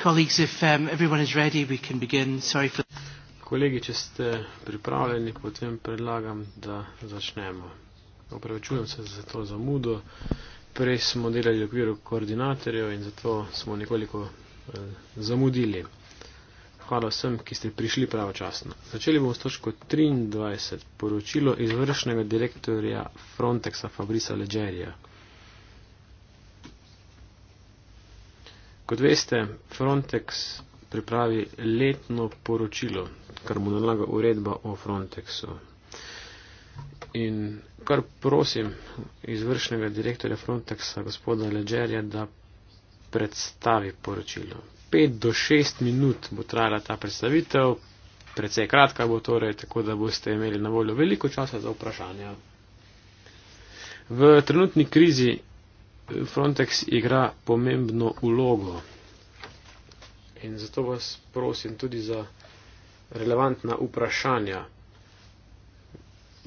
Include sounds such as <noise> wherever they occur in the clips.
Colleagues, if um, everyone is ready, we can begin. Sorry for. Kolegi, če ste pripravljeni, potem predlagam, da začnemo. Opravičujem se za to zamudo. Prej smo delali v okviru koordinatorjev in zato smo nekoliko eh, zamudili. Hvala vsem, ki ste prišli pravočasno. Začeli bomo s točko 23, poročilo izvršnega direktorja Frontexa Fabrisa Leggerija, Kot veste, Frontex pripravi letno poročilo, kar mu nalaga uredba o Frontexu. In kar prosim izvršnega direktorja Frontexa, gospoda Ledgerja, da predstavi poročilo. 5 do 6 minut bo trajala ta predstavitev, precej kratka bo torej, tako da boste imeli na voljo veliko časa za vprašanja. V trenutni krizi Frontex igra pomembno ulogo. In zato vas prosim tudi za relevantna vprašanja.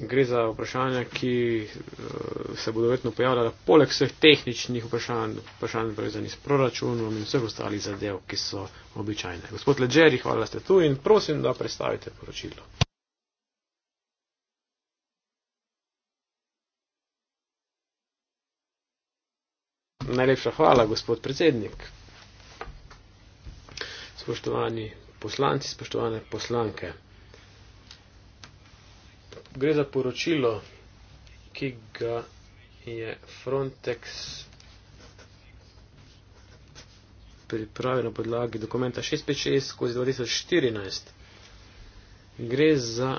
Gre za vprašanja, ki eh, se bodo verjetno pojavljala poleg vseh tehničnih vprašanj, vprašanj povezanih s proračunom in vseh ostalih zadev, ki so običajne. Gospod Leđeri, hvala, da ste tu in prosim, da predstavite poročilo. Najlepša hvala, gospod predsednik. Spoštovani poslanci, spoštovane poslanke. Gre za poročilo, ki ga je Frontex pripravil na podlagi dokumenta 656 skozi 2014. Gre za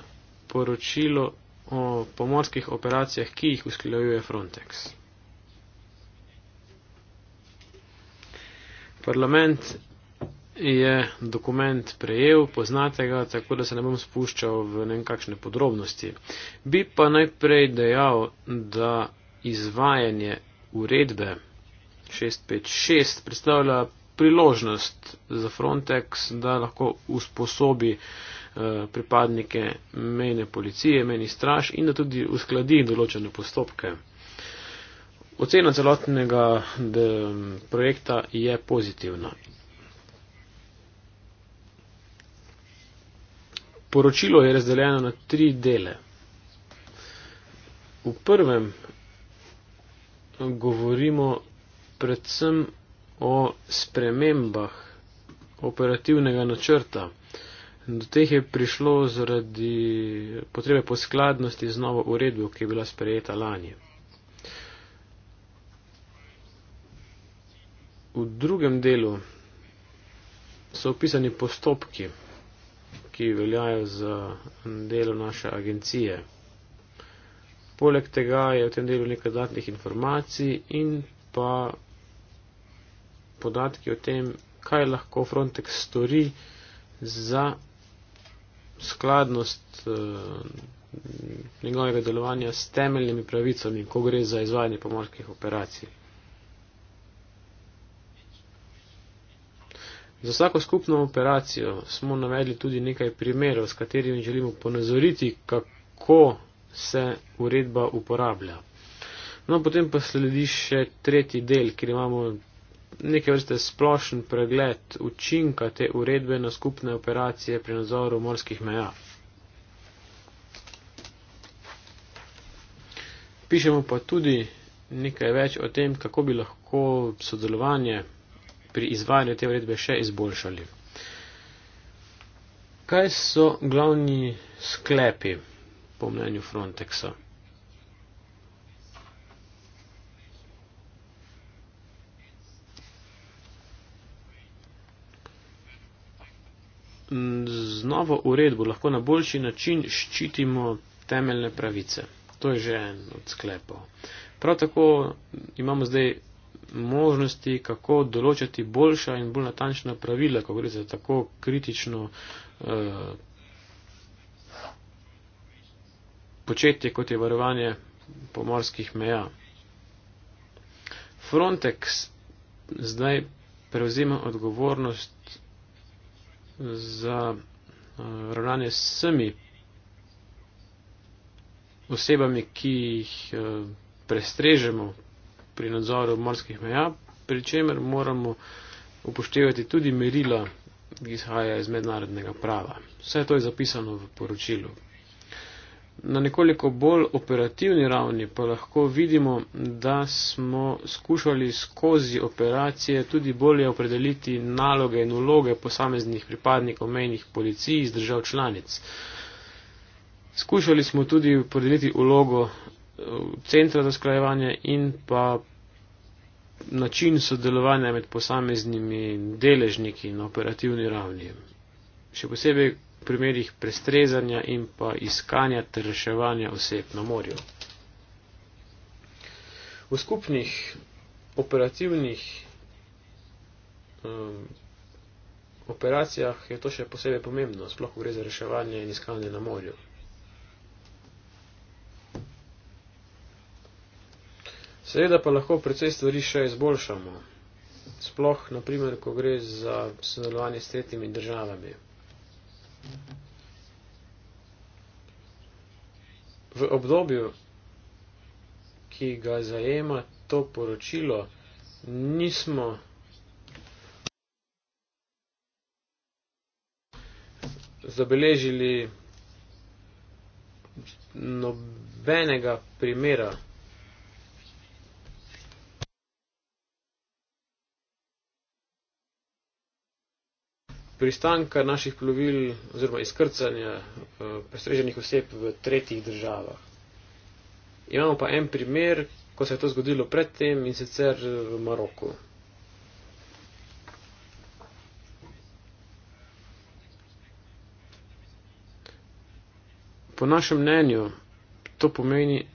poročilo o pomorskih operacijah, ki jih usklajuje Frontex. Parlament je dokument prejel, poznatega, tako da se ne bom spuščal v nekakšne podrobnosti. Bi pa najprej dejal, da izvajanje uredbe 656 predstavlja priložnost za Frontex, da lahko usposobi eh, pripadnike mejne policije, mejni straž in da tudi uskladi določene postopke. Ocena celotnega de, projekta je pozitivna. Poročilo je razdeljeno na tri dele. V prvem govorimo predvsem o spremembah operativnega načrta. Do teh je prišlo zaradi potrebe po skladnosti z novo uredbo, ki je bila sprejeta lani. V drugem delu so opisani postopki, ki veljajo za delo naše agencije. Poleg tega je v tem delu nekaj dodatnih informacij in pa podatki o tem, kaj lahko Frontex stori za skladnost eh, njegovega delovanja s temeljnimi pravicami, ko gre za izvajanje pomorskih operacij. Za vsako skupno operacijo smo navedli tudi nekaj primerov, s katerimi želimo ponazoriti, kako se uredba uporablja. No, potem pa sledi še tretji del, kjer imamo neke vrste splošen pregled učinka te uredbe na skupne operacije pri nadzoru morskih meja. Pišemo pa tudi nekaj več o tem, kako bi lahko sodelovanje pri izvajanju te uredbe še izboljšali. Kaj so glavni sklepi po mnenju Frontexa? Z novo uredbo lahko na boljši način ščitimo temeljne pravice. To je že en od sklepov. Prav tako imamo zdaj možnosti, kako določati boljša in bolj natančna pravila, ko gre za tako kritično eh, početje, kot je varovanje pomorskih meja. Frontex zdaj prevzema odgovornost za eh, ravnanje s vsemi osebami, ki jih eh, prestrežemo pri nadzoru morskih meja, pri čemer moramo upoštevati tudi merila, ki izhajajo iz mednarodnega prava. Vse to je zapisano v poročilu. Na nekoliko bolj operativni ravni pa lahko vidimo, da smo skušali skozi operacije tudi bolje opredeliti naloge in uloge posameznih pripadnikov menjih policij iz držav članic. Skušali smo tudi opredeliti ulogo centra za skrajevanje in pa način sodelovanja med posameznimi deležniki na operativni ravni. Še posebej v primerih prestrezanja in pa iskanja ter reševanja oseb na morju. V skupnih operativnih um, operacijah je to še posebej pomembno, sploh gre za reševanje in iskanje na morju. Seveda pa lahko precej stvari še izboljšamo. Sploh, naprimer, ko gre za sodelovanje s tretjimi državami. V obdobju, ki ga zajema to poročilo, nismo zabeležili nobenega primera. pristanka naših plovil oziroma izkrcanja eh, prestreženih oseb v tretjih državah. Imamo pa en primer, ko se je to zgodilo predtem in sicer eh, v Maroku. Po našem mnenju to pomeni,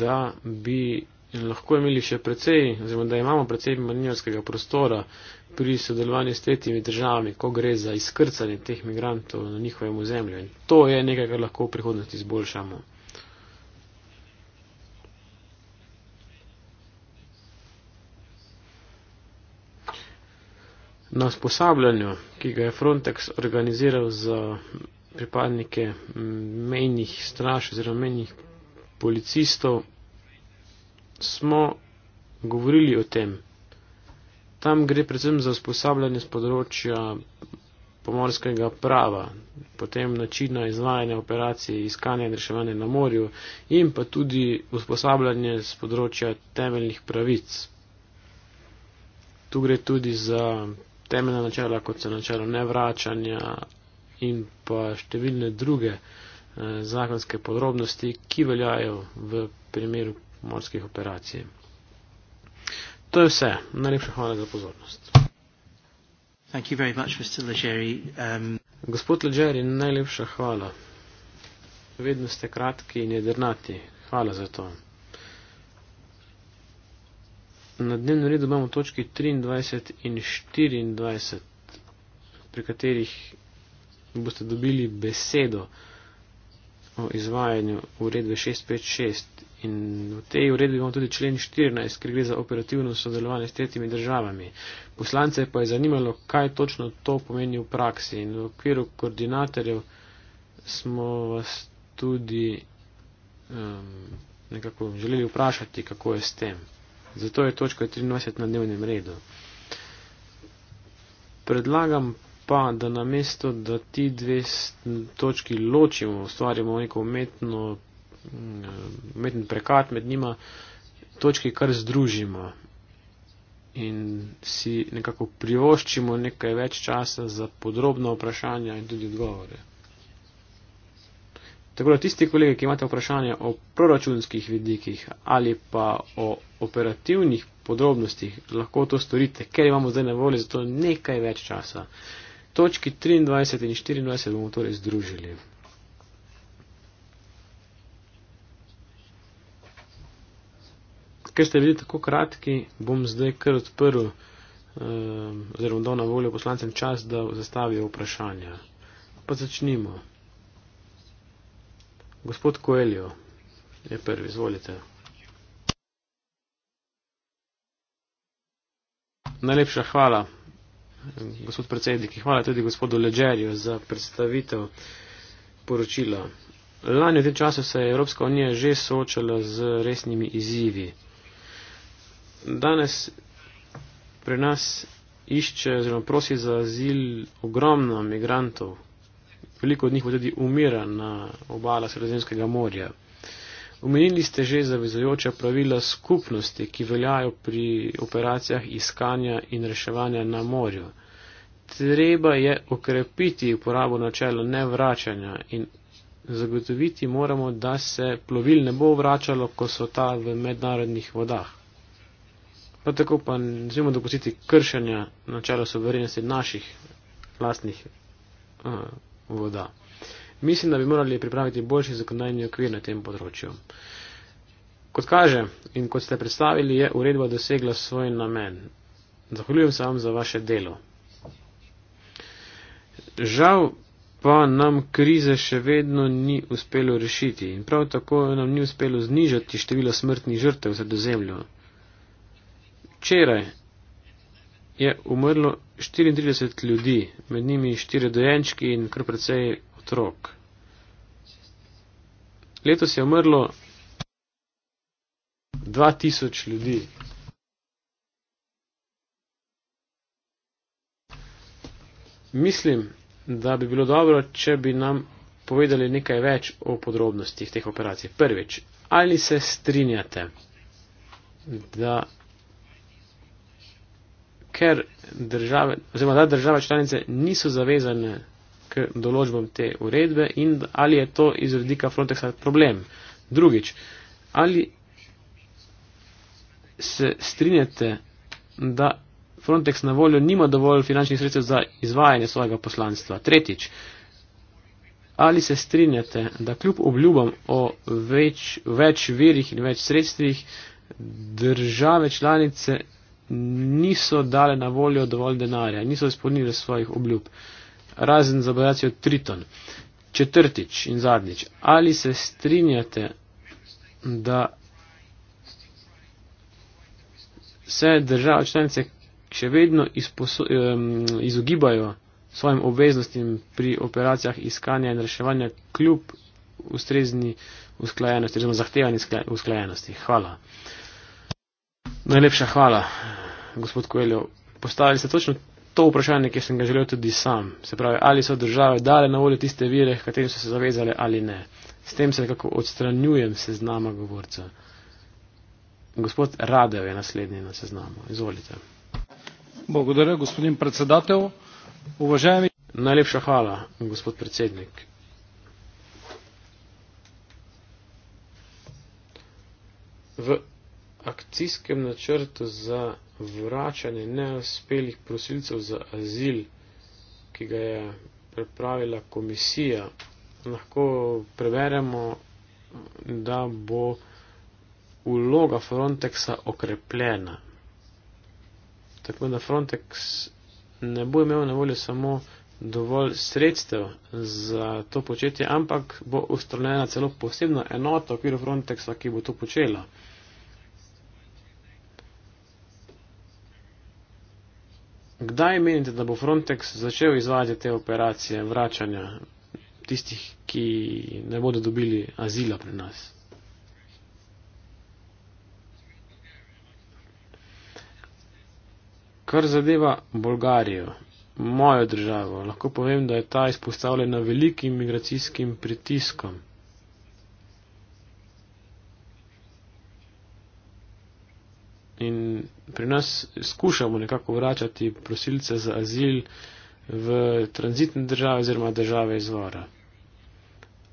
da bi in lahko imeli še precej, oziroma da imamo precej manjinskega prostora pri sodelovanju s tretjimi državami, ko gre za izkrcanje teh migrantov na njihovem ozemlju. In to je nekaj, kar lahko v prihodnosti izboljšamo. Na usposabljanju, ki ga je Frontex organiziral za pripadnike mejnih straž oziroma mejnih policistov, smo govorili o tem. Tam gre predvsem za usposabljanje z področja pomorskega prava, potem načina izvajanja operacij, iskanja in reševanja na morju in pa tudi usposabljanje z področja temeljnih pravic. Tu gre tudi za temeljna načela, kot so načelo nevračanja in pa številne druge eh, zakonske podrobnosti, ki veljajo v primeru morskih operacij. To je vse. Najlepša hvala za pozornost. Thank you very much, Mr. Legeri. Um... Gospod Legeri, najlepša hvala. Vedno ste kratki in jedrnati. Hvala za to. Na dnevnem redu imamo točki 23 in 24, pri katerih boste dobili besedo o izvajanju uredbe 656 in v tej uredbi imamo tudi člen 14, ker gre za operativno sodelovanje s tretjimi državami. Poslance pa je zanimalo, kaj točno to pomeni v praksi in v okviru koordinatorjev smo vas tudi um, nekako želeli vprašati, kako je s tem. Zato je točka 23 na dnevnem redu. Predlagam pa, da namesto, da ti dve točki ločimo, ustvarimo neko umetno, mm, umetni prekat med njima, točki kar združimo in si nekako privoščimo nekaj več časa za podrobno vprašanje in tudi odgovore. Tako da tisti kolege, ki imate vprašanje o proračunskih vidikih ali pa o operativnih podrobnostih, lahko to storite, ker imamo zdaj na voljo za to nekaj več časa točki 23 in 24 bomo torej združili. Ker ste bili tako kratki, bom zdaj kar odprl ehm, oziroma dal na voljo poslancem čas, da zastavijo vprašanja. Pa začnimo. Gospod Koeljo je prvi, izvolite. Najlepša hvala gospod predsednik, hvala tudi gospodu Leđerju za predstavitev poročila. Lani v tem času se je Evropska unija že soočala z resnimi izzivi. Danes pri nas išče oziroma prosi za azil ogromno migrantov. Veliko od njih tudi umira na obala Sredozemskega morja. Omenili ste že zavezojoča pravila skupnosti, ki veljajo pri operacijah iskanja in reševanja na morju. Treba je okrepiti uporabo načela nevračanja in zagotoviti moramo, da se plovil ne bo vračalo, ko so ta v mednarodnih vodah. Pa tako pa ne smemo dopustiti kršenja načela soverenosti naših vlastnih uh, eh, voda. Mislim, da bi morali pripraviti boljši zakonodajni okvir na tem področju. Kot kaže in kot ste predstavili, je uredba dosegla svoj namen. Zahvaljujem se vam za vaše delo. Žal pa nam krize še vedno ni uspelo rešiti in prav tako nam ni uspelo znižati število smrtnih žrtev za dozemljo. Včeraj je umrlo 34 ljudi, med njimi 4 dojenčki in kar precej otrok. Letos je umrlo 2000 ljudi. Mislim, da bi bilo dobro, če bi nam povedali nekaj več o podrobnostih teh operacij. Prvič, ali se strinjate, da, ker države, oziroma da države članice niso zavezane k določbam te uredbe in ali je to iz vidika Frontexa problem. Drugič, ali se strinjate, da Frontex na voljo nima dovolj finančnih sredstev za izvajanje svojega poslanstva. Tretjič, ali se strinjate, da kljub obljubam o več, več virih in več sredstvih države članice niso dale na voljo dovolj denarja, niso izpolnile svojih obljub. Uh, razen za bojacijo Triton. Četrtič in zadnjič, ali se strinjate, da se države članice še vedno izogibajo svojim obveznostim pri operacijah iskanja in reševanja kljub ustrezni usklajenosti oziroma zahtevani usklajenosti. Hvala. Najlepša hvala, gospod Koeljo. Postavili ste točno to vprašanje, ki sem ga želel tudi sam. Se pravi, ali so države dale na voljo tiste vire, katerim so se zavezale ali ne. S tem se nekako odstranjujem seznama govorcev. Gospod Radev je naslednji na seznamu. Izvolite. Bogodare, gospodin predsedatelj. Uvažajem... Najlepša hvala, gospod predsednik. V akcijskem načrtu za vračanje neuspelih prosilcev za azil, ki ga je pripravila komisija, lahko preveremo, da bo vloga Frontexa okrepljena. Tako da Frontex ne bo imel na voljo samo dovolj sredstev za to početje, ampak bo ustrojena celo posebna enota v okviru Frontexa, ki bo to počela. Kdaj menite, da bo Frontex začel izvajati te operacije vračanja tistih, ki ne bodo dobili azila pri nas? Kar zadeva Bolgarijo, mojo državo, lahko povem, da je ta izpostavljena velikim migracijskim pritiskom. In pri nas skušamo nekako vračati prosilce za azil v tranzitne države oziroma države izvora.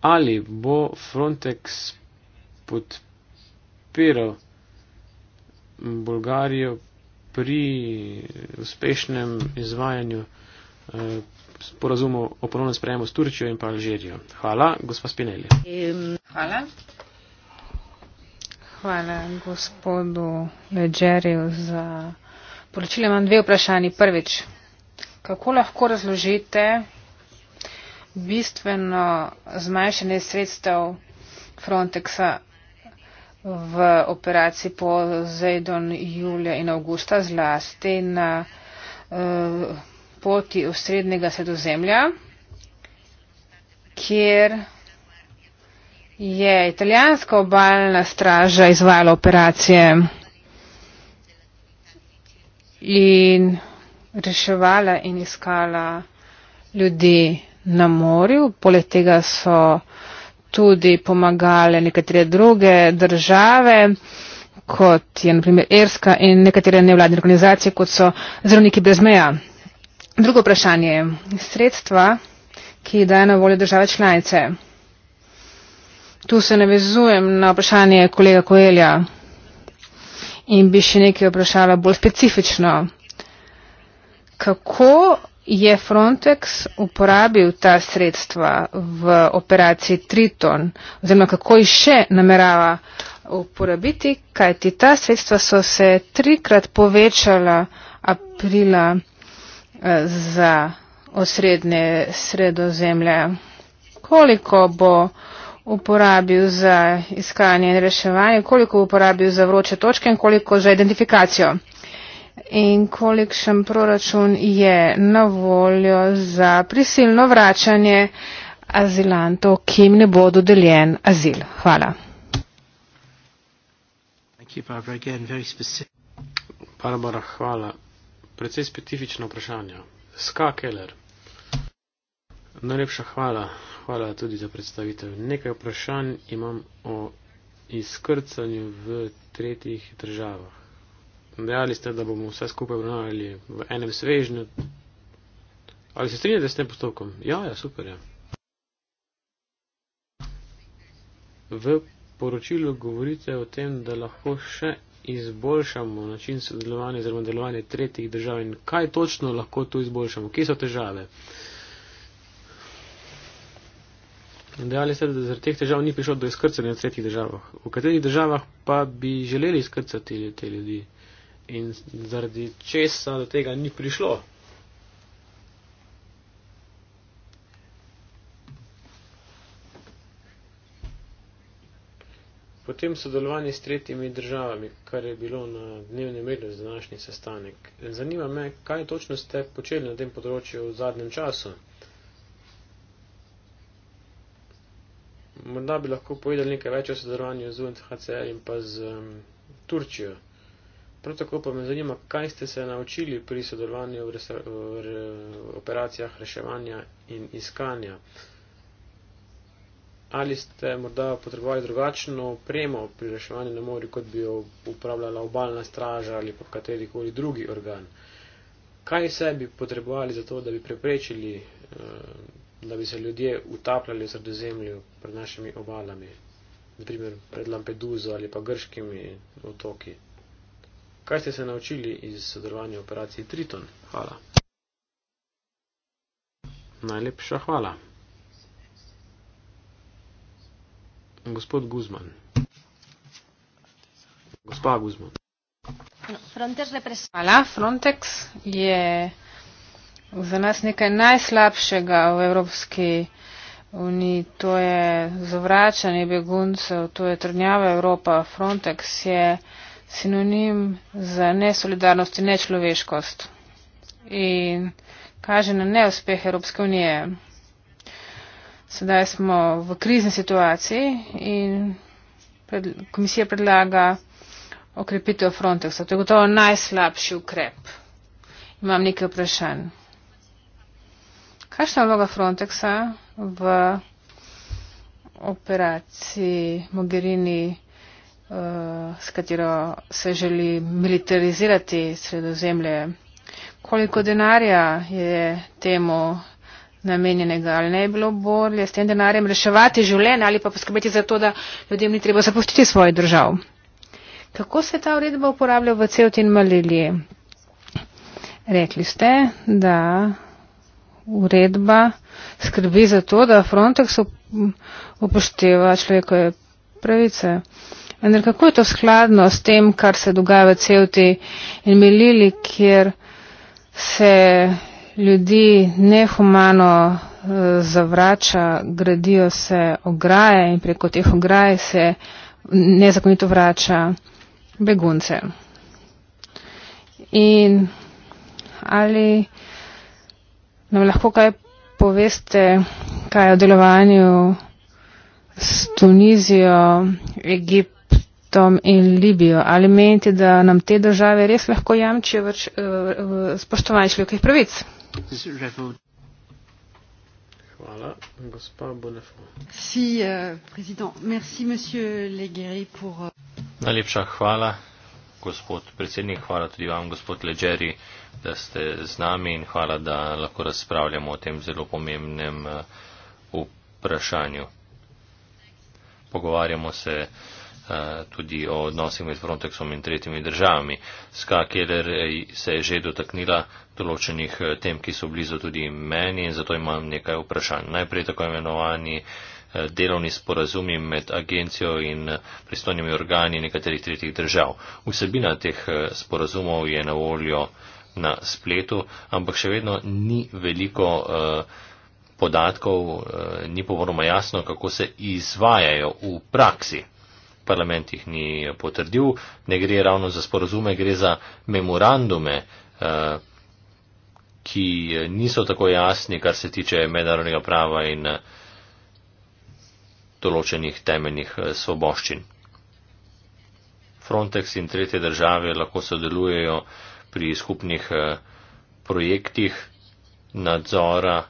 Ali bo Frontex podpiral Bolgarijo pri uspešnem izvajanju eh, sporazumov o ponovnem sprejemu s Turčijo in pa Alžirijo? Hvala, gospa Spinelli. Hvala. Hvala gospodu Leđerju za poročilo. Imam dve vprašanje. Prvič, kako lahko razložite bistveno zmanjšanje sredstev Frontexa v operaciji po Zajdon julija in avgusta zlasti na uh, poti osrednjega sredozemlja, kjer je italijanska obalna straža izvajala operacije in reševala in iskala ljudi na morju. Poleg tega so tudi pomagale nekatere druge države, kot je naprimer Erska in nekatere nevladne organizacije, kot so Zdravniki brez meja. Drugo vprašanje. Sredstva, ki jih daje na voljo države članice. Tu se navezujem na vprašanje kolega Koelja in bi še nekaj vprašala bolj specifično. Kako je Frontex uporabil ta sredstva v operaciji Triton oziroma kako jih še namerava uporabiti, kajti ta sredstva so se trikrat povečala aprila eh, za osrednje sredozemlje. Koliko bo uporabil za iskanje in reševanje, koliko uporabil za vroče točke in koliko za identifikacijo. In kolikšen proračun je na voljo za prisilno vračanje azilantov, ki jim ne bo dodeljen azil. Hvala. Barbara, hvala. Predvsej specifično vprašanje. Ska Keller. Najlepša hvala hvala tudi za predstavitev. Nekaj vprašanj imam o izkrcanju v tretjih državah. Dejali ste, da bomo vse skupaj obravnavali v enem svežnju. Ali se strinjate s tem postopkom? Ja, ja, super je. Ja. V poročilu govorite o tem, da lahko še izboljšamo način sodelovanja oziroma delovanja tretjih držav in kaj točno lahko tu izboljšamo, kje so težave. Dejali ste, da zaradi teh težav ni prišlo do izkrcanja v tretjih državah. V katerih državah pa bi želeli izkrcati te ljudi? In zaradi česa do tega ni prišlo? Potem sodelovanje s tretjimi državami, kar je bilo na dnevnem redu za današnji sestanek. Zanima me, kaj točno ste počeli na tem področju v zadnjem času. morda bi lahko povedali nekaj več o sodelovanju z UNHCR in pa z um, Turčijo. Prav tako pa me zanima, kaj ste se naučili pri sodelovanju v, resa, v, re, v operacijah reševanja in iskanja. Ali ste morda potrebovali drugačno opremo pri reševanju na morju, kot bi jo upravljala obaljna straža ali pa katerikoli drugi organ? Kaj vse bi potrebovali za to, da bi preprečili eh, da bi se ljudje utapljali v sredozemlju pred našimi obalami, naprimer pred Lampeduzo ali pa grškimi otoki. Kaj ste se naučili iz sodelovanja v operaciji Triton? Hvala. Najlepša hvala. Gospod Guzman. Gospa Guzman. Frontex je presala. Frontex je za nas nekaj najslabšega v Evropski uniji, to je zavračanje beguncev, to je trdnjava Evropa, Frontex je sinonim za nesolidarnost in nečloveškost in kaže na neuspeh Evropske unije. Sedaj smo v krizni situaciji in pred, komisija predlaga okrepitev Frontexa. To je gotovo najslabši ukrep. Imam nekaj vprašanj. Kakšna je vloga Frontexa v operaciji Mogherini, eh, s katero se želi militarizirati sredozemlje? Koliko denarja je temu namenjenega? Ali ne je bilo bolje s tem denarjem reševati življenje ali pa poskrbeti za to, da ljudem ni treba zapustiti svoje držav? Kako se ta uredba uporablja v celoti in malili? Rekli ste, da uredba skrbi za to, da Frontex upošteva človekove pravice. Vendar kako je to skladno s tem, kar se dogaja v celti in milili, kjer se ljudi nehumano eh, zavrača, gradijo se ograje in preko teh ograj se nezakonito vrača begunce. In ali Nam lahko kaj poveste, kaj je o delovanju s Tunizijo, Egiptom in Libijo? Ali menite, da nam te države res lahko jamčijo več eh, spoštovanje človekovih pravic? Hvala, gospa Bonafo. Si, uh, eh, predsednik, merci, monsieur Legeri, pour. Eh, Najlepša hvala, gospod predsednik, hvala tudi vam, gospod Legeri da ste z nami in hvala, da lahko razpravljamo o tem zelo pomembnem eh, vprašanju. Pogovarjamo se eh, tudi o odnosih med Frontexom in tretjimi državami. Ska Keller eh, se je že dotaknila določenih tem, ki so blizu tudi meni in zato imam nekaj vprašanj. Najprej tako imenovani delovni sporazumi med agencijo in pristojnimi organi nekaterih tretjih držav. Vsebina teh sporazumov je na voljo na spletu, ampak še vedno ni veliko eh, podatkov, eh, ni povoroma jasno, kako se izvajajo v praksi. Parlament jih ni potrdil, ne gre ravno za sporozume, gre za memorandume, eh, ki niso tako jasni, kar se tiče mednarodnega prava in določenih temeljnih svoboščin. Frontex in tretje države lahko sodelujejo pri skupnih eh, projektih nadzora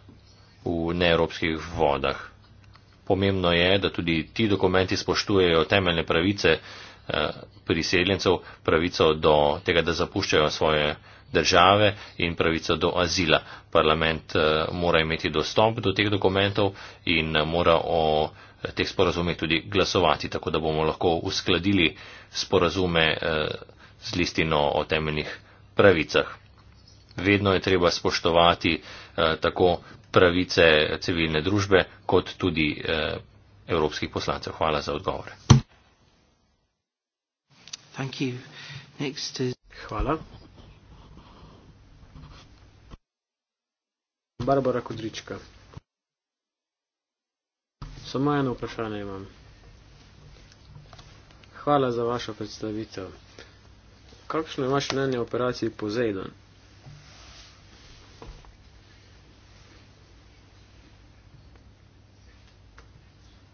v neevropskih vodah. Pomembno je, da tudi ti dokumenti spoštujejo temeljne pravice eh, priseljencev, pravico do tega, da zapuščajo svoje države in pravico do azila. Parlament eh, mora imeti dostop do teh dokumentov in mora o teh sporazumih tudi glasovati, tako da bomo lahko uskladili sporazume z listino o temeljnih pravicah pravicah. Vedno je treba spoštovati eh, tako pravice civilne družbe, kot tudi eh, evropskih poslancev. Hvala za odgovore. Hvala. Barbara Kudrička. Samo eno vprašanje imam. Hvala za vašo predstavitev. Kakšno je vaše mnenje o operaciji Poseidon?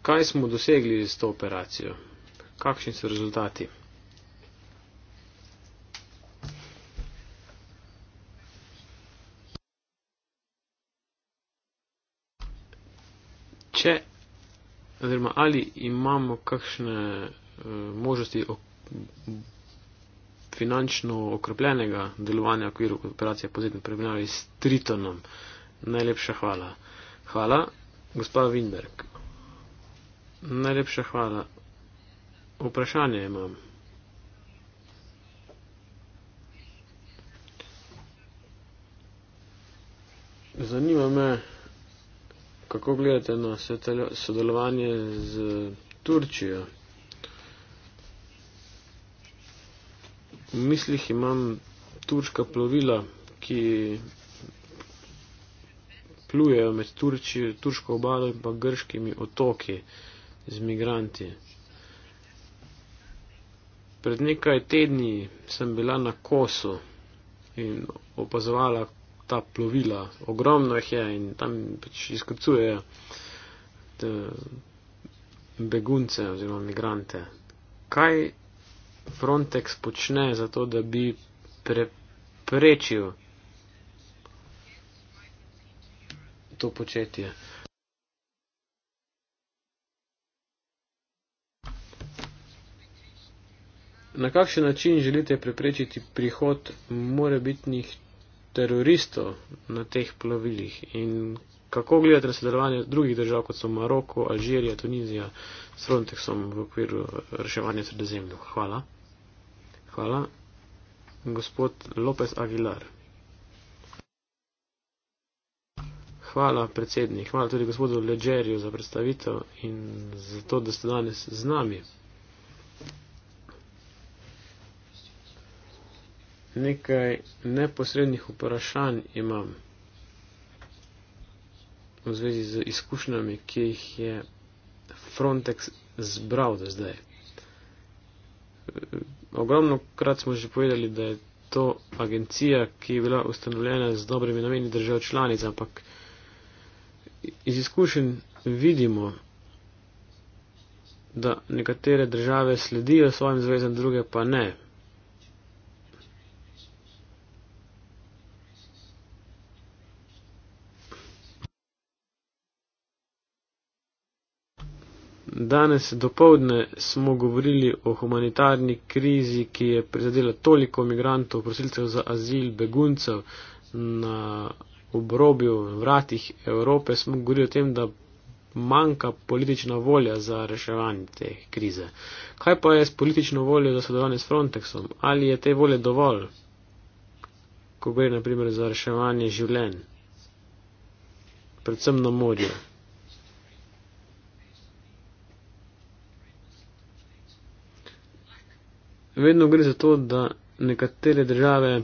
Kaj smo dosegli z to operacijo? Kakšni so rezultati? Če, oziroma ali imamo kakšne uh, možnosti, finančno okrepljenega delovanja v okviru operacije podjetne prebivalce s Tritonom. Najlepša hvala. Hvala, gospa Winberg. Najlepša hvala. Vprašanje imam. Zanima me, kako gledate na sodelovanje z Turčijo. mislih imam turška plovila, ki plujejo med Turči, turško obalo in pa grškimi otoki z migranti. Pred nekaj tedni sem bila na Kosu in opazovala ta plovila. Ogromno jih je in tam pač izkrcujejo eh, begunce oziroma migrante. Kaj Frontex počne za to, da bi preprečil to početje. Na kakšen način želite preprečiti prihod morebitnih teroristov na teh plovilih in kako gledate na sodelovanje drugih držav, kot so Maroko, Alžirija, Tunizija s Frontexom v okviru reševanja sredozemlju? Hvala. Hvala. Gospod López Aguilar. Hvala, predsednik. Hvala tudi gospodu Leđerju za predstavitev in za to, da ste danes z nami. Nekaj neposrednih vprašanj imam v zvezi z izkušnjami, ki jih je Frontex zbral do zdaj. Ogromno krat smo že povedali, da je to agencija, ki je bila ustanovljena z dobrimi nameni držav članic, ampak iz izkušenj vidimo, da nekatere države sledijo svojim zvezam, druge pa ne. Danes dopoledne smo govorili o humanitarni krizi, ki je prizadela toliko imigrantov, prosilcev za azil, beguncev na obrobju, vratih Evrope. Smo govorili o tem, da manjka politična volja za reševanje te krize. Kaj pa je s politično voljo za sodelovanje s Frontexom? Ali je te volje dovolj, ko gre naprimer za reševanje življenj, predvsem na morju? vedno gre za to, da nekatere države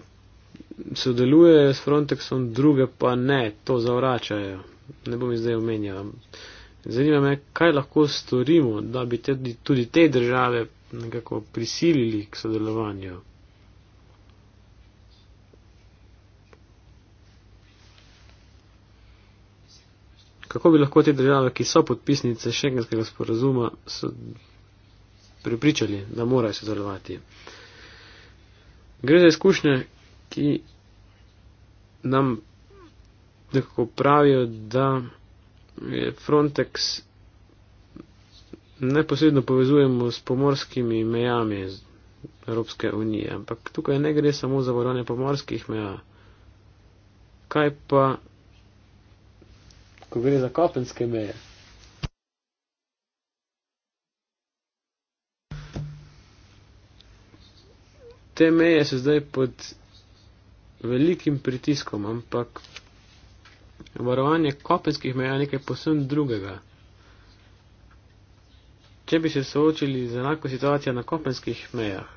sodelujejo s Frontexom, druge pa ne, to zavračajo. Ne bom zdaj omenjal. Zanima me, kaj lahko storimo, da bi tudi, tudi te države nekako prisilili k sodelovanju. Kako bi lahko te države, ki so podpisnice šengenskega sporazuma, so, pripričali, da morajo sodelovati. Gre za izkušnje, ki nam nekako pravijo, da je Frontex neposredno povezujemo s pomorskimi mejami Evropske unije, ampak tukaj ne gre samo za varovanje pomorskih meja. Kaj pa, ko gre za kopenske meje? te meje so zdaj pod velikim pritiskom, ampak varovanje kopenskih meja je nekaj posebn drugega. Če bi se soočili z enako situacijo na kopenskih mejah,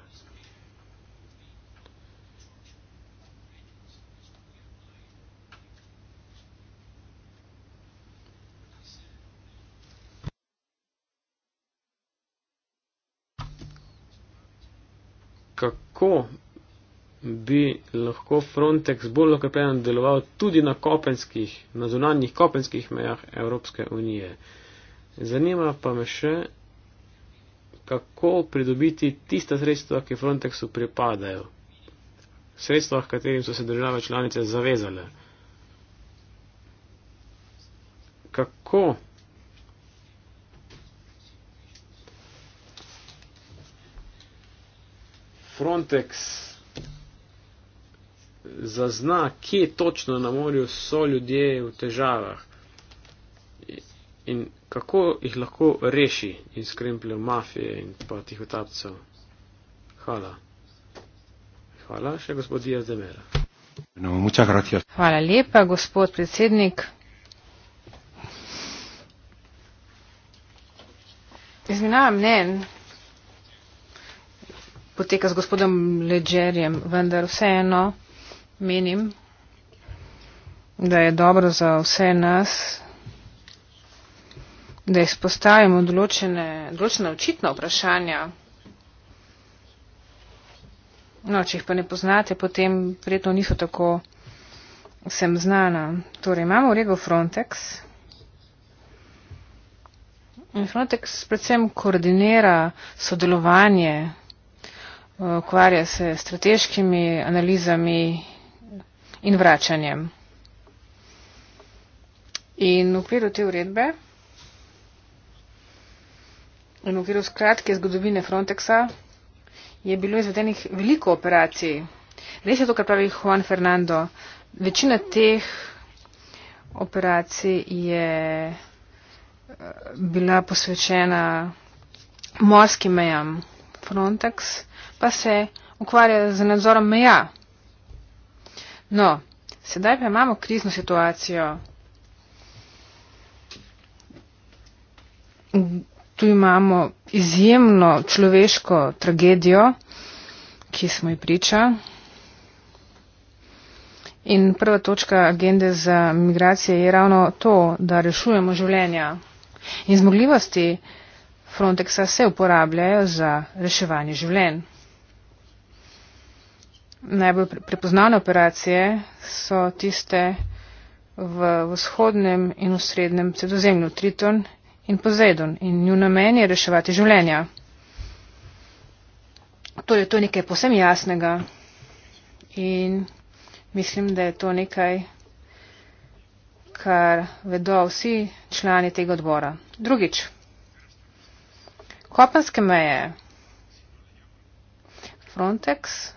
kako bi lahko Frontex bolj okrepljeno deloval tudi na kopenskih, na zunanjih kopenskih mejah Evropske unije. Zanima pa me še, kako pridobiti tista sredstva, ki Frontexu pripadajo. Sredstva, katerim so se države članice zavezale. Kako Frontex zazna, kje točno na morju so ljudje v težavah in kako jih lahko reši iz krempljev mafije in pa tih otapcev. Hvala. Hvala še gospodija Zemera. No, Hvala lepa, gospod predsednik. Izmenjava mnen, poteka z gospodom Ledžerjem, vendar vseeno menim, da je dobro za vse nas, da izpostavimo določene, določene očitna vprašanja. No, če jih pa ne poznate, potem verjetno niso tako sem znana. Torej, imamo rego Frontex. In Frontex predvsem koordinira sodelovanje Eh, ukvarja se s strateškimi analizami in vračanjem. In v okviru te uredbe in v okviru skratke zgodovine Frontexa je bilo izvedenih veliko operacij. Res je to, kar pravi Juan Fernando. Večina teh operacij je eh, bila posvečena morskim mejam Frontexa pa se ukvarja z nadzorom meja. No, sedaj pa imamo krizno situacijo. Tu imamo izjemno človeško tragedijo, ki smo ji priča. In prva točka agende za migracije je ravno to, da rešujemo življenja. In zmogljivosti Frontexa se uporabljajo za reševanje življenj najbolj prepoznane operacije so tiste v vzhodnem in v srednjem sredozemlju Triton in Poseidon in njun namen je reševati življenja. Torej, to je nekaj posem jasnega in mislim, da je to nekaj, kar vedo vsi člani tega odbora. Drugič, kopenske meje Frontex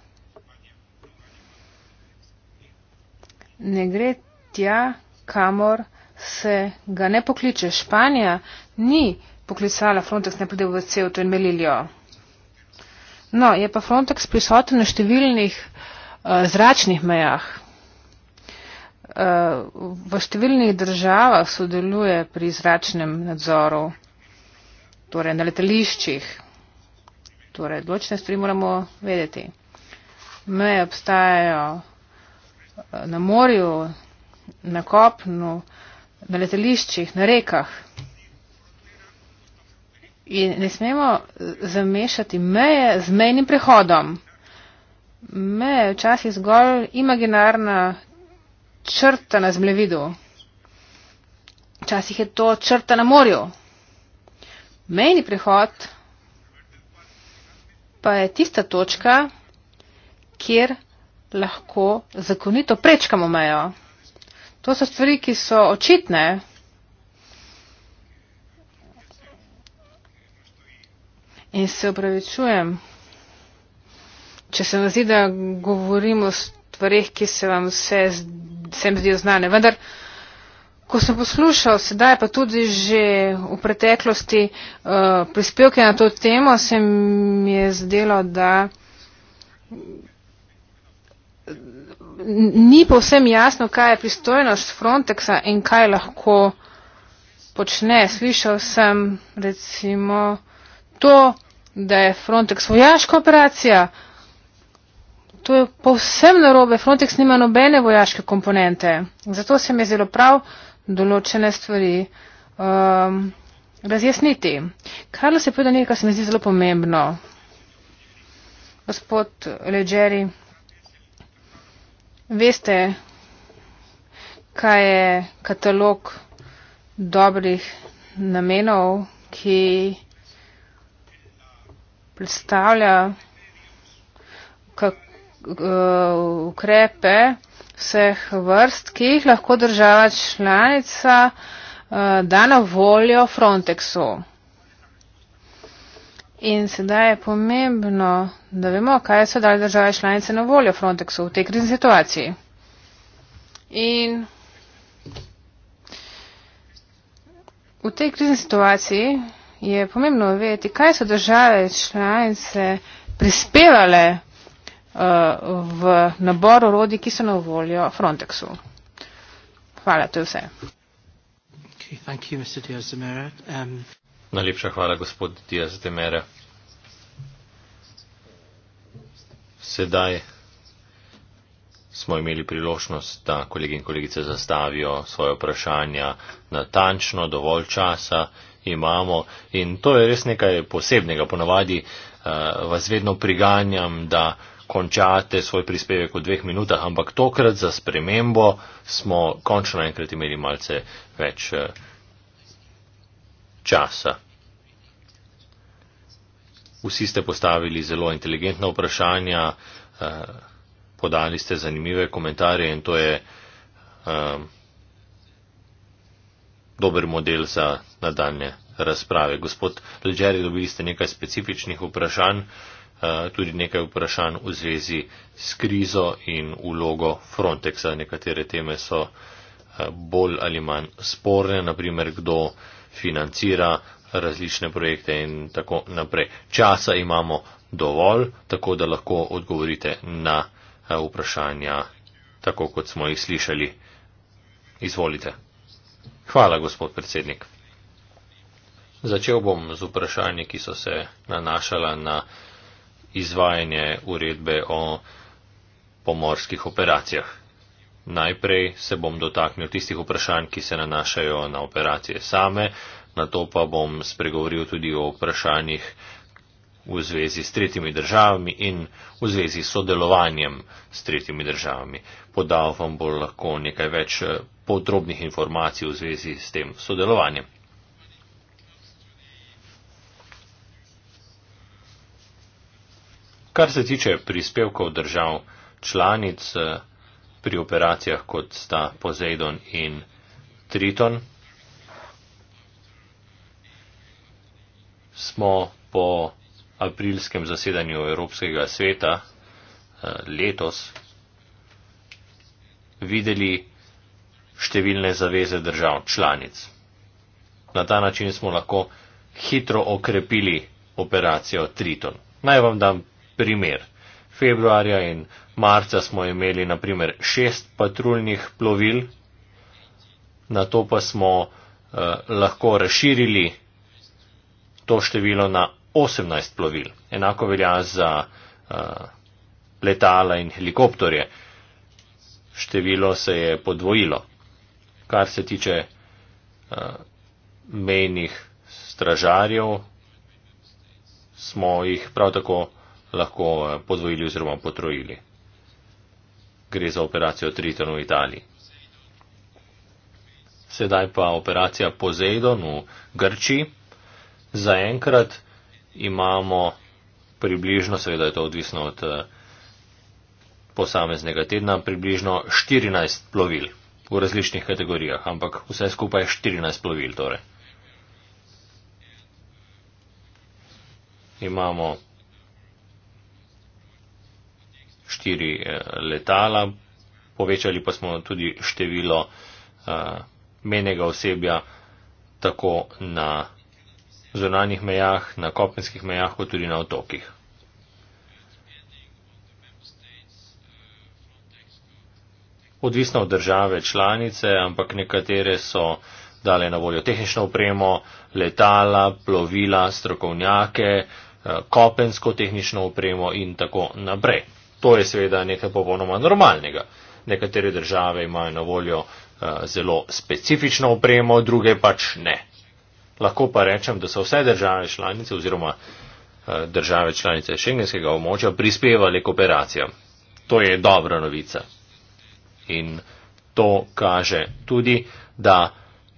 ne gre tja, kamor se ga ne pokliče. Španija ni poklicala Frontex, ne pride v cel to in melilijo. No, je pa Frontex prisoten na številnih uh, zračnih mejah. Uh, v številnih državah sodeluje pri zračnem nadzoru, torej na letališčih. Torej, določene stvari moramo vedeti. Meje obstajajo Eh, na morju, na kopnu, na letališčih, na rekah. In ne smemo eh, zamešati meje z mejnim prehodom. Meje včasih zgolj imaginarna črta na zemljevidu. Včasih je to črta na morju. Mejni prehod pa je tista točka, kjer lahko zakonito prečkamo mejo. To so stvari, ki so očitne. In se upravičujem, če se nazdi, da govorim o stvarih, ki se vam vse, vsem zdijo znane. Vendar, ko sem poslušal sedaj, pa tudi že v preteklosti uh, prispevke na to temo, se mi je zdelo, da ni povsem jasno, kaj je pristojnost Frontexa in kaj lahko počne. Slišal sem recimo to, da je Frontex vojaška operacija. To je povsem narobe. Frontex nima nobene vojaške komponente. Zato se mi je zelo prav določene stvari um, razjasniti. Karlo se je povedal nekaj, kar se mi zdi zelo pomembno. Gospod Leđeri. Veste, kaj je katalog dobrih namenov, ki predstavlja kak, uh, ukrepe vseh vrst, ki jih lahko država članica uh, da na voljo Frontexu. In sedaj je pomembno, da vemo, kaj so dali države članice na voljo Frontexu v tej krizni situaciji. In v tej krizni situaciji je pomembno vedeti, kaj so države članice prispevale uh, v nabor orodij, ki so na voljo Frontexu. Hvala, to je vse. Okay, thank you, Mr. Najlepša hvala, gospod Diaz de Mera. Sedaj smo imeli priložnost, da kolegi in kolegice zastavijo svoje vprašanja natančno, dovolj časa imamo in to je res nekaj posebnega. Ponavadi uh, vas vedno priganjam, da končate svoj prispevek v dveh minutah, ampak tokrat za spremembo smo končno enkrat imeli malce več. Uh, časa. Vsi ste postavili zelo inteligentna vprašanja, eh, podali ste zanimive komentarje in to je um, dober model za nadaljne razprave. Gospod Leđeri, dobili ste nekaj specifičnih vprašanj, eh, tudi nekaj vprašanj v zvezi s krizo in vlogo Frontexa. Nekatere teme so bolj ali manj sporne, naprimer kdo financira različne projekte in tako naprej. Časa imamo dovolj, tako da lahko odgovorite na eh, vprašanja, tako kot smo jih slišali. Izvolite. Hvala, gospod predsednik. Začel bom z vprašanji, ki so se nanašala na izvajanje uredbe o pomorskih operacijah. Najprej se bom dotaknil tistih vprašanj, ki se nanašajo na operacije same, na to pa bom spregovoril tudi o vprašanjih v zvezi s tretjimi državami in v zvezi s sodelovanjem s tretjimi državami. Podal vam bo lahko nekaj več eh, podrobnih informacij v zvezi s tem sodelovanjem. Kar se tiče prispevkov držav članic, eh, pri operacijah, kot sta Poseidon in Triton. Smo po aprilskem zasedanju Evropskega sveta eh, letos videli številne zaveze držav članic. Na ta način smo lahko hitro okrepili operacijo Triton. Naj vam dam primer februarja in marca smo imeli naprimer šest patruljnih plovil, na to pa smo eh, lahko razširili to število na 18 plovil. Enako velja za eh, letala in helikopterje. Število se je podvojilo. Kar se tiče eh, mejnih stražarjev, smo jih prav tako lahko eh, podvojili oziroma potrojili. Gre za operacijo Triton v Italiji. Sedaj pa operacija Poseidon v Grčiji. Zaenkrat imamo približno, seveda je to odvisno od eh, posameznega tedna, približno 14 plovil v različnih kategorijah, ampak vse skupaj 14 plovil torej. Imamo štiri eh, letala, povečali pa smo tudi število eh, menjega osebja tako na zunanjih mejah, na kopenskih mejah, kot tudi na otokih. Odvisno od države članice, ampak nekatere so dale na voljo tehnično opremo, letala, plovila, strokovnjake, eh, kopensko tehnično opremo in tako naprej. To je seveda nekaj popolnoma normalnega. Nekatere države imajo na voljo eh, zelo specifično opremo, druge pač ne. Lahko pa rečem, da so vse države članice oziroma eh, države članice šengenskega območja prispevali k operacijam. To je dobra novica. In to kaže tudi, da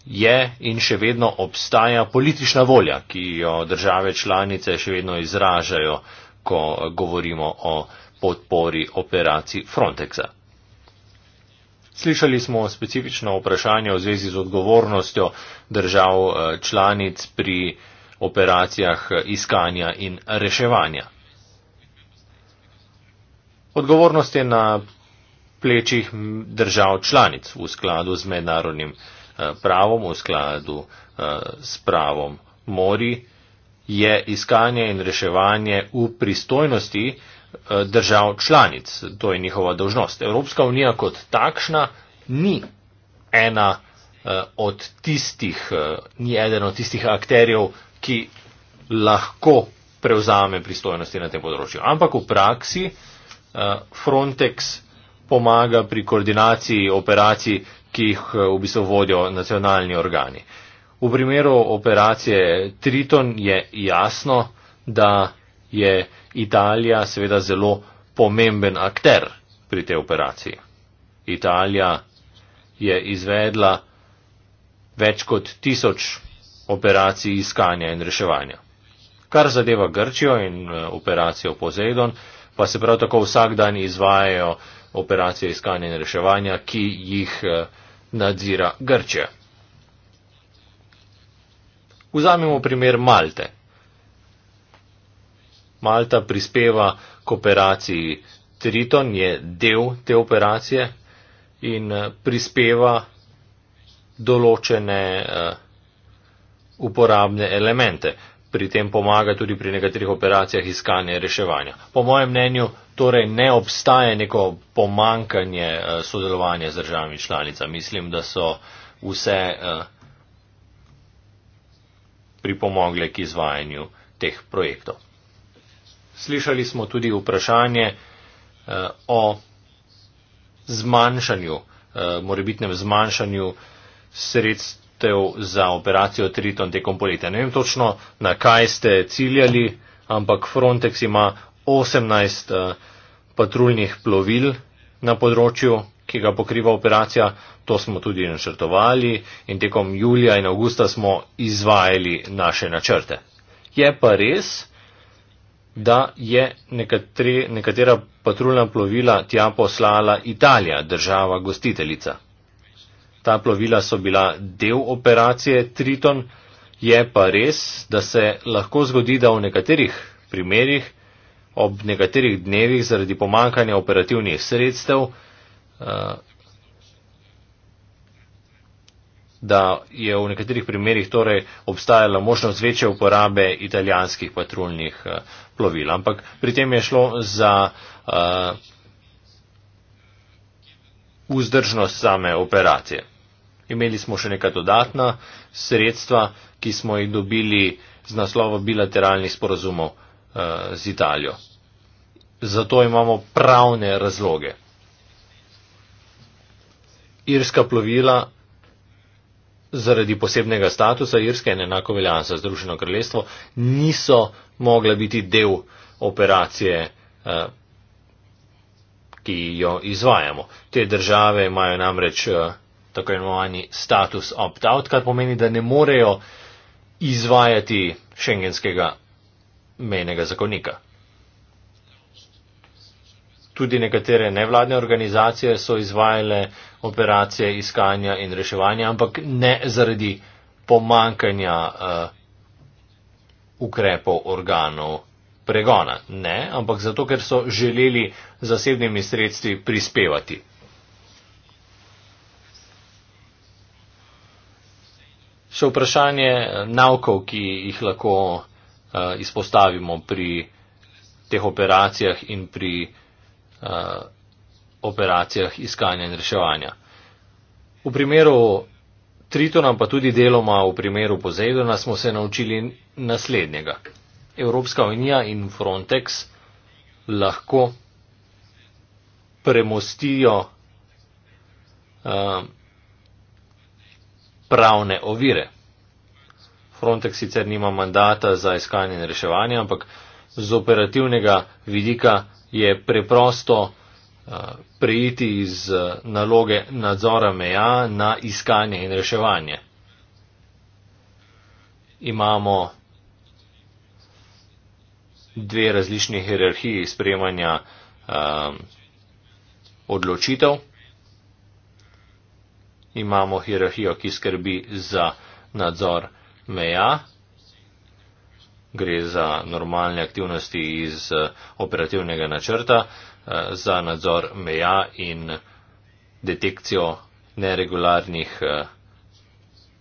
je in še vedno obstaja politična volja, ki jo države članice še vedno izražajo, ko govorimo o podpori operaciji Frontexa. Slišali smo specifično vprašanje v zvezi z odgovornostjo držav eh, članic pri operacijah eh, iskanja in reševanja. Odgovornost je na plečih držav članic v skladu z mednarodnim eh, pravom, v skladu s pravom mori, je iskanje in reševanje v pristojnosti Eh, držav članic. To je njihova dožnost. Evropska unija kot takšna ni ena eh, od tistih, eh, ni eden od tistih akterjev, ki lahko prevzame pristojnosti na tem področju. Ampak v praksi Frontex pomaga pri koordinaciji operacij, ki jih v bistvu vodijo nacionalni organi. V primeru operacije Triton je jasno, da je uh, Italija seveda zelo pomemben akter pri tej operaciji. Italija je izvedla več kot tisoč operacij iskanja in reševanja. Kar zadeva Grčijo in eh, operacijo Pozejdon, pa se prav tako vsak dan izvajajo operacije iskanja in reševanja, ki jih eh, nadzira Grčija. Vzamemo primer Malte. Malta prispeva k operaciji Triton, je del te operacije in eh, prispeva določene eh, uporabne elemente. Pri tem pomaga tudi pri nekaterih operacijah iskanje reševanja. Po mojem mnenju torej ne obstaja neko pomankanje eh, sodelovanja z državami članica. Mislim, da so vse pripomogle k izvajanju teh projektov. Slišali smo tudi vprašanje eh, o zmanjšanju, eh, morebitnem zmanjšanju sredstev za operacijo Triton tekom poletja. Ne vem točno, na kaj ste ciljali, ampak Frontex ima 18 eh, patruljnih plovil na področju, ki ga pokriva operacija. To smo tudi načrtovali in tekom julija in avgusta smo izvajali naše načrte. Je pa res, da je nekatre, nekatera patruljna plovila tja poslala Italija, država gostiteljica. Ta plovila so bila del operacije Triton, je pa res, da se lahko zgodi, da v nekaterih primerjih, ob nekaterih dnevih zaradi pomankanja operativnih sredstev, eh, da je v nekaterih primerjih torej obstajala možnost večje uporabe italijanskih patruljnih eh, plovil. Ampak pri tem je šlo za uh, vzdržnost same operacije. Imeli smo še neka dodatna sredstva, ki smo jih dobili z naslova bilateralnih sporazumov uh, z Italijo. Zato imamo pravne razloge. Irska plovila zaradi posebnega statusa Irske in enako velja za Združeno kraljestvo, niso mogla biti del operacije, eh, ki jo izvajamo. Te države imajo namreč eh, tako imenovani status opt-out, kar pomeni, da ne morejo izvajati šengenskega menjega zakonika. Tudi nekatere nevladne organizacije so izvajale uh, operacije iskanja in reševanja, ampak ne zaradi pomankanja uh, ukrepov organov pregona. Ne, ampak zato, ker so želeli zasebnimi sredstvi prispevati. Še vprašanje eh, naukov, ki jih lahko uh, izpostavimo pri teh operacijah in pri uh, operacijah iskanja in reševanja. V primeru Tritona, pa tudi deloma v primeru Pozejdona, smo se naučili naslednjega. Evropska unija in Frontex lahko premostijo um, pravne ovire. Frontex sicer nima mandata za iskanje in reševanje, ampak z operativnega vidika je preprosto Eh, preiti iz eh, naloge nadzora meja na iskanje in reševanje. Imamo dve različni hierarhiji sprejemanja um, odločitev. Imamo hierarhijo, ki skrbi za nadzor meja. Gre za normalne aktivnosti iz operativnega načrta. Uh, za nadzor meja in detekcijo neregularnih eh,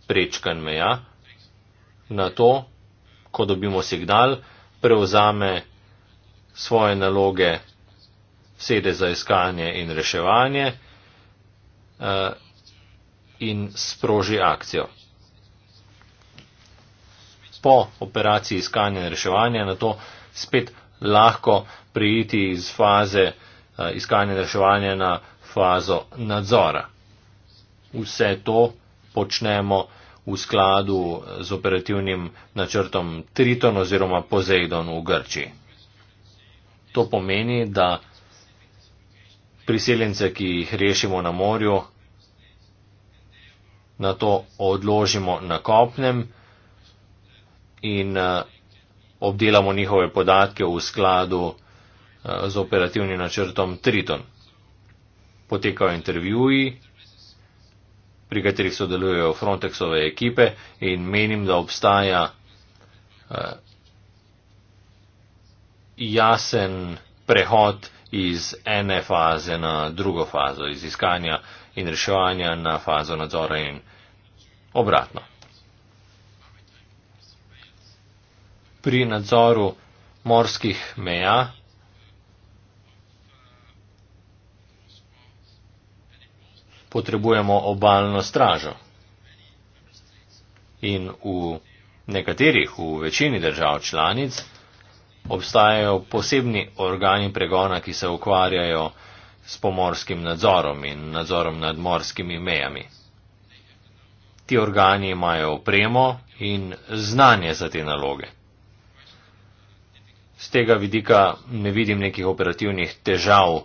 prečkanj meja. Na to, ko dobimo signal, prevzame svoje naloge sede za iskanje in reševanje eh, in sproži akcijo. Po operaciji iskanja in reševanja na to spet lahko prijeti iz faze eh, iskanja reševanja na fazo nadzora. Vse to počnemo v skladu z operativnim načrtom Triton oziroma Poseidon v Grčiji. To pomeni, da priseljence, ki jih rešimo na morju, na to odložimo na kopnem in eh, obdelamo njihove podatke v skladu eh, z operativnim načrtom Triton. Potekajo intervjuji, pri katerih sodelujejo Frontexove ekipe in menim, da obstaja eh, jasen prehod iz ene faze na drugo fazo, iz iskanja in reševanja na fazo nadzora in obratno. pri nadzoru morskih meja. Potrebujemo obalno stražo. In v nekaterih, v večini držav članic, obstajajo posebni organi pregona, ki se ukvarjajo s pomorskim nadzorom in nadzorom nad morskimi mejami. Ti organi imajo opremo in znanje za te naloge z tega vidika ne vidim nekih operativnih težav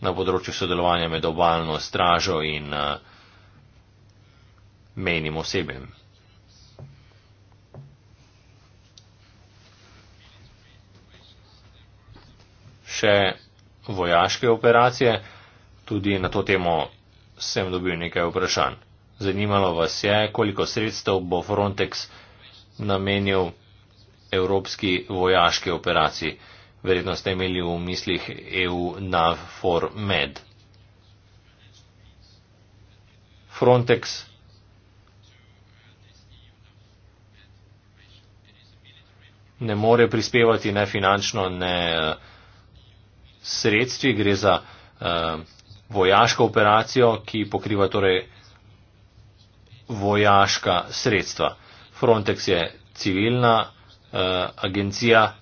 na področju sodelovanja med obalno stražo in uh, menim osebjem. Še vojaške operacije, tudi na to temo sem dobil nekaj vprašanj. Zanimalo vas je, koliko sredstev bo Frontex namenil evropski vojaški operaciji. Verjetno ste imeli v mislih EU NAVFOR MED. Frontex ne more prispevati ne finančno, ne eh, sredstvi, gre za uh, vojaško operacijo, ki pokriva torej vojaška sredstva. Frontex je civilna Eh, agencija,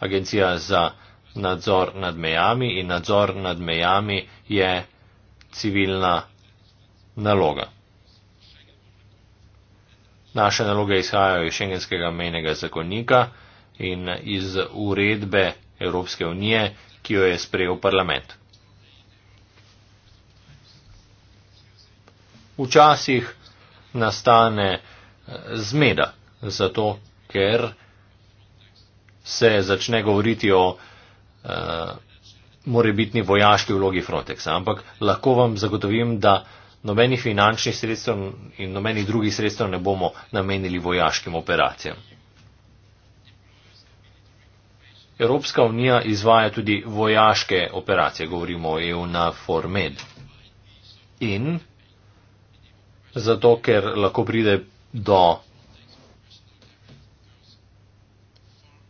agencija za nadzor nad mejami in nadzor nad mejami je civilna naloga. Naše naloge izhajajo iz šengenskega menjega zakonika in iz uredbe Evropske unije, ki jo je sprejel parlament. Včasih nastane eh, zmeda, zato ker se začne govoriti o uh, morebitni vojaški vlogi Frontexa. Ampak lahko vam zagotovim, da nobenih finančnih sredstev in nobenih drugih sredstev ne bomo namenili vojaškim operacijam. Evropska unija izvaja tudi vojaške operacije, govorimo o EU na formed. In zato, ker lahko pride do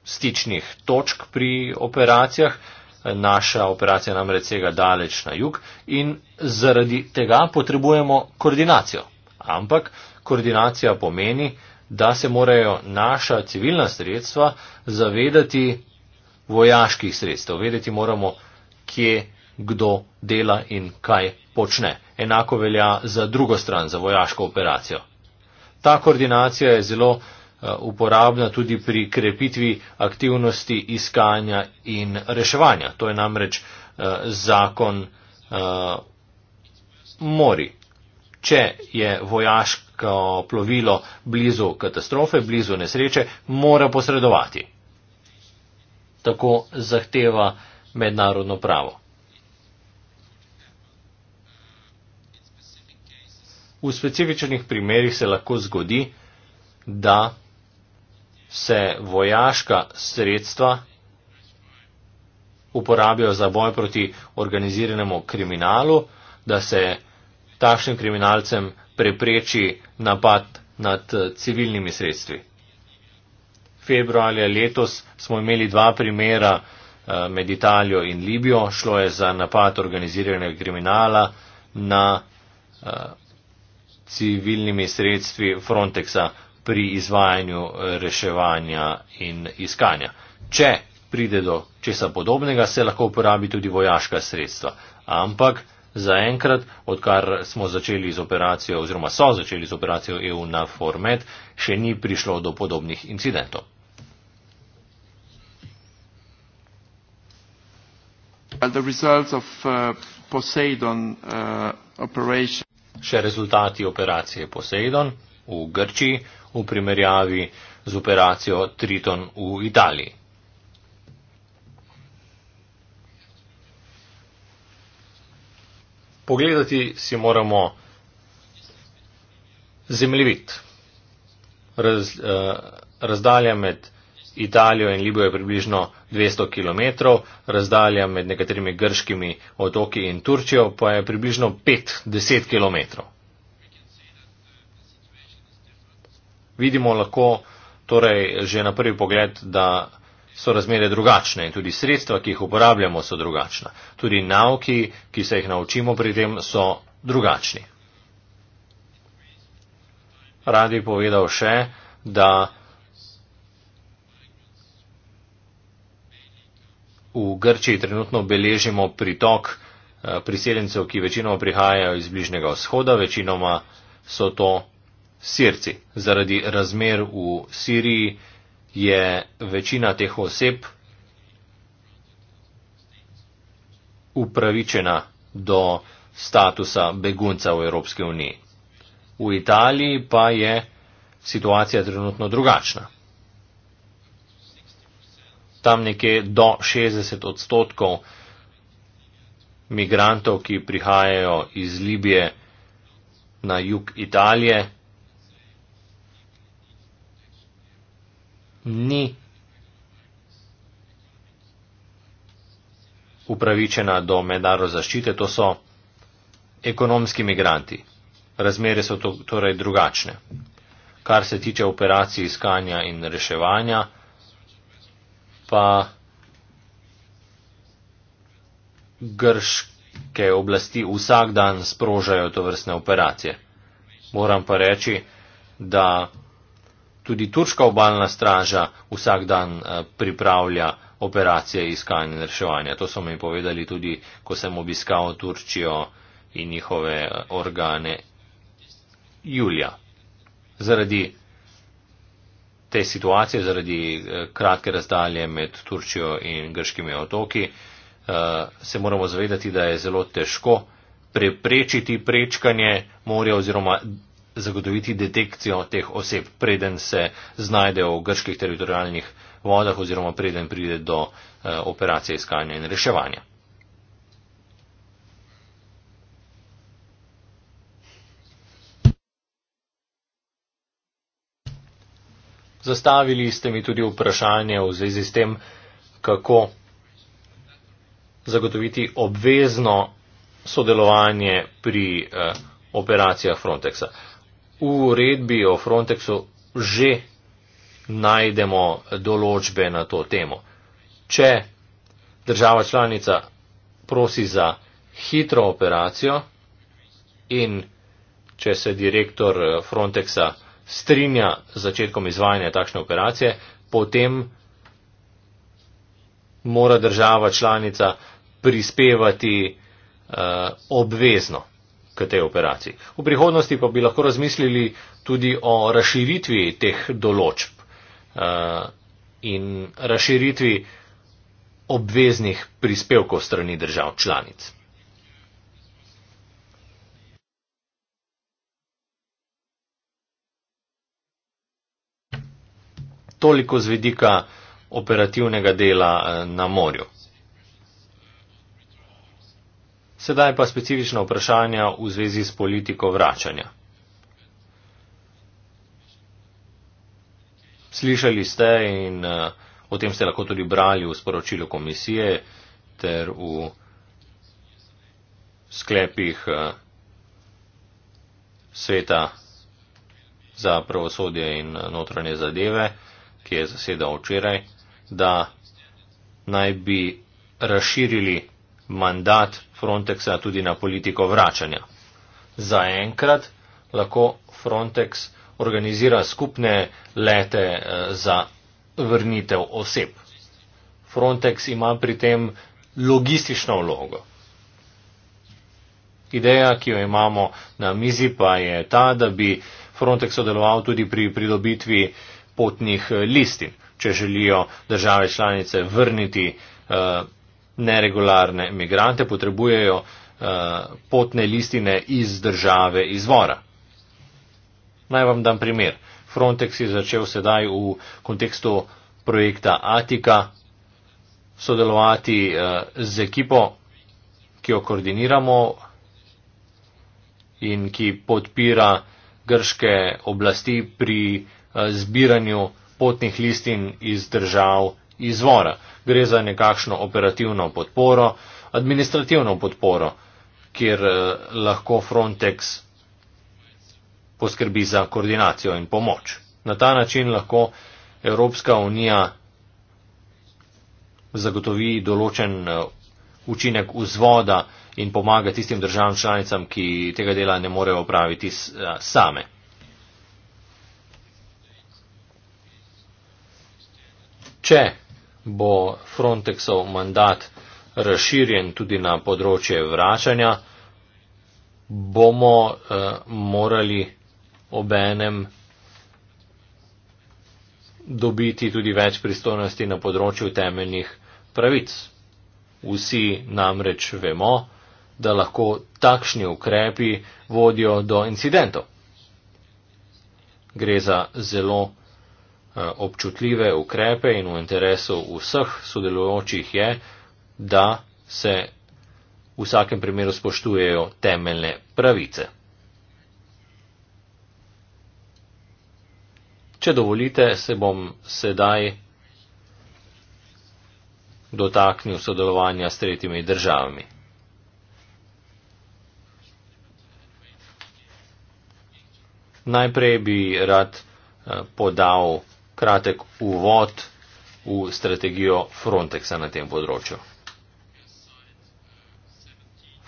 stičnih točk pri operacijah. Naša operacija namreč sega daleč na jug in zaradi tega potrebujemo koordinacijo. Ampak koordinacija pomeni, da se morajo naša civilna sredstva zavedati vojaških sredstev. Vedeti moramo, kje kdo dela in kaj počne. Enako velja za drugo stran, za vojaško operacijo. Ta koordinacija je zelo Eh, uporabna tudi pri krepitvi aktivnosti iskanja in reševanja. To je namreč eh, zakon eh, mori. Če je vojaško plovilo blizu katastrofe, blizu nesreče, mora posredovati. Tako zahteva mednarodno pravo. V specifičnih primerjih se lahko zgodi, da se vojaška sredstva uporabijo za boj proti organiziranemu kriminalu, da se takšnim kriminalcem prepreči napad nad eh, civilnimi sredstvi. Februarja letos smo imeli dva primera eh, med Italijo in Libijo. Šlo je za napad organiziranega kriminala na eh, civilnimi sredstvi Frontexa pri izvajanju eh, reševanja in iskanja. Če pride do česa podobnega, se lahko uporabi tudi vojaška sredstva. Ampak zaenkrat, odkar smo začeli z operacijo oziroma so začeli z operacijo EU na Formet, še ni prišlo do podobnih incidentov. Uh, uh, še rezultati operacije Poseidon v Grčiji v primerjavi z operacijo Triton v Italiji. Pogledati si moramo zemljevid. Raz, eh, razdalja med Italijo in Libijo je približno 200 km, razdalja med nekaterimi grškimi otoki in Turčijo pa je približno 5-10 km. Vidimo lahko torej že na prvi pogled, da so razmere drugačne in tudi sredstva, ki jih uporabljamo, so drugačna. Tudi nauki, ki se jih naučimo pri tem, so drugačni. Rad bi povedal še, da v Grčiji trenutno beležimo pritok eh, priseljencev, ki večinoma prihajajo iz Bližnjega vzhoda, večinoma so to Sirci. Zaradi razmer v Siriji je večina teh oseb upravičena do statusa begunca v Evropski uniji. V Italiji pa je situacija trenutno drugačna. Tam nekje do 60 odstotkov migrantov, ki prihajajo iz Libije na jug Italije, ni upravičena do mednarodne zaščite, to so ekonomski migranti. Razmere so to, torej drugačne. Kar se tiče operacij iskanja in reševanja, pa grške oblasti vsak dan sprožajo to vrstne operacije. Moram pa reči, da tudi turška obaljna straža vsak dan eh, pripravlja operacije iskanja in reševanja. To so mi povedali tudi, ko sem obiskal Turčijo in njihove eh, organe julija. Zaradi te situacije, zaradi eh, kratke razdalje med Turčijo in grškimi otoki, se moramo zavedati, da je zelo težko preprečiti prečkanje morja oziroma zagotoviti detekcijo teh oseb, preden se znajdejo v grških teritorijalnih vodah oziroma preden pride do eh, operacije iskanja in reševanja. Zastavili ste mi tudi vprašanje v zvezi s tem, kako zagotoviti obvezno sodelovanje pri eh, operacijah Frontexa. Eh, v uredbi o Frontexu že najdemo določbe na to temo. Če država članica prosi za hitro operacijo in če se direktor eh, Frontexa strinja z začetkom izvajanja takšne operacije, potem mora država članica prispevati uh, obvezno k tej operaciji. V prihodnosti pa bi lahko razmislili tudi o razširitvi teh določb uh, in razširitvi obveznih prispevkov strani držav članic. Toliko z vidika operativnega dela eh, na morju. Sedaj pa specifična vprašanja v zvezi s politiko vračanja. Slišali ste in eh, o tem ste lahko tudi brali v sporočilu komisije ter v sklepih eh, sveta za pravosodje in eh, notranje zadeve, ki je zasedal včeraj, da naj bi razširili mandat Frontexa tudi na politiko vračanja. Zaenkrat lahko Frontex organizira skupne lete eh, za vrnitev oseb. Frontex ima pri tem logistično vlogo. Ideja, ki jo imamo na mizi, pa je ta, da bi Frontex sodeloval tudi pri pridobitvi potnih eh, listin, če želijo države članice vrniti eh, neregularne migrante potrebujejo eh, potne listine iz države izvora. Naj vam dam primer. Frontex je začel sedaj v kontekstu projekta Atika sodelovati eh, z ekipo, ki jo koordiniramo in ki podpira grške oblasti pri eh, zbiranju potnih listin iz držav izvora. Gre za nekakšno operativno podporo, administrativno podporo, kjer eh, lahko Frontex poskrbi za koordinacijo in pomoč. Na ta način lahko Evropska unija zagotovi določen eh, učinek vzvoda in pomaga tistim državam članicam, ki tega dela ne morejo opraviti eh, same. Če bo Frontexov mandat razširjen tudi na področje vračanja, bomo eh, morali obenem dobiti tudi več pristojnosti na področju temeljnih pravic. Vsi namreč vemo, da lahko takšni ukrepi vodijo do incidentov. Gre za zelo Eh, občutljive ukrepe in v interesu vseh sodelujočih je, da se v vsakem primeru spoštujejo temeljne pravice. Če dovolite, se bom sedaj dotaknil sodelovanja s tretjimi državami. Najprej bi rad eh, podal kratek uvod v strategijo Frontexa na tem področju.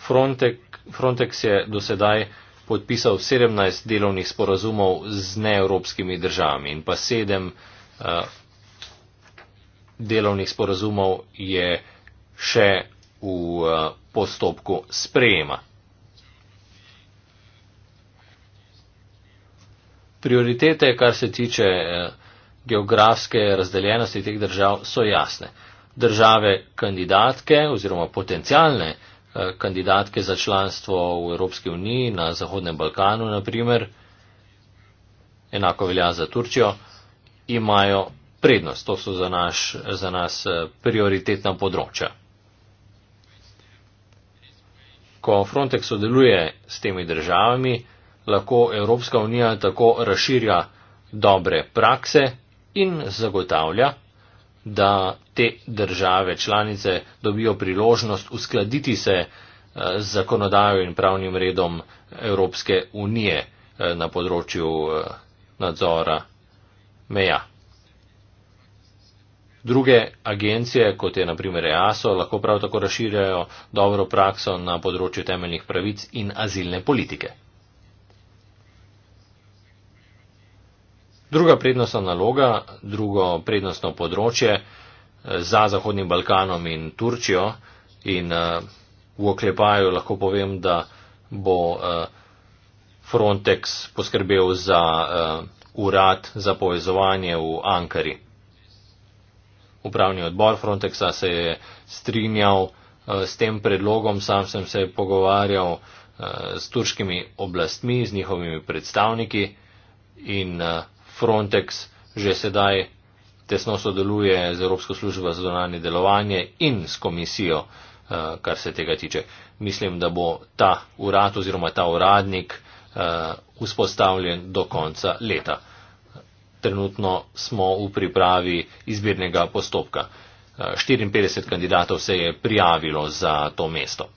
Frontex, Frontex je do sedaj podpisal 17 delovnih sporazumov z neevropskimi državami in pa 7 uh, eh, delovnih sporazumov je še v uh, postopku sprejema. Prioritete, kar se tiče uh, geografske razdeljenosti teh držav so jasne. Države kandidatke oziroma potencialne eh, kandidatke za članstvo v Evropski uniji na Zahodnem Balkanu, naprimer, enako velja za Turčijo, imajo prednost. To so za, naš, za nas eh, prioritetna področja. Ko Frontex sodeluje s temi državami, lahko Evropska unija tako razširja dobre prakse, in zagotavlja, da te države članice dobijo priložnost uskladiti se eh, z zakonodajo in pravnim redom Evropske unije eh, na področju eh, nadzora meja. Druge agencije, kot je naprimer EASO, lahko prav tako razširjajo dobro prakso na področju temeljnih pravic in azilne politike. Druga prednostna naloga, drugo prednostno področje eh, za Zahodnim Balkanom in Turčijo in eh, v oklepaju lahko povem, da bo eh, Frontex poskrbel za urad za povezovanje v Ankari. Upravni odbor Frontexa se je strinjal s tem predlogom, sam sem se pogovarjal s turškimi oblastmi, z njihovimi predstavniki in Frontex že sedaj tesno sodeluje z Evropsko službo za zonanje delovanje in s komisijo, eh, kar se tega tiče. Mislim, da bo ta urad oziroma ta uradnik eh, vzpostavljen do konca leta. Trenutno smo v pripravi izbirnega postopka. 54 eh, kandidatov se je prijavilo za to mesto.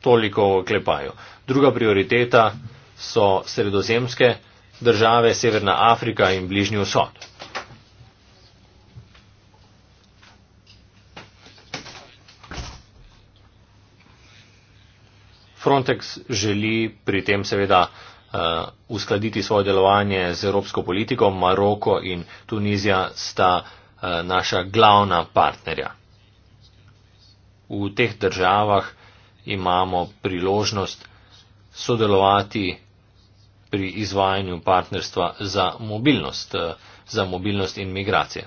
Toliko klepajo. Druga prioriteta so sredozemske države Severna Afrika in Bližnji vzhod. Frontex želi pri tem seveda uh, uskladiti svoje delovanje z evropsko politiko. Maroko in Tunizija sta uh, naša glavna partnerja. V teh državah imamo priložnost sodelovati pri izvajanju partnerstva za mobilnost, eh, za mobilnost in migracije.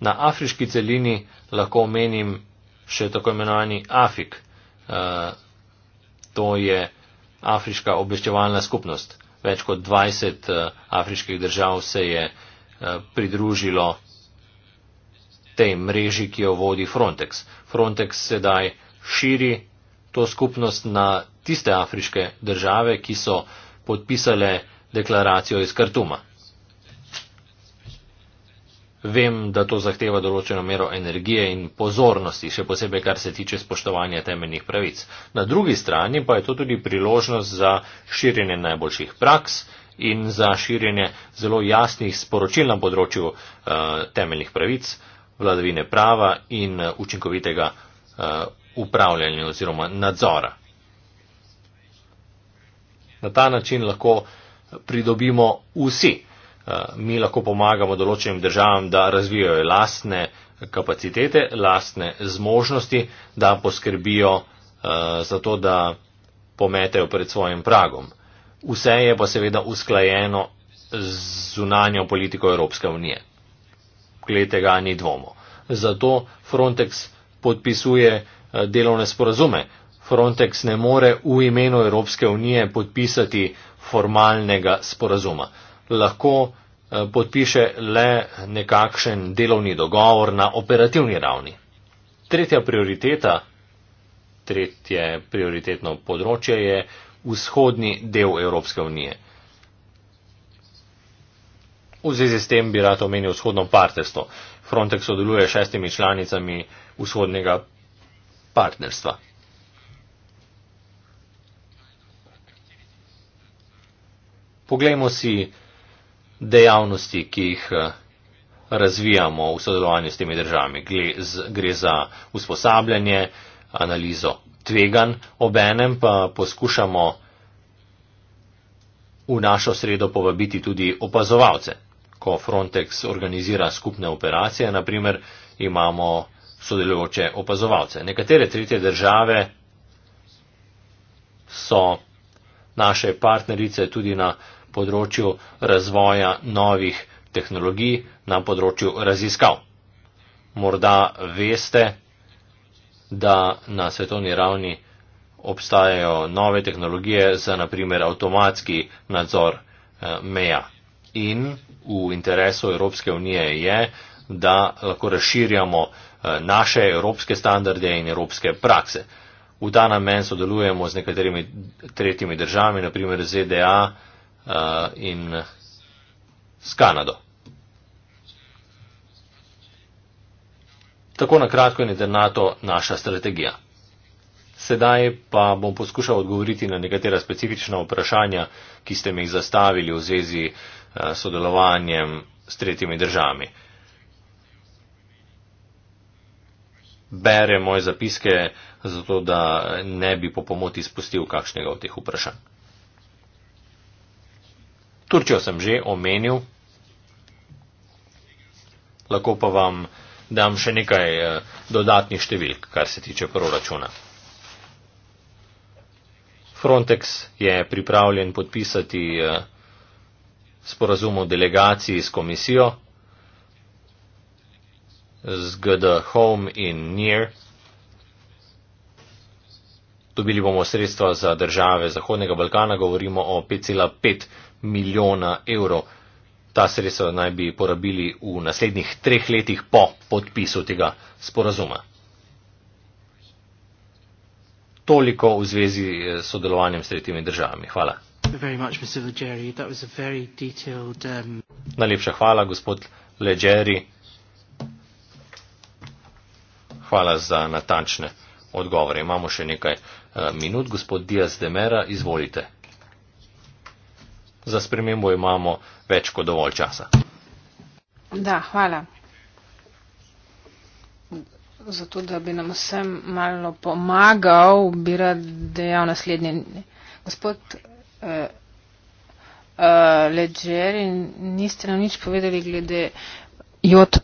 Na afriški celini lahko omenim še tako imenovani AFIK, eh, to je afriška obveščevalna skupnost. Več kot 20 eh, afriških držav se je pridružilo tej mreži, ki jo vodi Frontex. Frontex sedaj širi to skupnost na tiste afriške države, ki so podpisale deklaracijo iz Kartuma. Vem, da to zahteva določeno mero energije in pozornosti, še posebej kar se tiče spoštovanja temeljnih pravic. Na drugi strani pa je to tudi priložnost za širjenje najboljših praks in za širjenje zelo jasnih sporočil na področju eh, temeljnih pravic, vladavine prava in eh, učinkovitega eh, upravljanja oziroma nadzora. Na ta način lahko pridobimo vsi. Eh, mi lahko pomagamo določenim državam, da razvijajo lastne kapacitete, lastne zmožnosti, da poskrbijo eh, za to, da pometejo pred svojim pragom. Vse je pa seveda usklajeno z zunanjo politiko Evropske unije. Glede tega ni dvomo. Zato Frontex podpisuje eh, delovne sporazume Frontex ne more v imenu Evropske unije podpisati formalnega sporazuma. Lahko eh, podpiše le nekakšen delovni dogovor na operativni ravni. Tretja prioriteta, tretje prioritetno področje je vzhodni del Evropske unije. V zvezi s tem bi rad omenil vzhodno partnerstvo. Frontex sodeluje s šestimi članicami vzhodnega partnerstva. Poglejmo si dejavnosti, ki jih eh, razvijamo v sodelovanju s temi državami. Gre za usposabljanje, analizo tvegan, obenem pa poskušamo v našo sredo povabiti tudi opazovalce. Ko Frontex organizira skupne operacije, naprimer imamo sodelujoče opazovalce. Nekatere tretje države so naše partnerice tudi na področju razvoja novih tehnologij, na področju raziskav. Morda veste, da na svetovni ravni obstajajo nove tehnologije za naprimer avtomatski nadzor eh, meja. In v interesu Evropske unije je, da lahko razširjamo eh, naše evropske standarde in evropske prakse. V ta namen sodelujemo z nekaterimi tretjimi državami, naprimer ZDA, uh, in s Kanado. Tako na kratko je NATO naša strategija. Sedaj pa bom poskušal odgovoriti na nekatera specifična vprašanja, ki ste mi jih zastavili v zvezi uh, s sodelovanjem s tretjimi državami. Bere moje zapiske, zato da ne bi po pomoti spustil kakšnega od teh vprašanj. Turčjo sem že omenil, lahko pa vam dam še nekaj eh, dodatnih številk, kar se tiče proračuna. Frontex je pripravljen podpisati eh, sporazum o delegaciji s komisijo, z GD Home in Near. Dobili bomo sredstva za države Zahodnega Balkana, govorimo o 5,5 milijona evrov. Ta sredstva naj bi porabili v naslednjih treh letih po podpisu tega sporazuma. Toliko v zvezi eh, s sodelovanjem s tretjimi državami. Hvala. Um, Najlepša hvala, gospod Leggeri. Hvala za natančne odgovore. Imamo še nekaj eh, minut. Gospod Diaz Demera, izvolite za spremembo imamo več kot dovolj časa. Da, hvala. Zato, da bi nam vsem malo pomagal, bi rad dejal naslednje. Gospod uh, eh, uh, eh, Leđeri, niste nam nič povedali glede Jot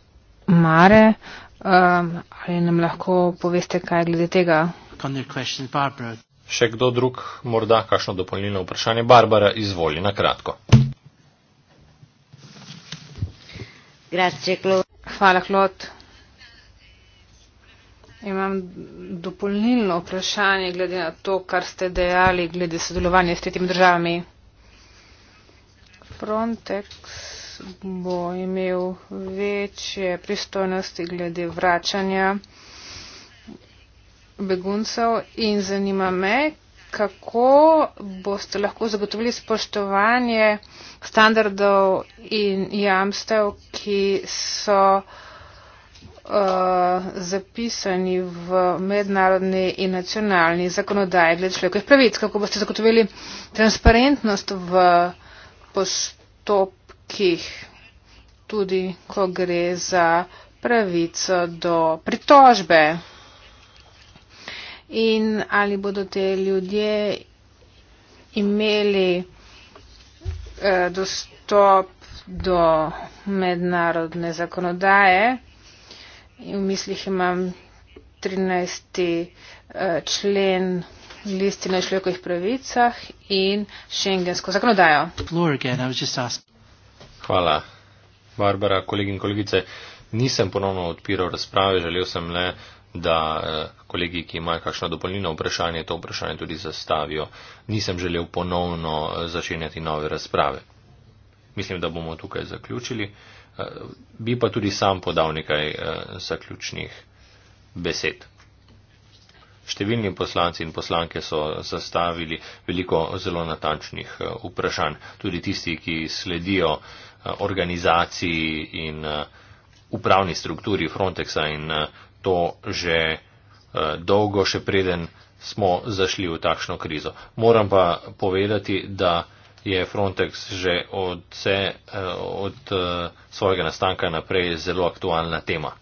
Mare. Uh, ali nam lahko poveste kaj glede tega? Barbara, Še kdo drug, morda kakšno dopolnilno vprašanje? Barbara, izvoli na kratko. Hvala, Klot. Imam dopolnilno vprašanje glede na to, kar ste dejali glede sodelovanja s tretjimi državami. Frontex bo imel večje pristojnosti glede vračanja beguncev in zanima me, kako boste lahko zagotovili spoštovanje standardov in jamstev, ki so eh, zapisani v mednarodni in nacionalni zakonodaji glede človekovih pravic, kako boste zagotovili transparentnost v postopkih, tudi ko gre za pravico do pritožbe in ali bodo te ljudje imeli eh, dostop do mednarodne zakonodaje. In v mislih imam 13. Eh, člen listine o človekovih pravicah in šengensko zakonodajo. Hvala, Barbara, kolegi in kolegice. Nisem ponovno odpiral razprave, želel sem le, da eh, kolegi, ki imajo kakšno dopolnilno vprašanje, to vprašanje tudi zastavijo. Nisem želel ponovno eh, začenjati nove razprave. Mislim, da bomo tukaj zaključili. Eh, bi pa tudi sam podal nekaj eh, zaključnih besed. Številni poslanci in poslanke so zastavili veliko zelo natančnih vprašanj. Tudi tisti, ki sledijo organizaciji in upravni strukturi Frontexa in to že. Eh, dolgo, še preden smo zašli v takšno krizo. Moram pa povedati, da je Frontex že od, se, eh, od eh, svojega nastanka naprej zelo aktualna tema.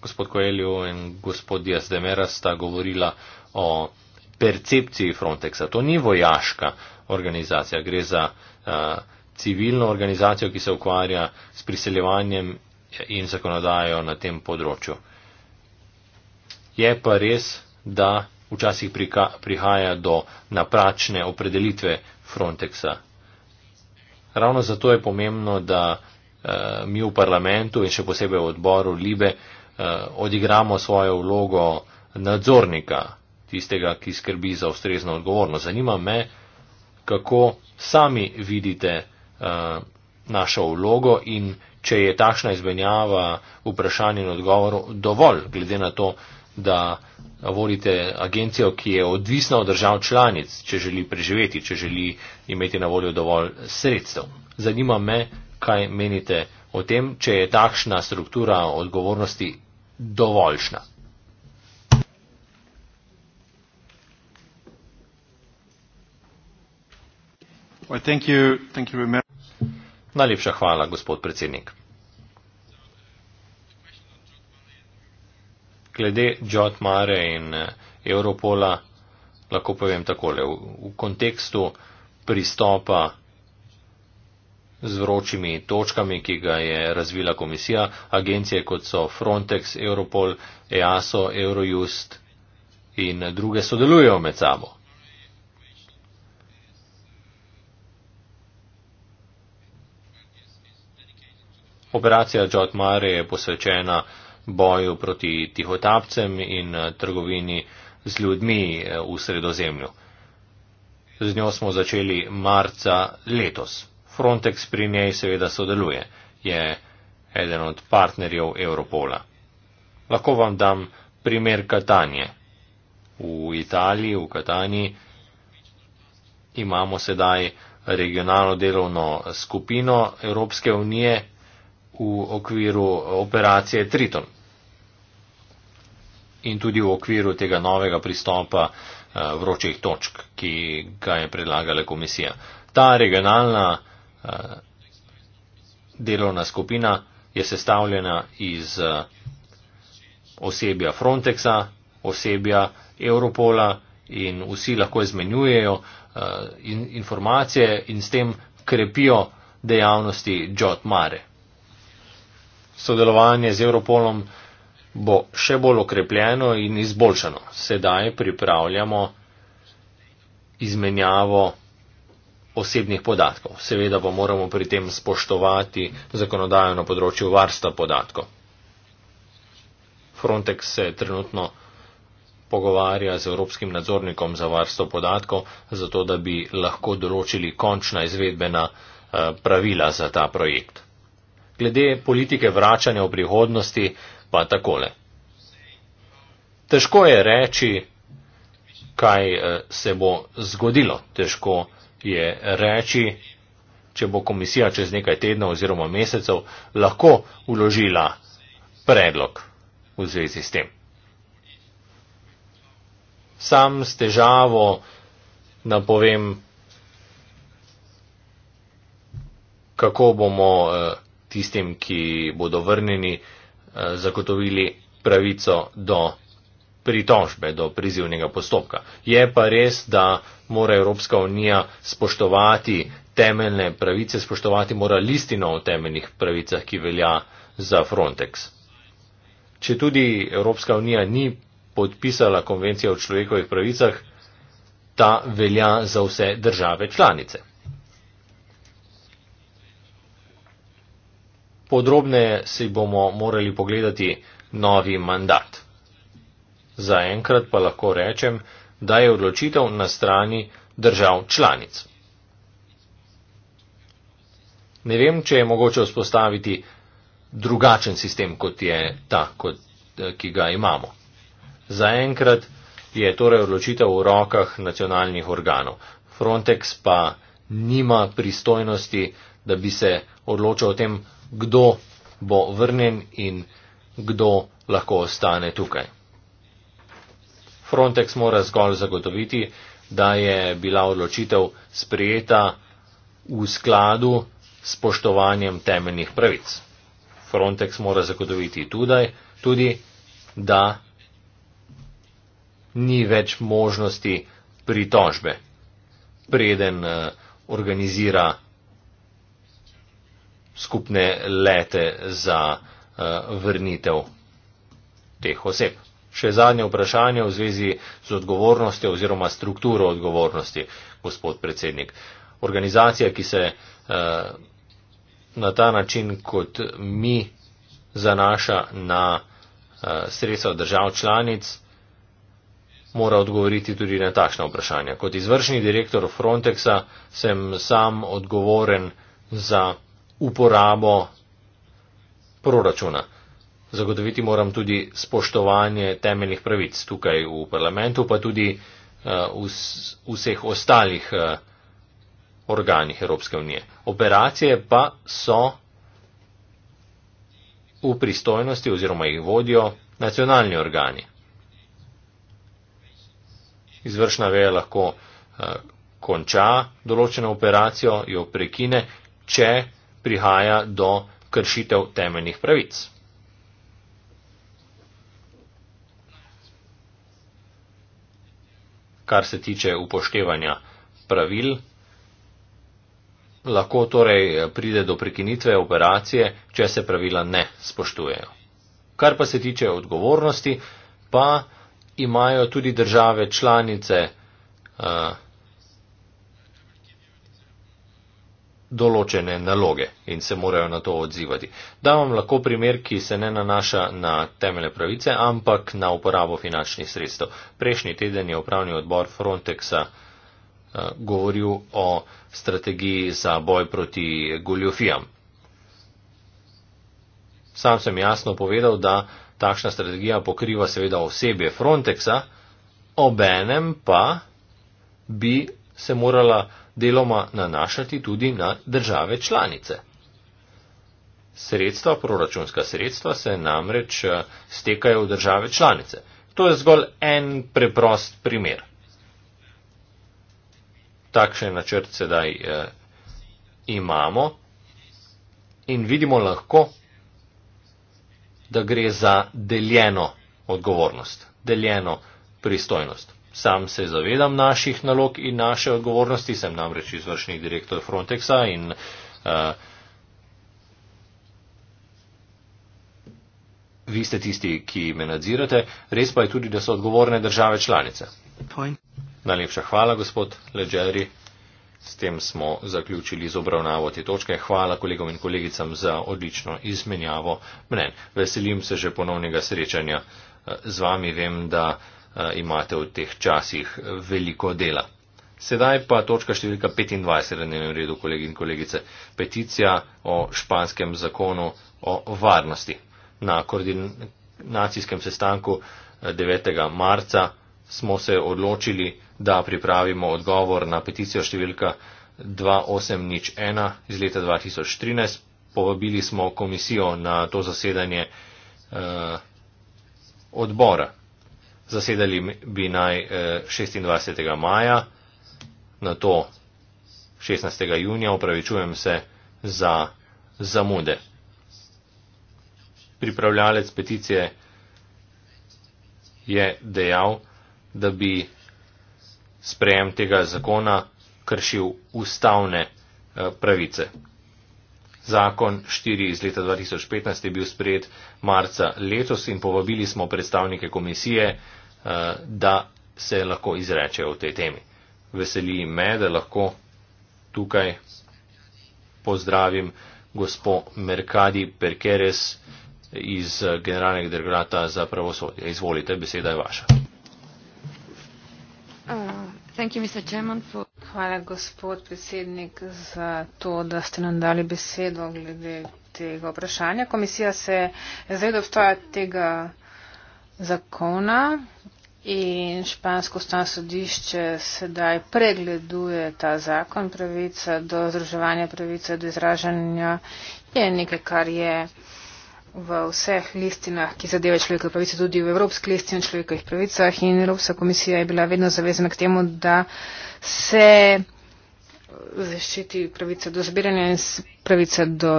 Gospod Koeljo in gospod Diaz de Mera sta govorila o percepciji Frontexa. To ni vojaška organizacija, gre za uh, civilno organizacijo, ki se ukvarja s priseljevanjem in zakonodajo na tem področju. Uh, Je pa res, da včasih prihaja do napačne opredelitve Frontexa. Ravno zato je pomembno, da eh, mi v parlamentu in še posebej v odboru Libe eh, odigramo svojo vlogo nadzornika, tistega, ki skrbi za ustrezno odgovornost. Zanima me, kako sami vidite eh, našo vlogo in če je takšna izmenjava vprašanj in odgovorov dovolj, glede na to, da vodite agencijo, ki je odvisna od držav članic, če želi preživeti, če želi imeti na voljo dovolj sredstev. Zanima me, kaj menite o tem, če je takšna struktura odgovornosti dovoljšna. Well, thank you. Thank you Najlepša hvala, gospod predsednik. glede Džotmare in eh, Europola lahko povem takole. V, v kontekstu pristopa z vročimi točkami, ki ga je razvila komisija, agencije kot so Frontex, Europol, EASO, Eurojust in druge sodelujejo med sabo. Operacija Džotmare je posvečena boju proti tihotapcem in eh, trgovini z ljudmi eh, v sredozemlju. Z njo smo začeli marca letos. Frontex pri njej seveda sodeluje, je eden od partnerjev Europola. Lahko vam dam primer Katanje. V Italiji, v Katanji, imamo sedaj regionalno delovno skupino Evropske unije v okviru operacije Triton in tudi v okviru tega novega pristopa eh, vročih točk, ki ga je predlagala komisija. Ta regionalna eh, delovna skupina je sestavljena iz eh, osebja Frontexa, osebja Europola in vsi lahko izmenjujejo informacije in s tem krepijo dejavnosti Jotmare. Sodelovanje z Europolom bo še bolj okrepljeno in izboljšano. Sedaj pripravljamo izmenjavo osebnih podatkov. Seveda pa moramo pri tem spoštovati zakonodajo na področju varstva podatkov. Frontex se trenutno pogovarja z Evropskim nadzornikom za varstvo podatkov, zato da bi lahko določili končna izvedbena eh, pravila za ta projekt. Glede politike vračanja v prihodnosti, pa takole. Težko je reči, kaj eh, se bo zgodilo. Težko je reči, če bo komisija čez nekaj tednov oziroma mesecev lahko uložila predlog v zvezi s tem. Sam s težavo napovem, kako bomo eh, tistim, ki bodo vrnjeni, Eh, zagotovili pravico do pritožbe, do prizivnega postopka. Je pa res, da mora Evropska unija spoštovati temeljne pravice, spoštovati mora listino o temeljnih pravicah, ki velja za Frontex. Če tudi Evropska unija ni podpisala konvencijo o človekovih pravicah, ta velja za vse države članice. Podrobneje si bomo morali pogledati novi mandat. Zaenkrat pa lahko rečem, da je odločitev na strani držav članic. Ne vem, če je mogoče vzpostaviti drugačen sistem, kot je ta, kot, eh, ki ga imamo. Zaenkrat je torej odločitev v rokah nacionalnih organov. Frontex pa nima pristojnosti, da bi se odločil o tem, kdo bo vrnjen in kdo lahko ostane tukaj. Frontex mora zgolj zagotoviti, da je bila odločitev sprijeta v skladu s poštovanjem temeljnih pravic. Frontex mora zagotoviti tudi, tudi da ni več možnosti pritožbe, preden eh, organizira skupne lete za eh, vrnitev teh oseb. Še zadnje vprašanje v zvezi z odgovornostjo oziroma strukturo odgovornosti, gospod predsednik. Organizacija, ki se eh, na ta način kot mi zanaša na eh, sredstva držav članic, mora odgovoriti tudi na takšna vprašanja. Kot izvršni direktor Frontexa sem sam odgovoren za uporabo proračuna. Zagotoviti moram tudi spoštovanje temeljnih pravic tukaj v parlamentu, pa tudi eh, v vseh ostalih eh, organih Evropske unije. Operacije pa so v pristojnosti oziroma jih vodijo nacionalni organi. Izvršna veja lahko eh, konča določeno operacijo, jo prekine, če prihaja do kršitev temeljnih pravic. Kar se tiče upoštevanja pravil, lahko torej pride do prekinitve operacije, če se pravila ne spoštujejo. Kar pa se tiče odgovornosti, pa imajo tudi države članice uh, določene naloge in se morajo na to odzivati. Da vam lahko primer, ki se ne nanaša na temele pravice, ampak na uporabo finančnih sredstev. Prejšnji teden je upravni odbor Frontexa eh, govoril o strategiji za boj proti goljofijam. Sam sem jasno povedal, da takšna strategija pokriva seveda osebje Frontexa, obenem pa bi se morala deloma nanašati tudi na države članice. Sredstva, proračunska sredstva se namreč eh, stekajo v države članice. To je zgolj en preprost primer. Takšen načrt sedaj eh, imamo in vidimo lahko, da gre za deljeno odgovornost, deljeno pristojnost. Sam se zavedam naših nalog in naše odgovornosti, sem namreč izvršni direktor Frontexa in uh, vi ste tisti, ki me nadzirate, res pa je tudi, da so odgovorne države članice. Point. Najlepša hvala, gospod Leđeri. S tem smo zaključili z obravnavo te točke. Hvala kolegom in kolegicam za odlično izmenjavo mnen. Veselim se že ponovnega srečanja eh, z vami. Vem, da uh, Eh, imate v teh časih veliko dela. Sedaj pa točka številka 25 na dnevnem redu, kolegi in kolegice. Peticija o španskem zakonu o varnosti. Na koordinacijskem sestanku 9. Eh, marca smo se odločili, da pripravimo odgovor na peticijo številka 2801 iz leta 2013. Povabili smo komisijo na to zasedanje eh, odbora zasedali bi naj 26. Eh, maja, na to 16. junija upravičujem se za zamude. Pripravljalec peticije je dejal, da bi sprejem tega zakona kršil ustavne eh, pravice. Zakon 4 iz leta 2015 je bil sprejet marca letos in povabili smo predstavnike komisije, Eh, da se lahko izrečejo o tej temi. Veseli me, da lahko tukaj pozdravim gospo Mercadi Perkeres iz eh, Generalnega delegata za pravosodje. Izvolite, beseda je vaša. Uh, you, Hvala, gospod predsednik, za to, da ste nam dali besedo glede tega vprašanja. Komisija se zdaj obstoja tega zakona in špansko ustavno sodišče sedaj pregleduje ta zakon. Pravica do združevanja, pravica do izražanja je nekaj, kar je v vseh listinah, ki zadevajo človekove pravice, tudi v Evropski listini o človekovih pravicah in Evropska komisija je bila vedno zavezana k temu, da se zaščiti pravice do zbiranja in pravice do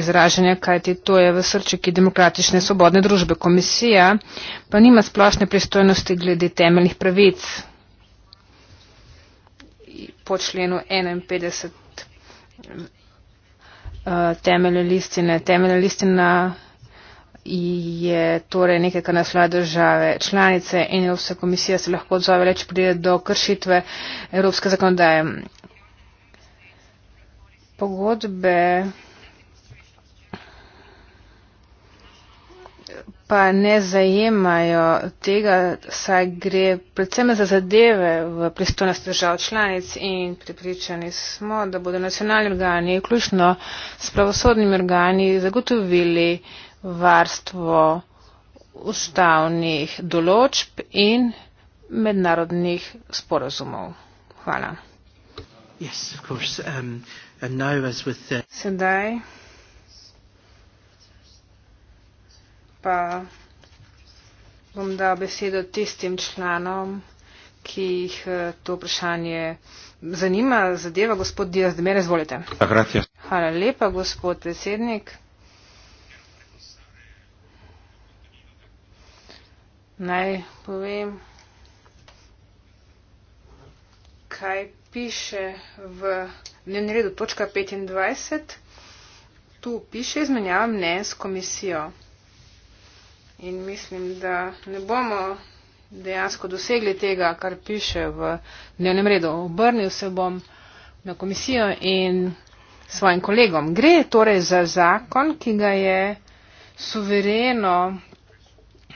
izražanja, kajti to je v srčiki demokratične svobodne družbe. Komisija pa nima splošne pristojnosti glede temeljnih pravic po členu 51 eh, temeljne listine. Temeljna listina je torej nekaj, kar naslaja države članice in Evropska komisija se lahko odzove, če pride do kršitve Evropske zakonodaje pogodbe pa ne zajemajo tega, saj gre predvsem za zadeve v pristojnosti držav članic in pripričani smo, da bodo nacionalni organi, vključno s pravosodnimi organi, zagotovili varstvo ustavnih določb in mednarodnih sporozumov. Hvala. Yes, of course. Um, And now, as with the Sedaj pa bom dal besedo tistim članom, ki jih eh, to vprašanje zanima, zadeva gospod Diaz, da me razvolite. Ja, Hvala lepa, gospod predsednik. Naj povem, kaj piše v dnevni redu točka 25, tu piše izmenjava mnen s komisijo. In mislim, da ne bomo dejansko dosegli tega, kar piše v dnevnem redu. Obrnil se bom na komisijo in svojim kolegom. Gre torej za zakon, ki ga je suvereno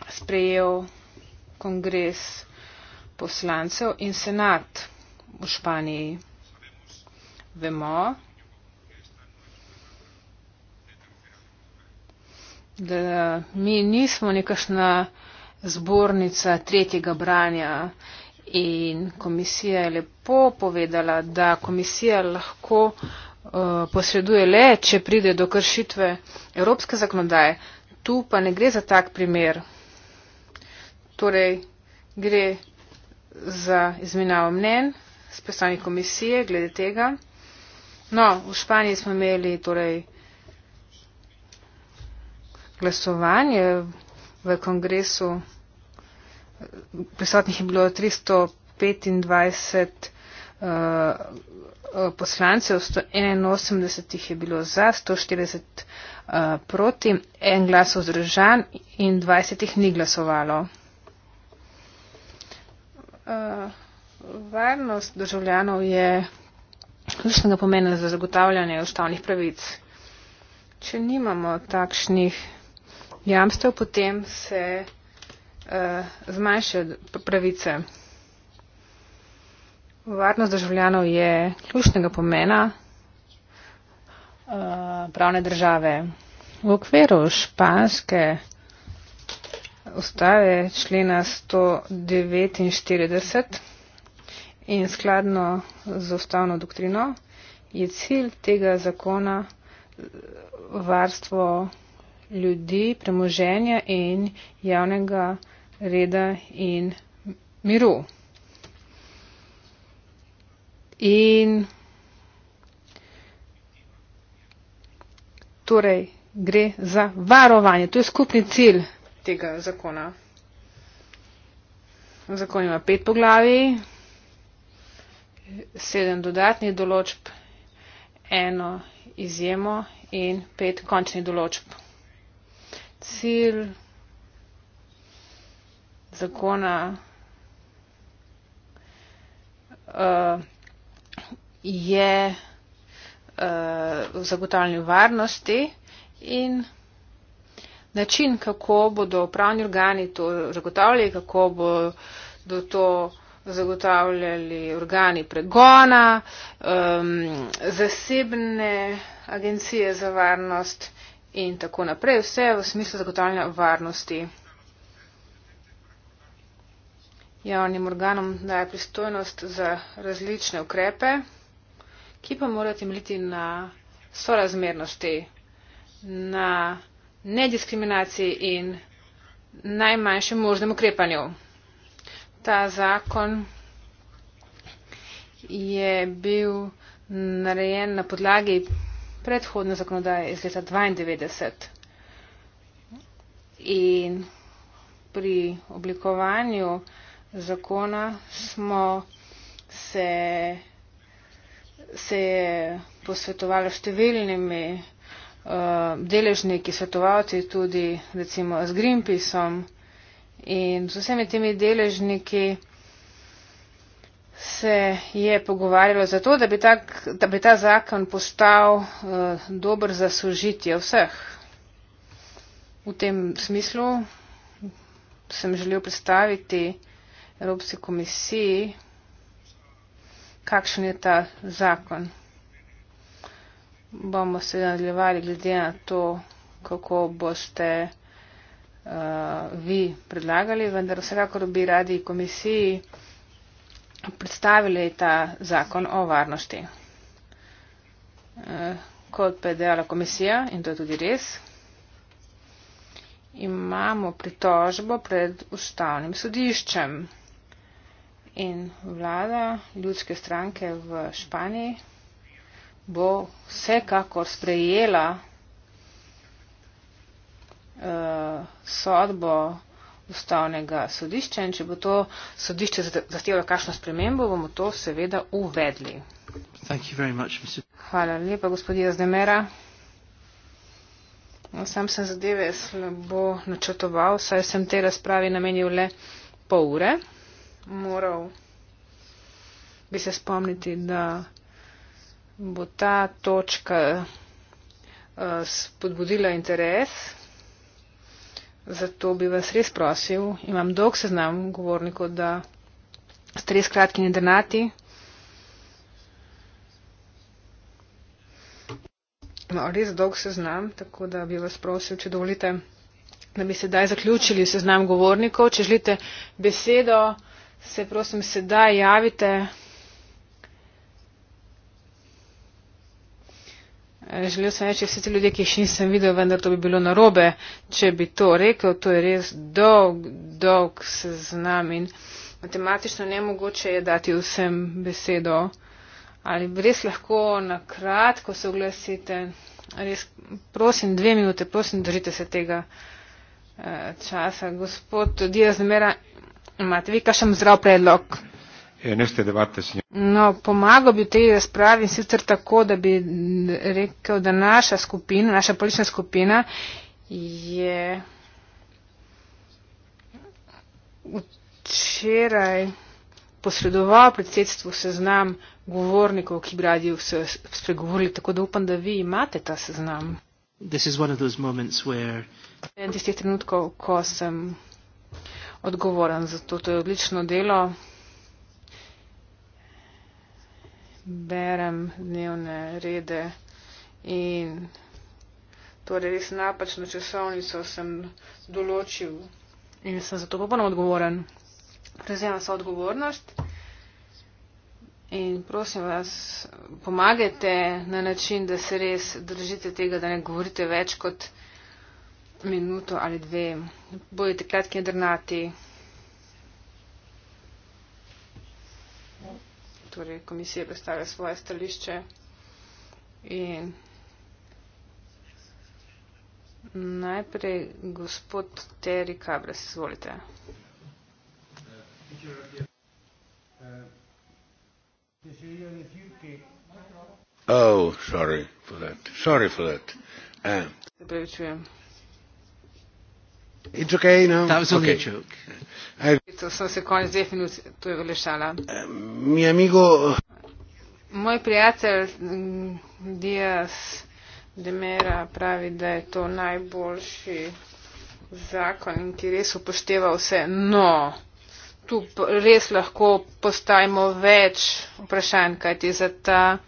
sprejel kongres poslancev in senat v Španiji vemo, da mi nismo nekašna zbornica tretjega branja in komisija je lepo povedala, da komisija lahko uh, posreduje le, če pride do kršitve evropske zakonodaje. Tu pa ne gre za tak primer. Torej, gre za izmenjavo mnen s predstavnik komisije glede tega. No, v Španiji smo imeli torej glasovanje v kongresu. Prisotnih je bilo 325 uh, eh, eh, poslancev, 181 je bilo za, 140 uh, eh, proti, en glas vzdržan in 20 jih ni glasovalo. Uh, varnost državljanov je ključnega pomena za zagotavljanje ustavnih pravic. Če nimamo takšnih jamstev, potem se uh, zmanjšajo pravice. Varnost državljanov je ključnega pomena uh, pravne države. V okviru španske ustave člena 149 in skladno z ustavno doktrino je cilj tega zakona eh, varstvo ljudi, premoženja in javnega reda in miru. In torej gre za varovanje. To je skupni cilj tega zakona. Zakon ima pet poglavij sedem dodatnih določb, eno izjemo in pet končnih določb. Cilj zakona uh, je uh, eh, zagotavljanje varnosti in način, kako bodo upravni organi to zagotavljali, kako bodo to zagotavljali organi pregona, um, zasebne agencije za varnost in tako naprej. Vse v smislu zagotavljanja varnosti javnim organom daje pristojnost za različne ukrepe, ki pa morajo temeljiti na sorazmernosti, na nediskriminaciji in najmanjšem možnem ukrepanju ta zakon je bil narejen na podlagi predhodne zakonodaje iz leta 92. In pri oblikovanju zakona smo se, se posvetovali številnimi uh, deležniki, svetovalci tudi recimo z Greenpeaceom, in z vsemi temi deležniki se je pogovarjalo za to, da bi ta, da bi ta zakon postal uh, dober za sožitje vseh. V tem smislu sem želel predstaviti Evropski komisiji, kakšen je ta zakon. Bomo se nadaljevali glede na to, kako boste uh, vi predlagali, vendar vsekakor bi radi komisiji predstavili ta zakon o varnosti. Uh, kot pa je dejala komisija, in to je tudi res, imamo pritožbo pred ustavnim sodiščem in vlada ljudske stranke v Španiji bo vsekakor sprejela uh, sodbo ustavnega sodišča in če bo to sodišče zahtevalo kakšno spremembo, bomo to seveda uvedli. Much, Hvala lepa, gospodin Jazdemera. No, sam sem zadeve slabo načrtoval, saj sem te razpravi namenil le pol ure. Moral bi se spomniti, da bo ta točka uh, spodbudila interes. Zato bi vas res prosil, imam dolg seznam govornikov, da ste res kratki in denati. No, res dolg seznam, tako da bi vas prosil, če dovolite, da bi sedaj zaključili seznam govornikov. Če želite besedo, se prosim sedaj javite. želel sem reči vse te ljudje, ki jih še nisem videl, vendar to bi bilo narobe, če bi to rekel. To je res dolg, dolg seznam in matematično nemogoče je dati vsem besedo. Ali res lahko na kratko se oglasite? Res prosim, dve minute, prosim, držite se tega eh, časa. Gospod Diaz, zmera, imate vi kašem zdrav predlog? en este debate, señor. No, pomagao bi u tej raspravi sicer tako, da bi rekel, da naša skupina, naša politična skupina je včeraj posredoval predsedstvu seznam govornikov, ki bi radi vse spregovorili, tako da upam, da vi imate ta seznam. Where... En tistih trenutkov, ko sem odgovoren za to, to je odlično delo. berem dnevne rede in torej res napačno časovnico sem določil. In sem zato popolnoma odgovoren. Prevzemam svojo odgovornost in prosim vas, pomagajte na način, da se res držite tega, da ne govorite več kot minuto ali dve. Bojte kratki drnati. torej komisije predstavlja svoje stališče. In najprej gospod Terry Cabres, izvolite. Oh, sorry for that. Sorry for that. Um, It's okay now. That was only okay. a joke. To sem se konec definicij tu olešala. Um, mi amigo. Moj prijatelj mm, Dias Demera pravi, da je to najboljši zakon, ki res upošteva vse. No, tu res lahko postajamo več vprašanj, kajti za ta eh,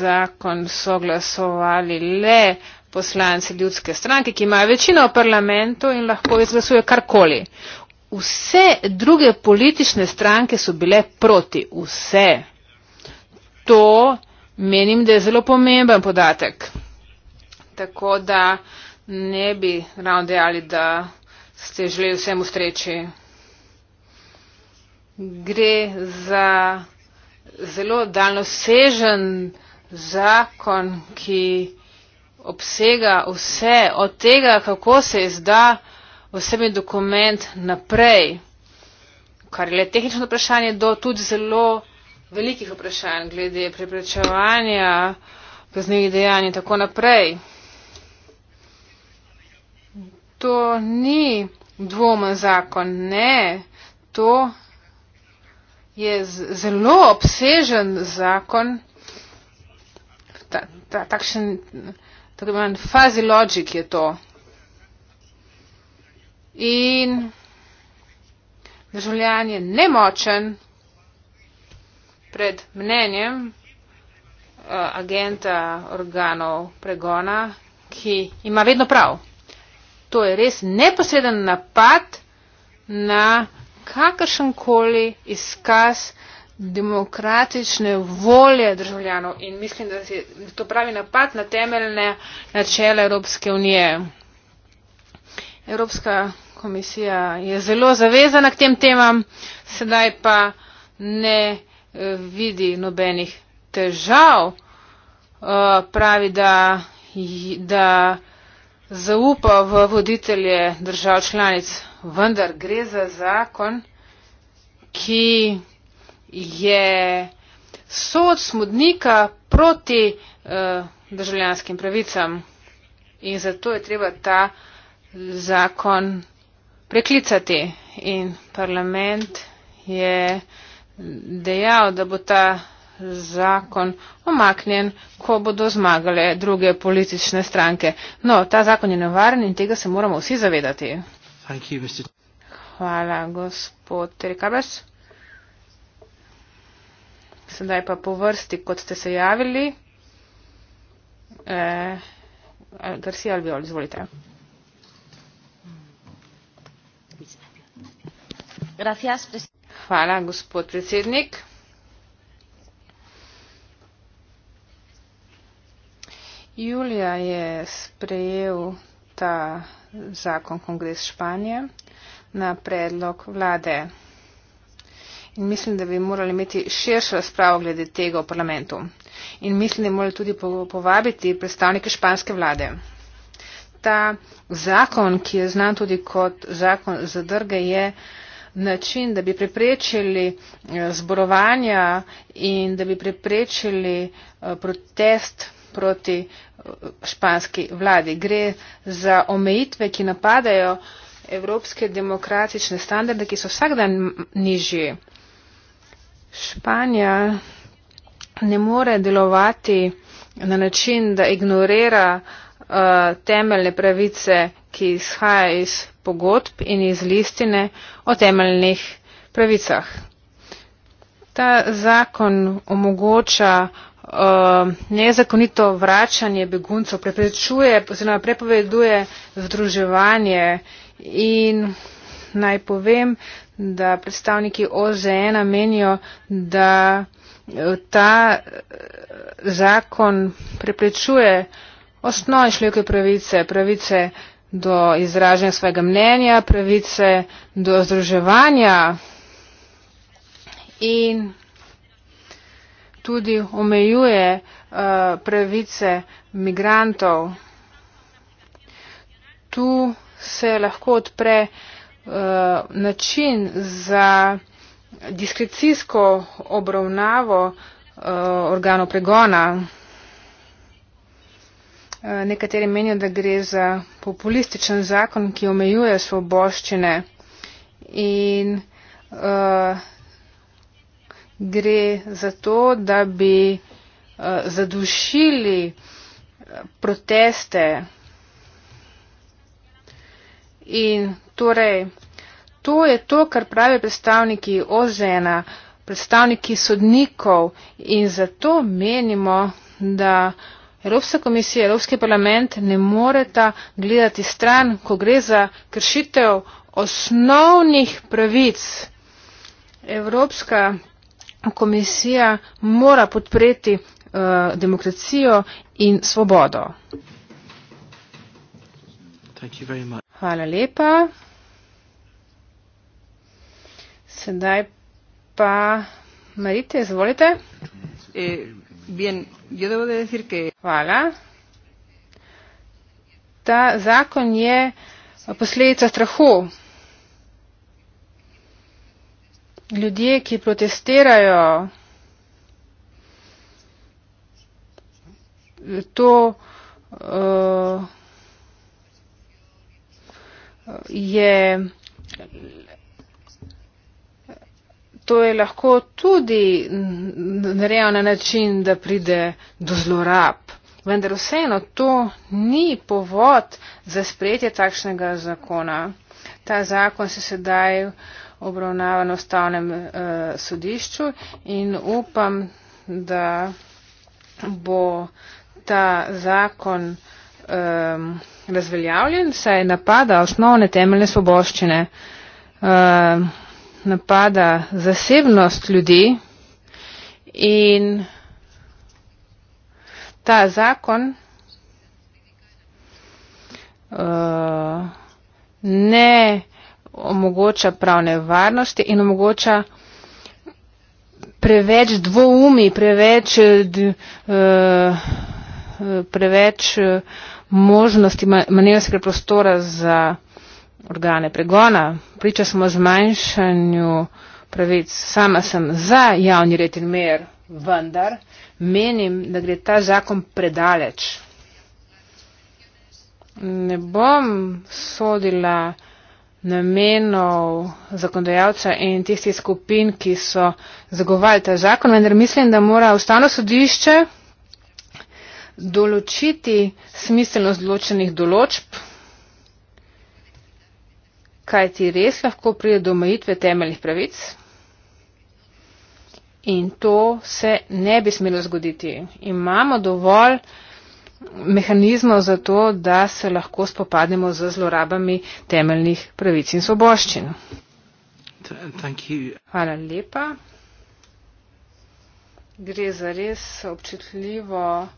zakon so glasovali le poslanci ljudske stranke, ki imajo večino v parlamentu in lahko izglasuje karkoli. Vse druge politične stranke so bile proti. Vse. To menim, da je zelo pomemben podatek. Tako da ne bi ravno dejali, da ste želeli vsem ustreči. Gre za zelo daljnosežen zakon, ki obsega vse od tega, kako se izda osebni dokument naprej, kar je le tehnično vprašanje, do tudi zelo velikih vprašanj glede preprečevanja kaznjivih dejanj in tako naprej. To ni dvomen zakon, ne, to je zelo obsežen zakon, ta, ta, takšen tako imenovan fuzzy logic je to. In državljan je nemočen pred mnenjem uh, agenta organov pregona, ki ima vedno prav. To je res neposreden napad na kakršen koli izkaz demokratične volje državljanov in mislim, da je to pravi napad na temeljne načele Evropske unije. Evropska komisija je zelo zavezana k tem temam, sedaj pa ne eh, vidi nobenih težav. Eh, pravi, da, da zaupa v voditelje držav članic, vendar gre za zakon, ki je sod smudnika proti eh, državljanskim pravicam in zato je treba ta zakon preklicati. In parlament je dejal, da bo ta zakon omaknjen, ko bodo zmagale druge politične stranke. No, ta zakon je nevaren in tega se moramo vsi zavedati. Hvala, gospod Terikabes. Sedaj pa po vrsti, kot ste se javili. Drsi eh, Albiol, izvolite. Hvala, gospod predsednik. Julija je sprejel ta zakon kongres Španije na predlog vlade in mislim, da bi morali imeti širšo razpravo glede tega v parlamentu. In mislim, da bi morali tudi povabiti predstavnike španske vlade. Ta zakon, ki je znan tudi kot zakon za drge, je način, da bi preprečili eh, zborovanja in da bi preprečili eh, protest proti eh, španski vladi. Gre za omejitve, ki napadajo evropske demokratične standarde, ki so vsak dan nižji. Španija ne more delovati na način, da ignorira uh, temeljne pravice, ki izhajajo iz pogodb in iz listine o temeljnih pravicah. Ta zakon omogoča uh, nezakonito vračanje beguncov, preprečuje oziroma prepoveduje združevanje in naj povem, da predstavniki OZN menijo, da eh, ta eh, zakon preprečuje osnovne človekove pravice, pravice do izražanja svojega mnenja, pravice do združevanja in tudi omejuje uh, pravice migrantov. Tu se lahko odpre uh, Eh, način za diskrecijsko obravnavo eh, organov pregona. Eh, nekateri menijo, da gre za populističen zakon, ki omejuje svoboščine in uh, gre za to, da bi uh, zadušili proteste in Torej, to je to, kar pravi predstavniki OZN-a, predstavniki sodnikov in zato menimo, da Evropska komisija, Evropski parlament ne moreta gledati stran, ko gre za kršitev osnovnih pravic. Evropska komisija mora podpreti uh, demokracijo in svobodo. Hvala lepa. Sedaj pa Marite, izvolite. Eh, bien, yo debo de decir que... Hvala. Ta zakon je posledica strahu. Ljudje, ki protestirajo, to uh, je to je lahko tudi narejeno na način, da pride do zlorab. Vendar vseeno to ni povod za sprejetje takšnega zakona. Ta zakon se sedaj obravnava na ustavnem eh, sodišču in upam, da bo ta zakon eh, razveljavljen, saj napada osnovne temeljne svoboščine. Eh, napada zasebnost ljudi in ta zakon uh, ne omogoča pravne varnosti in omogoča preveč dvoumi, preveč, uh, preveč eh, možnosti manevrskega prostora za organe pregona. Priča smo zmanjšanju pravic. Sama sem za javni red in mer, vendar menim, da gre ta zakon predaleč. Ne bom sodila namenov zakonodajalca in tistih skupin, ki so zagovali ta zakon, vendar mislim, da mora ustavno sodišče določiti smiselnost določenih določb kaj ti res lahko pride do omejitve temeljnih pravic. In to se ne bi smelo zgoditi. Imamo dovolj mehanizmov za to, da se lahko spopademo z zlorabami temeljnih pravic in soboščin. Hvala lepa. Gre za res občutljivo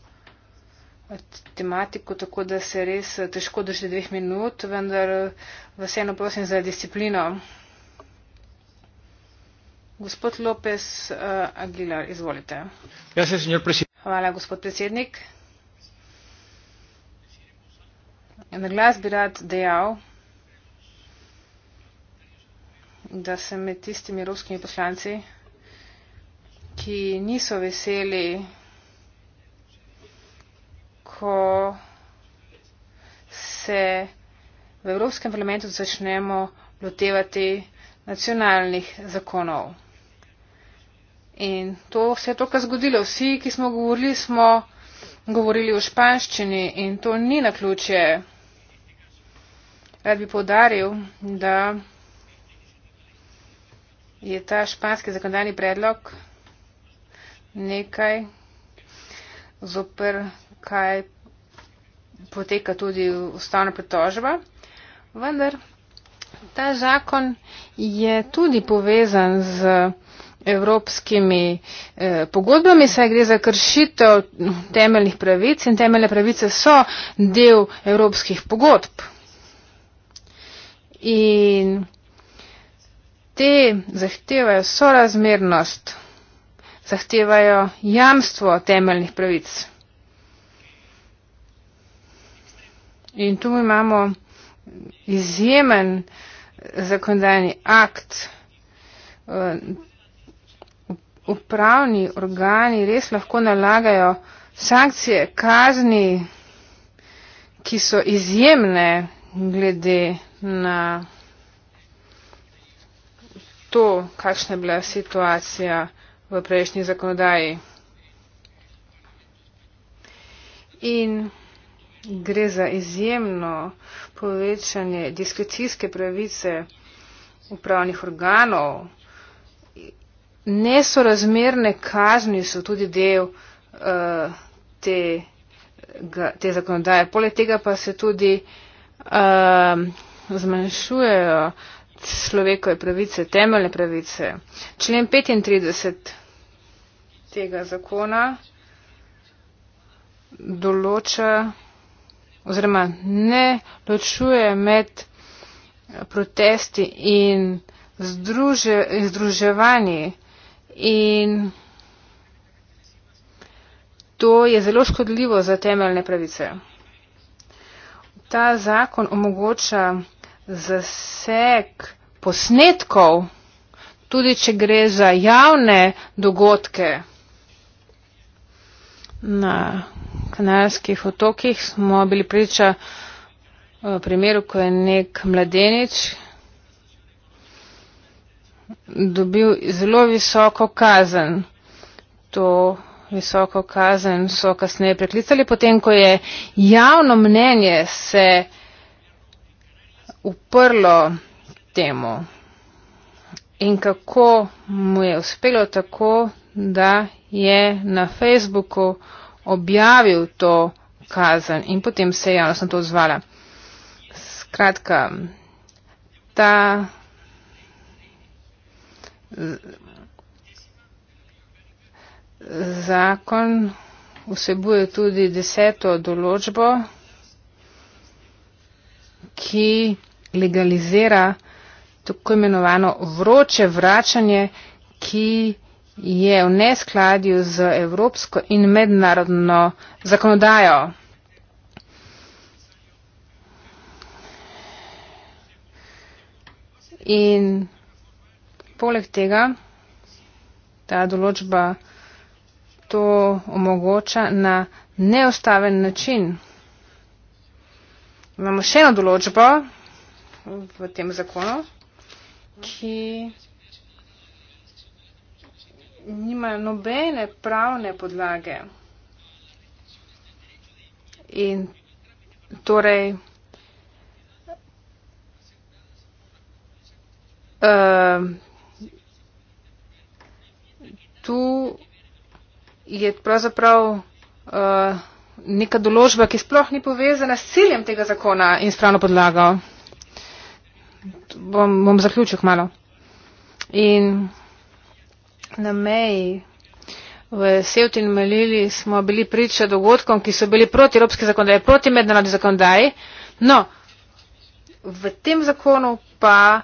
tematiko, tako da se res težko drži dveh minut, vendar. Uh, vseeno prosim za disciplino. Gospod Lopez uh, eh, Aguilar, izvolite. Ja, se, Hvala, gospod predsednik. Na glas bi rad dejal, da sem med tistimi ruskimi poslanci, ki niso veseli, ko se v Evropskem parlamentu začnemo lotevati nacionalnih zakonov. In to se je tokrat zgodilo. Vsi, ki smo govorili, smo govorili o španščini in to ni na ključje. Rad bi povdaril, da je ta španski zakonodajni predlog nekaj zoper, kaj poteka tudi ustavna pritožba. Vendar ta zakon je tudi povezan z evropskimi eh, pogodbami, saj gre za kršitev temeljnih pravic in temeljne pravice so del evropskih pogodb. In te zahtevajo sorazmernost, zahtevajo jamstvo temeljnih pravic. In tu imamo izjemen zakonodajni akt. Eh, upravni organi res lahko nalagajo sankcije, kazni, ki so izjemne glede na to, kakšna je bila situacija v prejšnji zakonodaji. In gre za izjemno povečanje diskrecijske pravice upravnih organov. Nesorazmerne kazni so tudi del uh, eh, te, ga, te zakonodaje. Poleg tega pa se tudi uh, zmanjšujejo človekove pravice, temeljne pravice. Člen 35 tega zakona določa oziroma ne ločuje med eh, protesti in združe, združevanji. In to je zelo škodljivo za temeljne pravice. Ta zakon omogoča zaseg posnetkov, tudi če gre za javne dogodke na kanarskih otokih smo bili priča eh, primeru, ko je nek mladenič dobil zelo visoko kazen. To visoko kazen so kasneje preklicali, potem ko je javno mnenje se uprlo temu in kako mu je uspelo tako, da je na Facebooku objavil to kazen in potem se je javnost na to odzvala. Skratka, ta zakon vsebuje tudi deseto določbo, ki legalizira tako imenovano vroče vračanje, ki je v neskladju z evropsko in mednarodno zakonodajo. In poleg tega ta določba to omogoča na neustaven način. Imamo še eno določbo v tem zakonu, ki nimajo nobene pravne podlage. In torej, uh, tu je pravzaprav uh, neka določba, ki sploh ni povezana s ciljem tega zakona in s pravno podlago. Bom, bom zaključil malo. In na meji v Sevti in Malili smo bili priča dogodkom, ki so bili proti evropske zakonodaje, proti mednarodni zakonodaji. No, v tem zakonu pa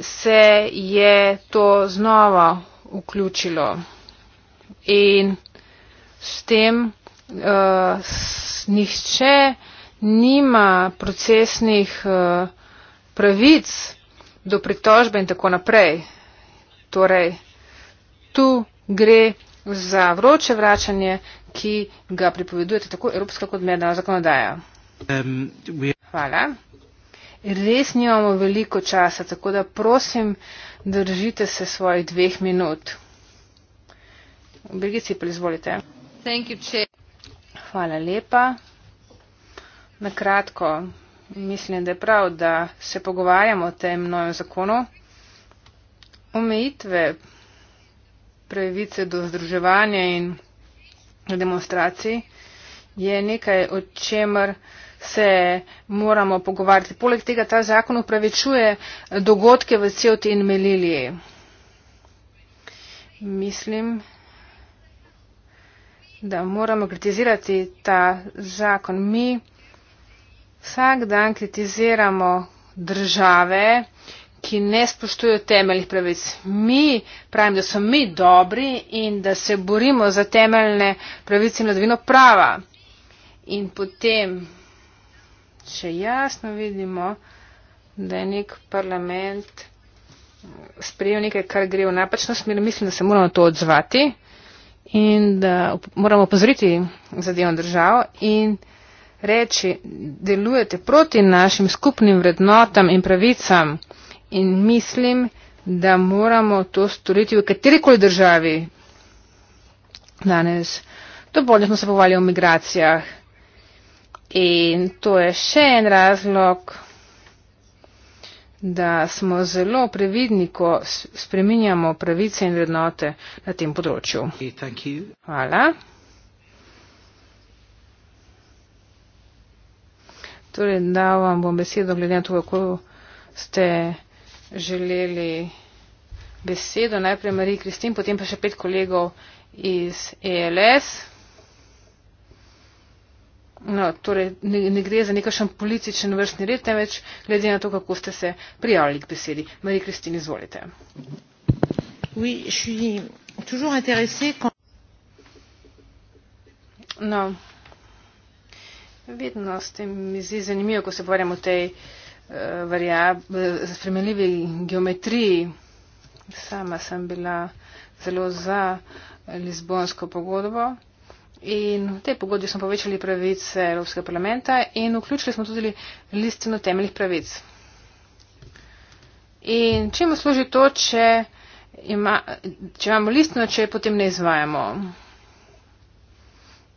se je to znova vključilo. In s tem uh, nihče nima procesnih uh, pravic do pritožbe in tako naprej. Torej, tu gre za vroče vračanje, ki ga pripovedujete tako evropska kot mednarodna zakonodaja. Um, Hvala. Res nimamo veliko časa, tako da prosim, držite se svojih dveh minut. Brigici, pa izvolite. Hvala lepa. Na kratko, mislim, da je prav, da se pogovarjamo o tem novem zakonu. Omejitve pravice do združevanja in demonstracij, je nekaj, o čemer se moramo pogovarjati. Poleg tega ta zakon upravičuje dogodke v Ceuti in Meliliji. Mislim, da moramo kritizirati ta zakon. Mi vsak dan kritiziramo države, ki ne spoštujejo temeljnih pravic. Mi pravim, da so mi dobri in da se borimo za temeljne pravice in vladavino prava. In potem, če jasno vidimo, da je nek parlament sprejel nekaj, kar gre v napačno smer, mislim, da se moramo to odzvati in da moramo opozoriti zadevno državo in reči, delujete proti našim skupnim vrednotam in pravicam in mislim, da moramo to storiti v katerikoli državi danes. Dovolj smo se povali o migracijah in to je še en razlog, da smo zelo previdni, ko spreminjamo pravice in vrednote na tem področju. Okay, Hvala. Torej, da vam bom besedo glede na to, kako ste želeli besedo. Najprej Marija Kristin, potem pa še pet kolegov iz ELS. No, torej, ne, ne gre za nekakšen političen vrstni red, temveč glede na to, kako ste se prijavili k besedi. Marija Kristin, izvolite. Oui, No, vedno se mi zdi zanimivo, ko se pogovarjamo o tej uh, Eh, eh, spremenljivi geometriji. Sama sem bila zelo za Lizbonsko pogodbo. In v tej pogodbi smo povečali pravice Evropskega parlamenta in vključili smo tudi listino temeljih pravic. In čem služi to, če, ima, če imamo listino, če potem ne izvajamo?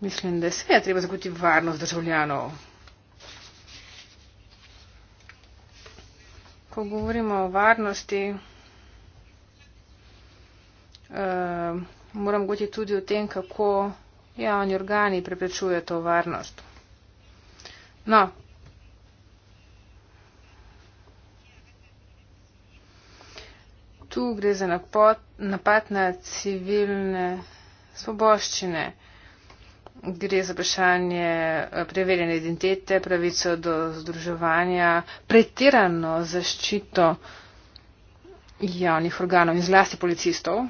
Mislim, da je seveda treba zagotoviti varnost državljanov. ko govorimo o varnosti, uh, moram goti tudi o tem, kako javni organi preprečuje to varnost. No. Tu gre za napad na civilne svoboščine gre za vprašanje eh, preverjene identitete, pravico do združevanja, pretirano zaščito javnih organov in zlasti policistov.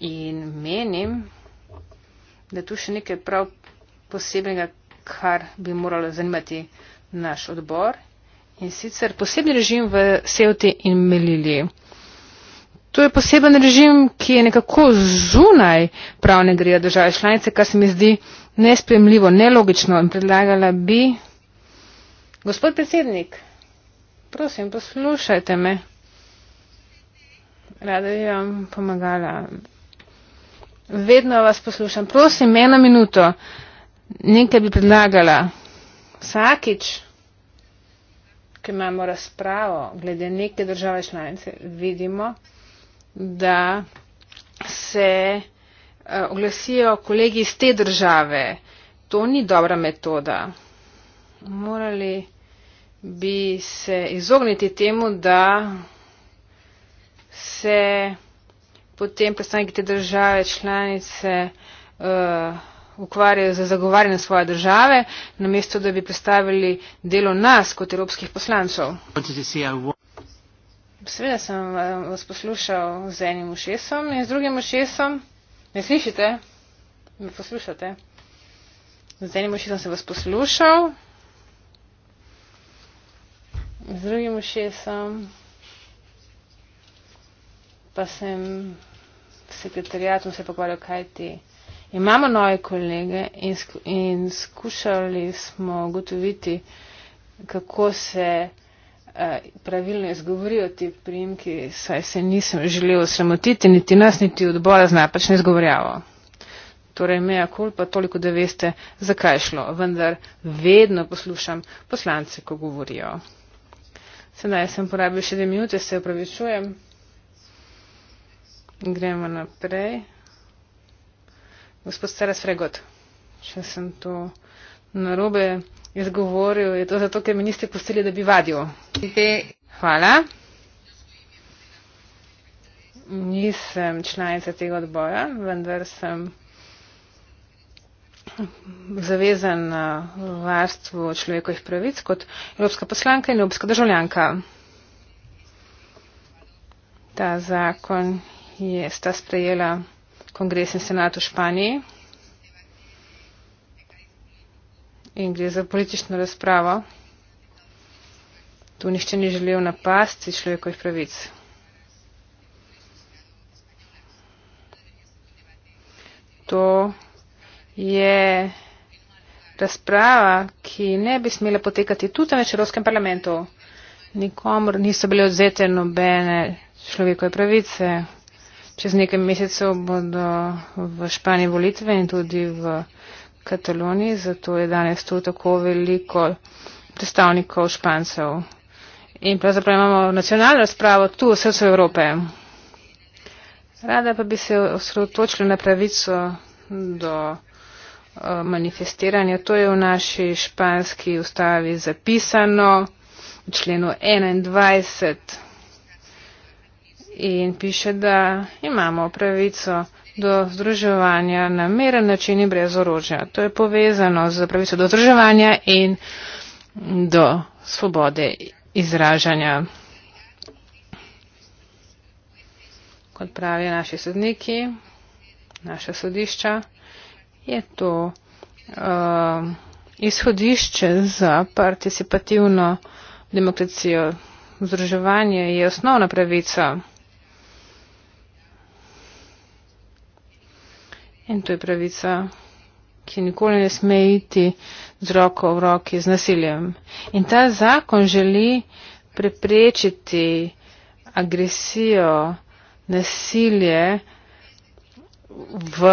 In menim, da je tu še nekaj prav posebnega, kar bi moralo zanimati naš odbor. In sicer posebni režim v Sevti in Melili. To je poseben režim, ki je nekako zunaj pravnega reda države članice, kar se mi zdi nespremljivo, nelogično in predlagala bi. Gospod predsednik, prosim, poslušajte me. Rada bi vam pomagala. Vedno vas poslušam. Prosim, eno minuto. Nekaj bi predlagala. Vsakič, ki imamo razpravo glede neke države članice, vidimo, da se. Eh, oglasijo kolegi iz te države. To ni dobra metoda. Morali bi se izogniti temu, da se potem predstavniki te države, članice uh, ukvarjajo za zagovarjanje svoje države, namesto da bi predstavili delo nas kot evropskih poslancev. Seveda sem vas poslušal z enim ušesom in z drugim ušesom. Me slišite? Me poslušate? Z enim ušesom sem vas poslušal, z drugim ušesom pa sem sekretarijatom se pogovarjal, kaj ti. Imamo nove kolege in, sku in skušali smo ugotoviti, kako se. Eh, pravilno izgovorijo ti primki, saj se nisem želel sramotiti, niti nas, niti odbora z napačne izgovorjavo. Torej, meja kulpa toliko, da veste, zakaj šlo, vendar vedno poslušam poslance, ko govorijo. Sedaj sem porabil še dve minute, se opravičujem. Gremo naprej. Gospod Saras Fregot, če sem to narobe izgovoril, je to zato, ker mi niste pustili, da bi vadil. Hvala. Nisem članica tega odboja, vendar sem zavezan na varstvo človekovih pravic kot evropska poslanka in evropska državljanka. Ta zakon je sta sprejela kongres in senat v Španiji. in gre za politično razpravo. Tu nišče ni želel napasti človekovih pravic. To je razprava, ki ne bi smela potekati tudi v Evropskem parlamentu. Nikomor niso bile odzete nobene človekove pravice. Čez nekaj mesecev bodo v Španiji volitve in tudi v Kataloniji, zato je danes tu tako veliko predstavnikov špancev. In pravzaprav imamo nacionalno razpravo tu v srcu Evrope. Rada pa bi se osredotočila na pravico do eh, manifestiranja. To je v naši španski ustavi zapisano v členu 21 in piše, da imamo pravico do združevanja na miren način in brez orožja. To je povezano z pravico do združevanja in do svobode izražanja. Kot pravijo naši sodniki, naša sodišča, je to uh, izhodišče za participativno demokracijo. Združevanje je osnovna pravica. In to je pravica, ki nikoli ne sme iti z roko v roki z nasiljem. In ta zakon želi preprečiti agresijo, nasilje v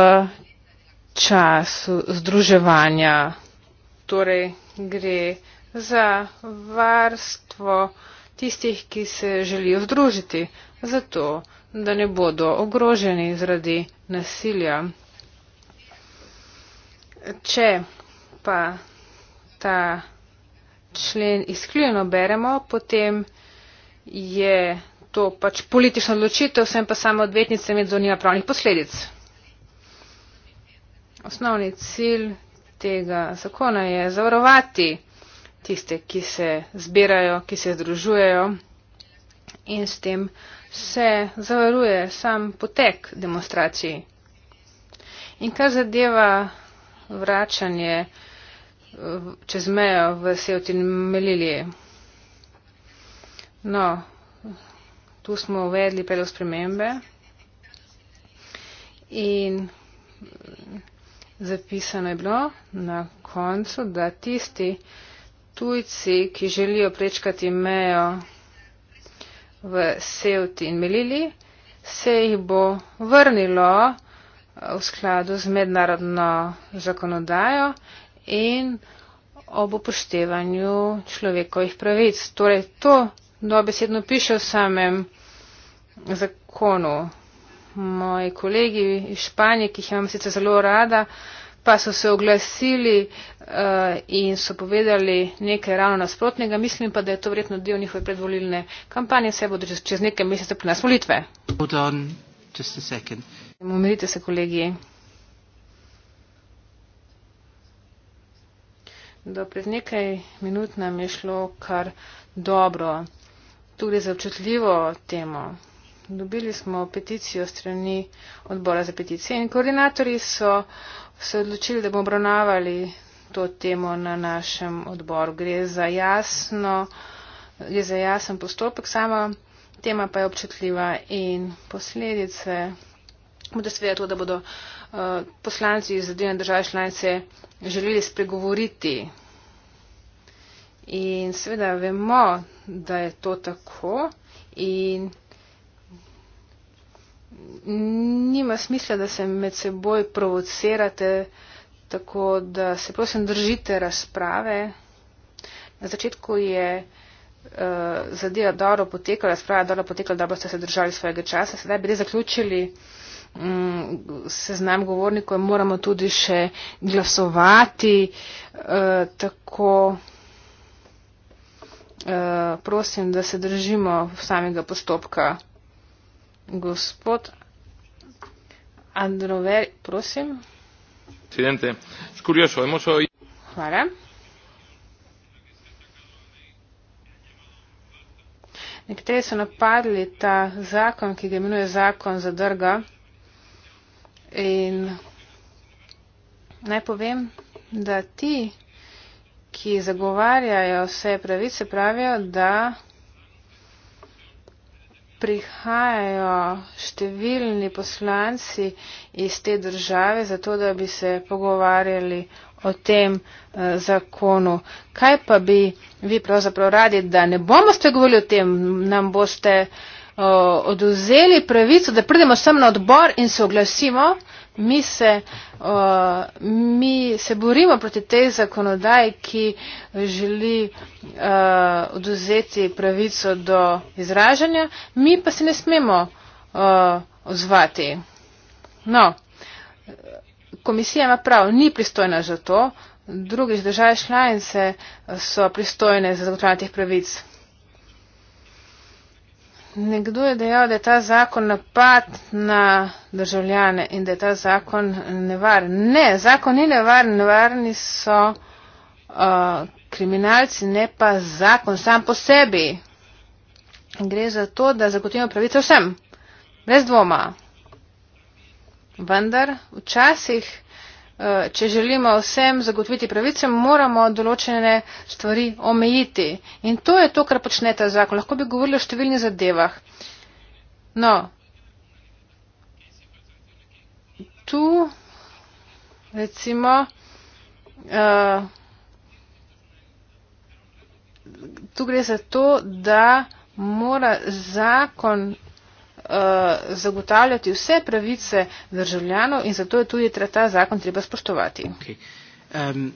času združevanja. Torej gre za varstvo tistih, ki se želijo združiti, zato da ne bodo ogroženi zaradi nasilja če pa ta člen izkljujeno beremo, potem je to pač politična odločitev, sem pa samo odvetnica med zornima pravnih posledic. Osnovni cilj tega zakona je zavarovati tiste, ki se zbirajo, ki se združujejo in s tem se zavaruje sam potek demonstracij. In kar zadeva vračanje eh, čez mejo v Sevti in Meliliji. No, tu smo uvedli pelo spremembe in zapisano je bilo na koncu, da tisti tujci, ki želijo prečkati mejo v Sevti in Meliliji, se jih bo vrnilo v skladu z mednarodno zakonodajo in ob upoštevanju človekovih pravic. Torej, to dobesedno piše v samem zakonu. Moji kolegi iz Španije, ki jih imam sicer zelo rada, pa so se oglasili uh, in so povedali nekaj ravno nasprotnega. Mislim pa, da je to verjetno del njihove predvolilne kampanje, saj bodo čez, čez nekaj mesecev pri nas volitve. Hold on, just a second. Umirite se, kolegi. Do pred nekaj minut nam je šlo kar dobro. Tu gre za občutljivo temo. Dobili smo peticijo strani odbora za peticije in koordinatori so se odločili, da bomo obravnavali to temo na našem odboru. Gre za, jasno, gre za jasen postopek, sama tema pa je občutljiva in posledice bodo seveda to, da bodo eh, poslanci iz zadnje države članice želeli spregovoriti. In seveda vemo, da je to tako in nima smisla, da se med seboj provocirate, tako da se prosim držite razprave. Na začetku je uh, zadeva dobro potekala, razprava dobro potekala, dobro ste se držali svojega časa, sedaj bi zaključili. Mm, seznam govornikov in moramo tudi še glasovati. Eh, tako eh, prosim, da se držimo samega postopka. Gospod Androver, prosim. Presidente, es curioso, hemos oído. Hvala. Nekateri so napadli ta zakon, ki ga imenuje zakon za drga. In naj povem, da ti, ki zagovarjajo vse pravice, pravijo, da prihajajo številni poslanci iz te države, zato da bi se pogovarjali o tem uh, zakonu. Kaj pa bi vi pravzaprav radi, da ne bomo spregovorili o tem, nam boste uh, uh, oduzeli pravico, da pridemo sem na odbor in se oglasimo. Mi se, uh, mi se borimo proti tej zakonodaji, ki želi uh, oduzeti pravico do izražanja, mi pa se ne smemo uh, odzvati. No, komisija ima prav, ni pristojna za to, druge države članice so pristojne za zagotovljanje teh pravic. Nekdo je dejal, da je ta zakon napad na državljane in da je ta zakon nevaren. Ne, zakon ni nevaren, nevarni so uh, kriminalci, ne pa zakon sam po sebi. Gre za to, da zagotovimo pravice vsem, brez dvoma. Vendar včasih. Eh, če želimo vsem zagotoviti pravice, moramo določene stvari omejiti. In to je to, kar počne ta zakon. Lahko bi govorili o številnih zadevah. No, tu recimo. Uh, Tu gre za to, da mora zakon uh, zagotavljati vse pravice državljanov in zato je tudi ta zakon treba spoštovati. Okay. Um,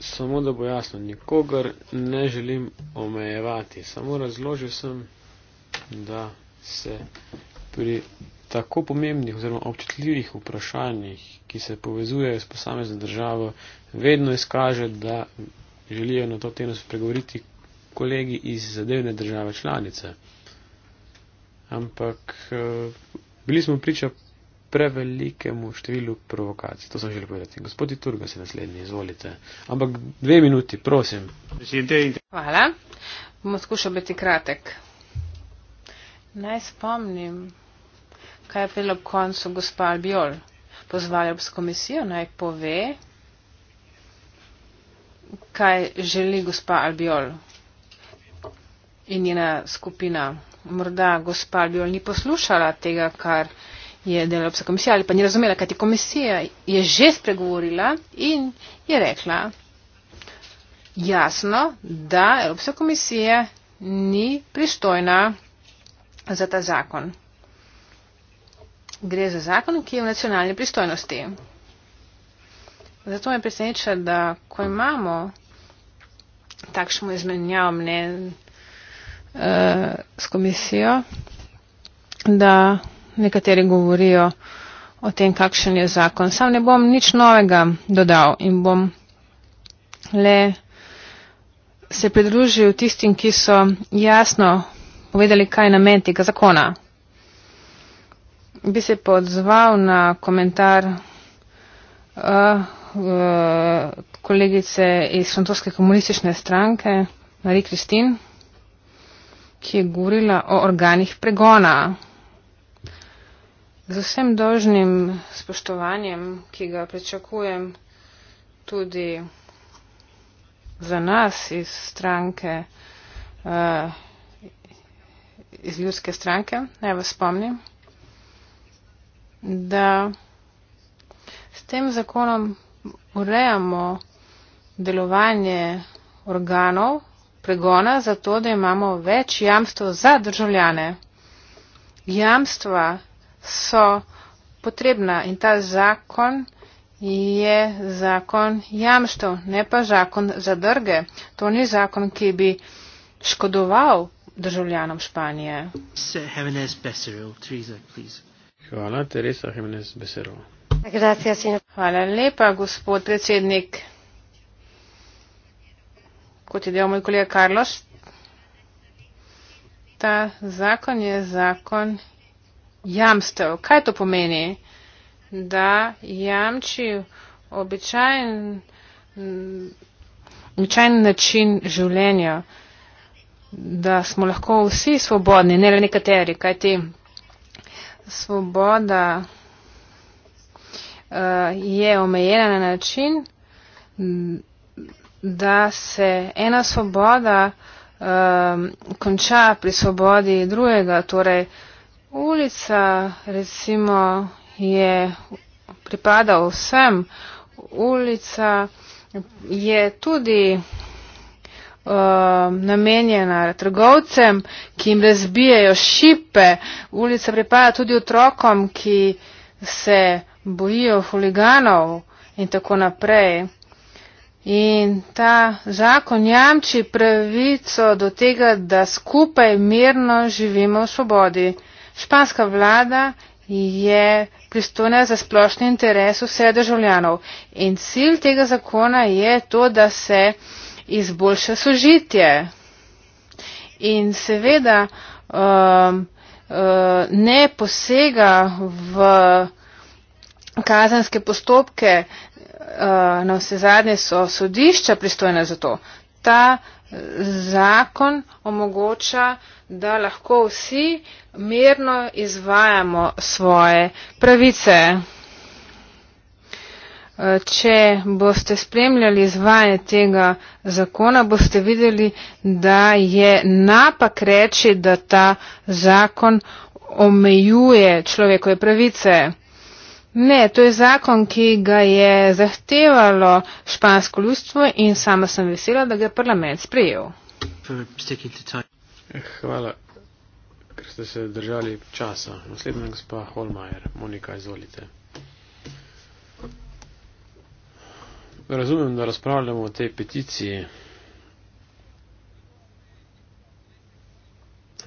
Samo da bo jasno, nikogar ne želim omejevati. Samo razložil sem, da se pri tako pomembnih oziroma občutljivih vprašanjih, ki se povezujejo s posamezno državo, vedno izkaže, da želijo na to temo spregovoriti kolegi iz zadevne države članice. Ampak eh, bili smo priča prevelikemu številu provokacij. To sem želel povedati. Gospod Turga se naslednji, izvolite. Ampak dve minuti, prosim. Hvala. Bomo skušali biti kratek. Naj spomnim, kaj je bilo ob koncu gospa Albiol. Pozvali ob komisijo, naj pove, kaj želi gospa Albiol in njena skupina. Morda gospa Bjol ni poslušala tega, kar je delovca komisija ali pa ni razumela, kaj ti komisija je že spregovorila in je rekla jasno, da Evropska komisija ni pristojna za ta zakon. Gre za zakon, ki je v nacionalni pristojnosti. Zato me preseneča, da ko imamo takšno izmenjavo mnenja, Eh, s komisijo, da nekateri govorijo o tem, kakšen je zakon. Sam ne bom nič novega dodal in bom le se pridružil tistim, ki so jasno povedali, kaj je namen tega zakona. Bi se pa odzval na komentar uh, uh, kolegice iz francoske komunistične stranke, Marie Christine ki je govorila o organih pregona. Z vsem dožnim spoštovanjem, ki ga pričakujem tudi za nas iz stranke, eh, iz ljudske stranke, naj vas spomnim, da s tem zakonom urejamo delovanje organov pregona za to, da imamo več jamstv za državljane. Jamstva so potrebna in ta zakon je zakon jamstv, ne pa zakon za drge. To ni zakon, ki bi škodoval državljanom Španije. Hvala, Teresa Jimenez Becero. Hvala lepa, gospod predsednik kot je dejal moj kolega Karloš, ta zakon je zakon jamstev. Kaj to pomeni? Da jamči običajen, običajen način življenja, da smo lahko vsi svobodni, ne le nekateri, kaj ti svoboda uh, je omejena na način, da se ena svoboda um, konča pri svobodi drugega. Torej, ulica recimo je pripada vsem, ulica je tudi ehm, namenjena trgovcem, ki jim razbijajo šipe. Ulica pripada tudi otrokom, ki se bojijo huliganov in tako naprej. In ta zakon jamči pravico do tega, da skupaj mirno živimo v svobodi. Španska vlada je pristojna za splošni interes vse državljanov. In cilj tega zakona je to, da se izboljša sožitje. In seveda um, um, ne posega v kazenske postopke, Eh, na vse zadnje so sodišča pristojna za to. Ta zakon omogoča, da lahko vsi mirno izvajamo svoje pravice. Eh, če boste spremljali izvajanje tega zakona, boste videli, da je napak reči, da ta zakon omejuje človekove pravice. Ne, to je zakon, ki ga je zahtevalo špansko ljudstvo in sama sem vesela, da ga je parlament sprejel. Eh, hvala, ker ste se držali časa. Naslednja gospa Holmajer, Monika, izvolite. Razumem, da razpravljamo o tej peticiji.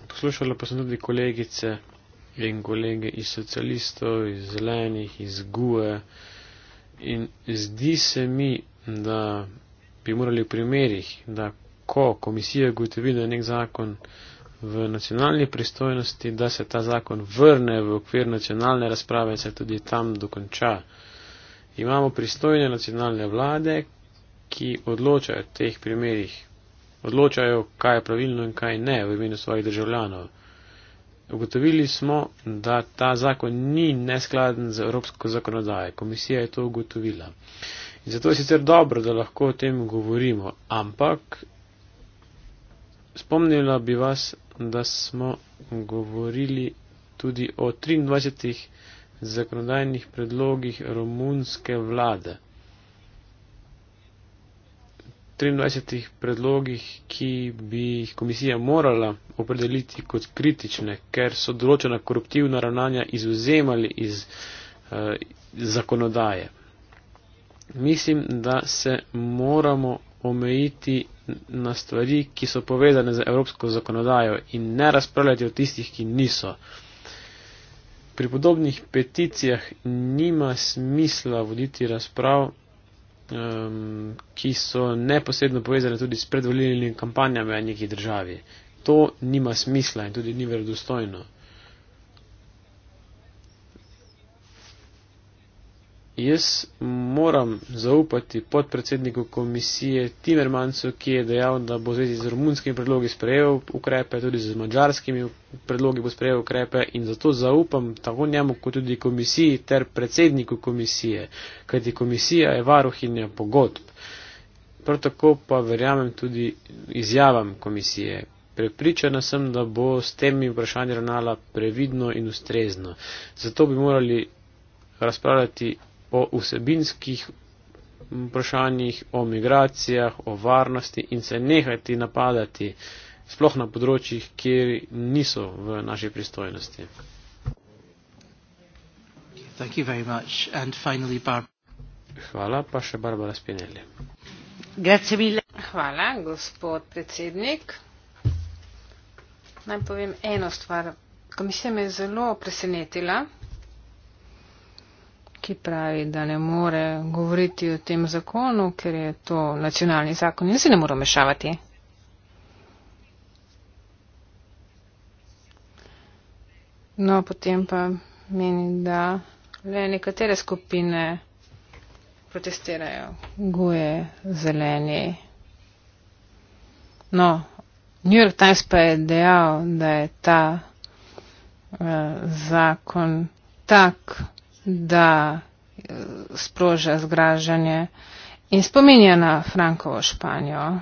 Poslušala pa sem tudi kolegice in kolege iz socialistov, iz zelenih, iz GUE. In zdi se mi, da bi morali v primerih, da ko komisija gotovi, da je nek zakon v nacionalni pristojnosti, da se ta zakon vrne v okvir nacionalne razprave in se tudi tam dokonča. Imamo pristojne nacionalne vlade, ki odločajo v teh primerih, odločajo, kaj je pravilno in kaj ne v imenu svojih državljanov. Ugotovili smo, da ta zakon ni neskladen z evropsko zakonodajo. Komisija je to ugotovila. In zato je sicer dobro, da lahko o tem govorimo, ampak spomnila bi vas, da smo govorili tudi o 23 zakonodajnih predlogih romunske vlade. 23 predlogih, ki bi jih komisija morala opredeliti kot kritične, ker so določena koruptivna ravnanja izuzemali iz eh, zakonodaje. Mislim, da se moramo omejiti na stvari, ki so povezane z evropsko zakonodajo in ne razpravljati o tistih, ki niso. Pri podobnih peticijah nima smisla voditi razprav um, ki so neposredno povezane tudi s predvolilnimi kampanjami v neki državi. To nima smisla in tudi ni verodostojno. Jaz moram zaupati podpredsedniku komisije Timermansu, ki je dejal, da bo zvezi z romunskimi predlogi sprejel ukrepe, tudi z mađarskimi predlogi bo sprejel ukrepe in zato zaupam tako njemu, kot tudi komisiji ter predsedniku komisije, kajti komisija je varuhinja pogodb. Prav tako pa verjamem tudi izjavam komisije. Prepričana sem, da bo s temi vprašanji ravnala previdno in ustrezno. Zato bi morali razpravljati o vsebinskih vprašanjih, o migracijah, o varnosti in se nehajte napadati sploh na področjih, kjer niso v naši pristojnosti. Finally, Hvala, pa še Barbara Spinelli. Hvala, gospod predsednik. Naj povem eno stvar. Komisija me je zelo presenetila ki pravi, da ne more govoriti o tem zakonu, ker je to nacionalni zakon in se ne more mešavati. No, potem pa meni, da le nekatere skupine protestirajo. Guje, zeleni. No, New York Times pa je dejal, da je ta uh, zakon tak da eh, sproža zgražanje in spominja na Frankovo Španijo,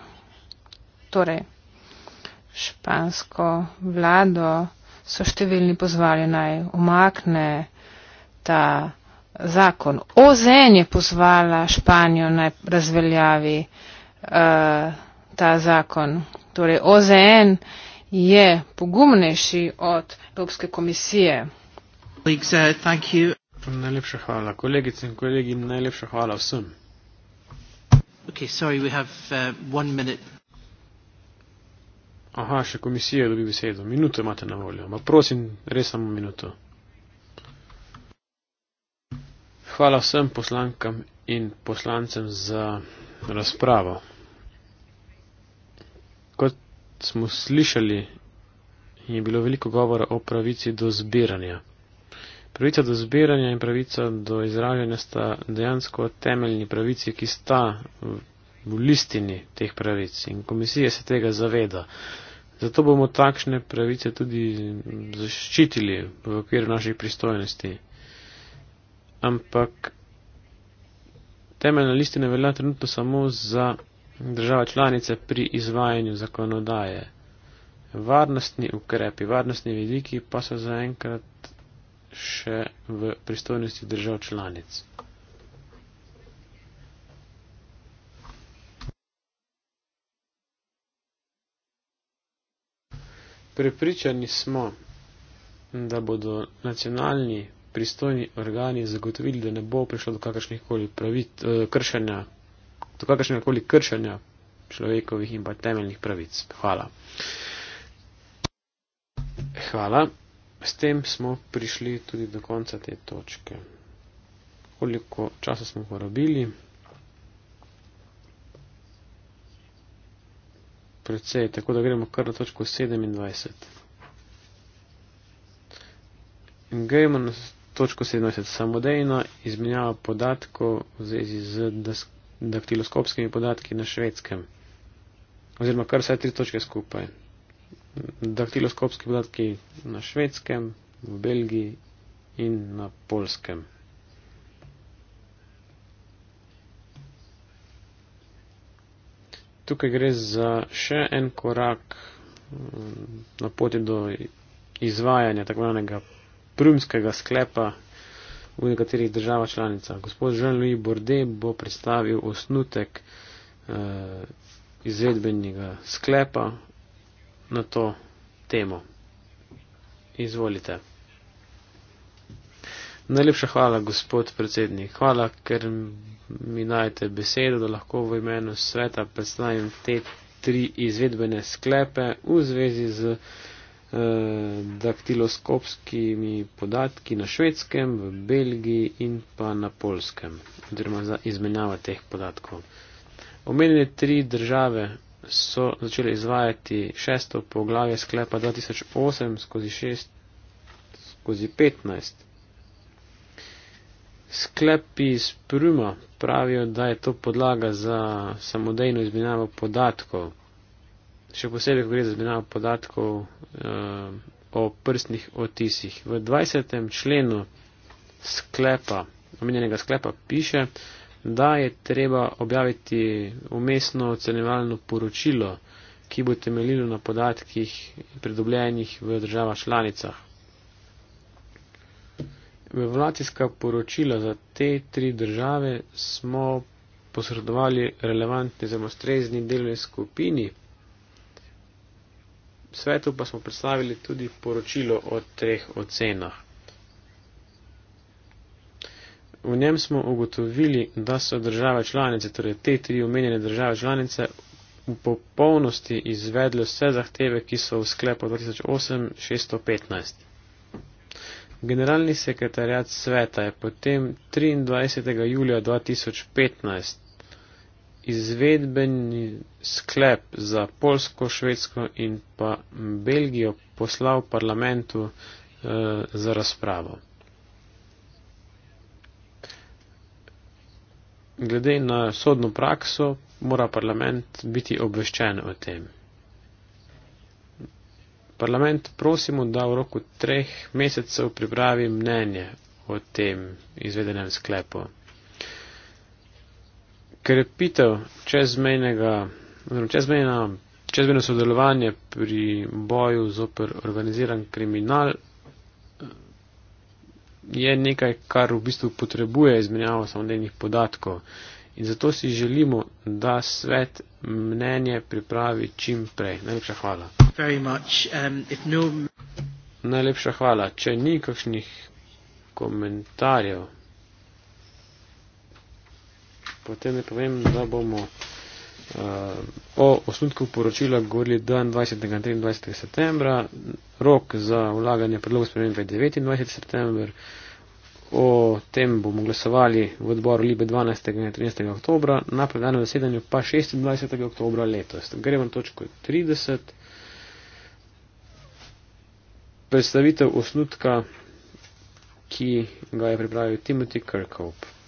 torej špansko vlado so številni pozvali naj umakne ta zakon. OZN je pozvala Španijo naj razveljavi uh, ta zakon. Torej OZN je pogumnejši od Evropske komisije. Uh, thank you. Najlepša hvala, kolegice in kolegi, najlepša hvala vsem. Okay, sorry, have, uh, Aha, še komisija dobi besedo. Minuto imate na voljo, ampak prosim, res samo minuto. Hvala vsem poslankam in poslancem za razpravo. Kot smo slišali, je bilo veliko govora o pravici do zbiranja. Pravica do zbiranja in pravica do izravljanja sta dejansko temeljni pravici, ki sta v listini teh pravic in komisija se tega zaveda. Zato bomo takšne pravice tudi zaščitili v okviru naših pristojnosti. Ampak temeljna listina velja trenutno samo za država članice pri izvajanju zakonodaje. Varnostni ukrepi, varnostni vidiki pa so zaenkrat še v pristojnosti držav članic. Prepričani smo, da bodo nacionalni pristojni organi zagotovili, da ne bo prišlo do kakršnihkoli pravic, eh, kršenja, do kakršnihkoli kršenja človekovih in pa temeljnih pravic. Hvala. Hvala. S tem smo prišli tudi do konca te točke. Koliko časa smo porabili? Predvsej, tako da gremo kar na točko 27. In gremo na točko 27, samodejna izmenjava podatkov v zvezi z daktiloskopskimi podatki na švedskem. Oziroma kar vse tri točke skupaj daktiloskopski podatki na švedskem, v Belgiji in na polskem. Tukaj gre za še en korak mm, na poti do izvajanja tako imenega prumskega sklepa v nekaterih državah članica. Gospod Jean-Louis Bordet bo predstavil osnutek eh, izvedbenega sklepa na to temo. Izvolite. Najlepša hvala, gospod predsednik. Hvala, ker mi najte besedo, da lahko v imenu sveta predstavim te tri izvedbene sklepe v zvezi z eh, daktiloskopskimi podatki na švedskem, v Belgiji in pa na polskem, oziroma za izmenjava teh podatkov. Omenjene tri države so začeli izvajati šesto poglavje sklepa 2008 skozi 6 skozi 15. Sklepi iz Pruma pravijo, da je to podlaga za samodejno izmenjavo podatkov, še posebej, ko gre za izmenjavo podatkov eh, o prstnih otisih. V 20. členu sklepa, omenjenega sklepa, piše, da da je treba objaviti umestno ocenevalno poročilo, ki bo temeljilo na podatkih pridobljenih v država članicah. Evaluacijska poročila za te tri države smo posredovali relevantni zemostrezni delovni skupini, svetu pa smo predstavili tudi poročilo o treh ocenah. V njem smo ugotovili, da so države članice, torej te tri omenjene države članice, v popolnosti izvedle vse zahteve, ki so v sklepu 2008-615. Generalni sekretarjat sveta je potem 23. julija 2015 izvedbeni sklep za Polsko, Švedsko in pa Belgijo poslal parlamentu eh, za razpravo. glede na sodno prakso mora parlament biti obveščen o tem. Parlament prosimo, da v roku treh mesecev pripravi mnenje o tem izvedenem sklepu. Krepitev čezmejnega, čezmejno sodelovanje pri boju zoper organiziran kriminal je nekaj, kar v bistvu potrebuje izmenjavo samodejnih podatkov. In zato si želimo, da svet mnenje pripravi čim prej. Najlepša hvala. Um, no- Najlepša hvala. Če ni kakšnih komentarjev, potem ne povem, da bomo o osnutku poročila govorili 22. in 23. septembra, rok za vlaganje predlogov spremembe je 29. september, o tem bomo glasovali v odboru Libe 12. in 13. oktobra, na predanem zasedanju pa 26. oktobra letos. Gremo na točko 30. Predstavitev osnutka, ki ga je pripravil Timothy Kirkhope.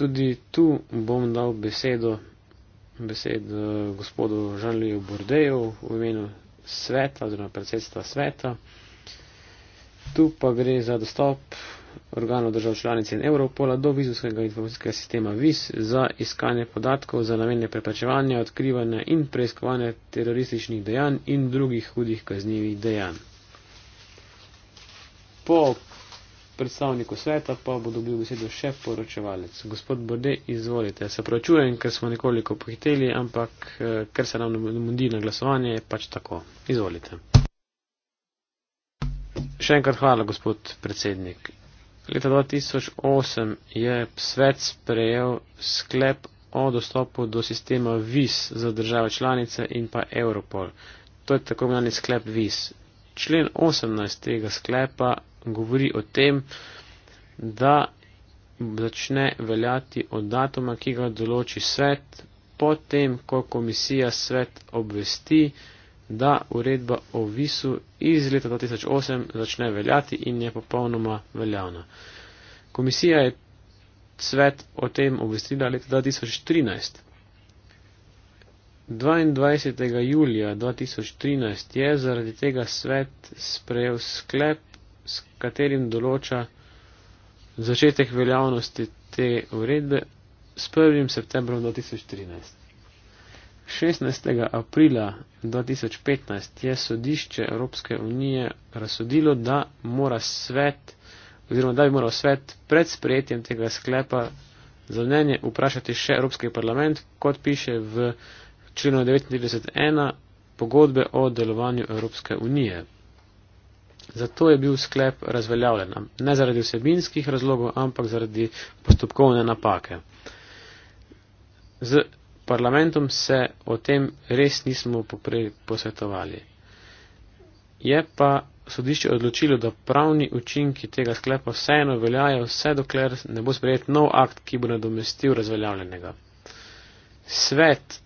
tudi tu bom dal besedo, besedo eh, gospodu Žanliju Bordeju v imenu sveta oziroma predsedstva sveta. Tu pa gre za dostop organov držav članic in Evropola do vizumskega informacijskega sistema VIS za iskanje podatkov za namene preprečevanja, odkrivanja in preiskovanja terorističnih dejanj in drugih hudih kaznjivih dejanj. Po predstavniku sveta pa bo dobil besedo še poročevalec. Gospod Borde, izvolite. Se pravčujem, ker smo nekoliko pohiteli, ampak eh, ker se nam mudi na glasovanje, je pač tako. Izvolite. Še enkrat hvala, gospod predsednik. Leta 2008 je svet sprejel sklep o dostopu do sistema VIS za države članice in pa Europol. To je tako imenovani sklep VIS. Člen 18 tega sklepa govori o tem, da začne veljati od datuma, ki ga določi svet, potem, ko komisija svet obvesti, da uredba o visu iz leta 2008 začne veljati in je popolnoma veljavna. Komisija je svet o tem obvestila leta 2013. 22. julija 2013 je zaradi tega svet sprejel sklep, s katerim določa začetek veljavnosti te uredbe s 1. septembrom 2013. 16. aprila 2015 je sodišče Evropske unije razsodilo, da mora svet oziroma da bi moral svet pred sprejetjem tega sklepa za mnenje vprašati še Evropski parlament, kot piše v členu 39.1 pogodbe o delovanju Evropske unije. Zato je bil sklep razveljavljen, ne zaradi vsebinskih razlogov, ampak zaradi postopkovne napake. Z parlamentom se o tem res nismo poprej posvetovali. Je pa sodišče odločilo, da pravni učinki tega sklepa vseeno veljajo, vse dokler ne bo sprejet nov akt, ki bo nadomestil razveljavljenega. Svet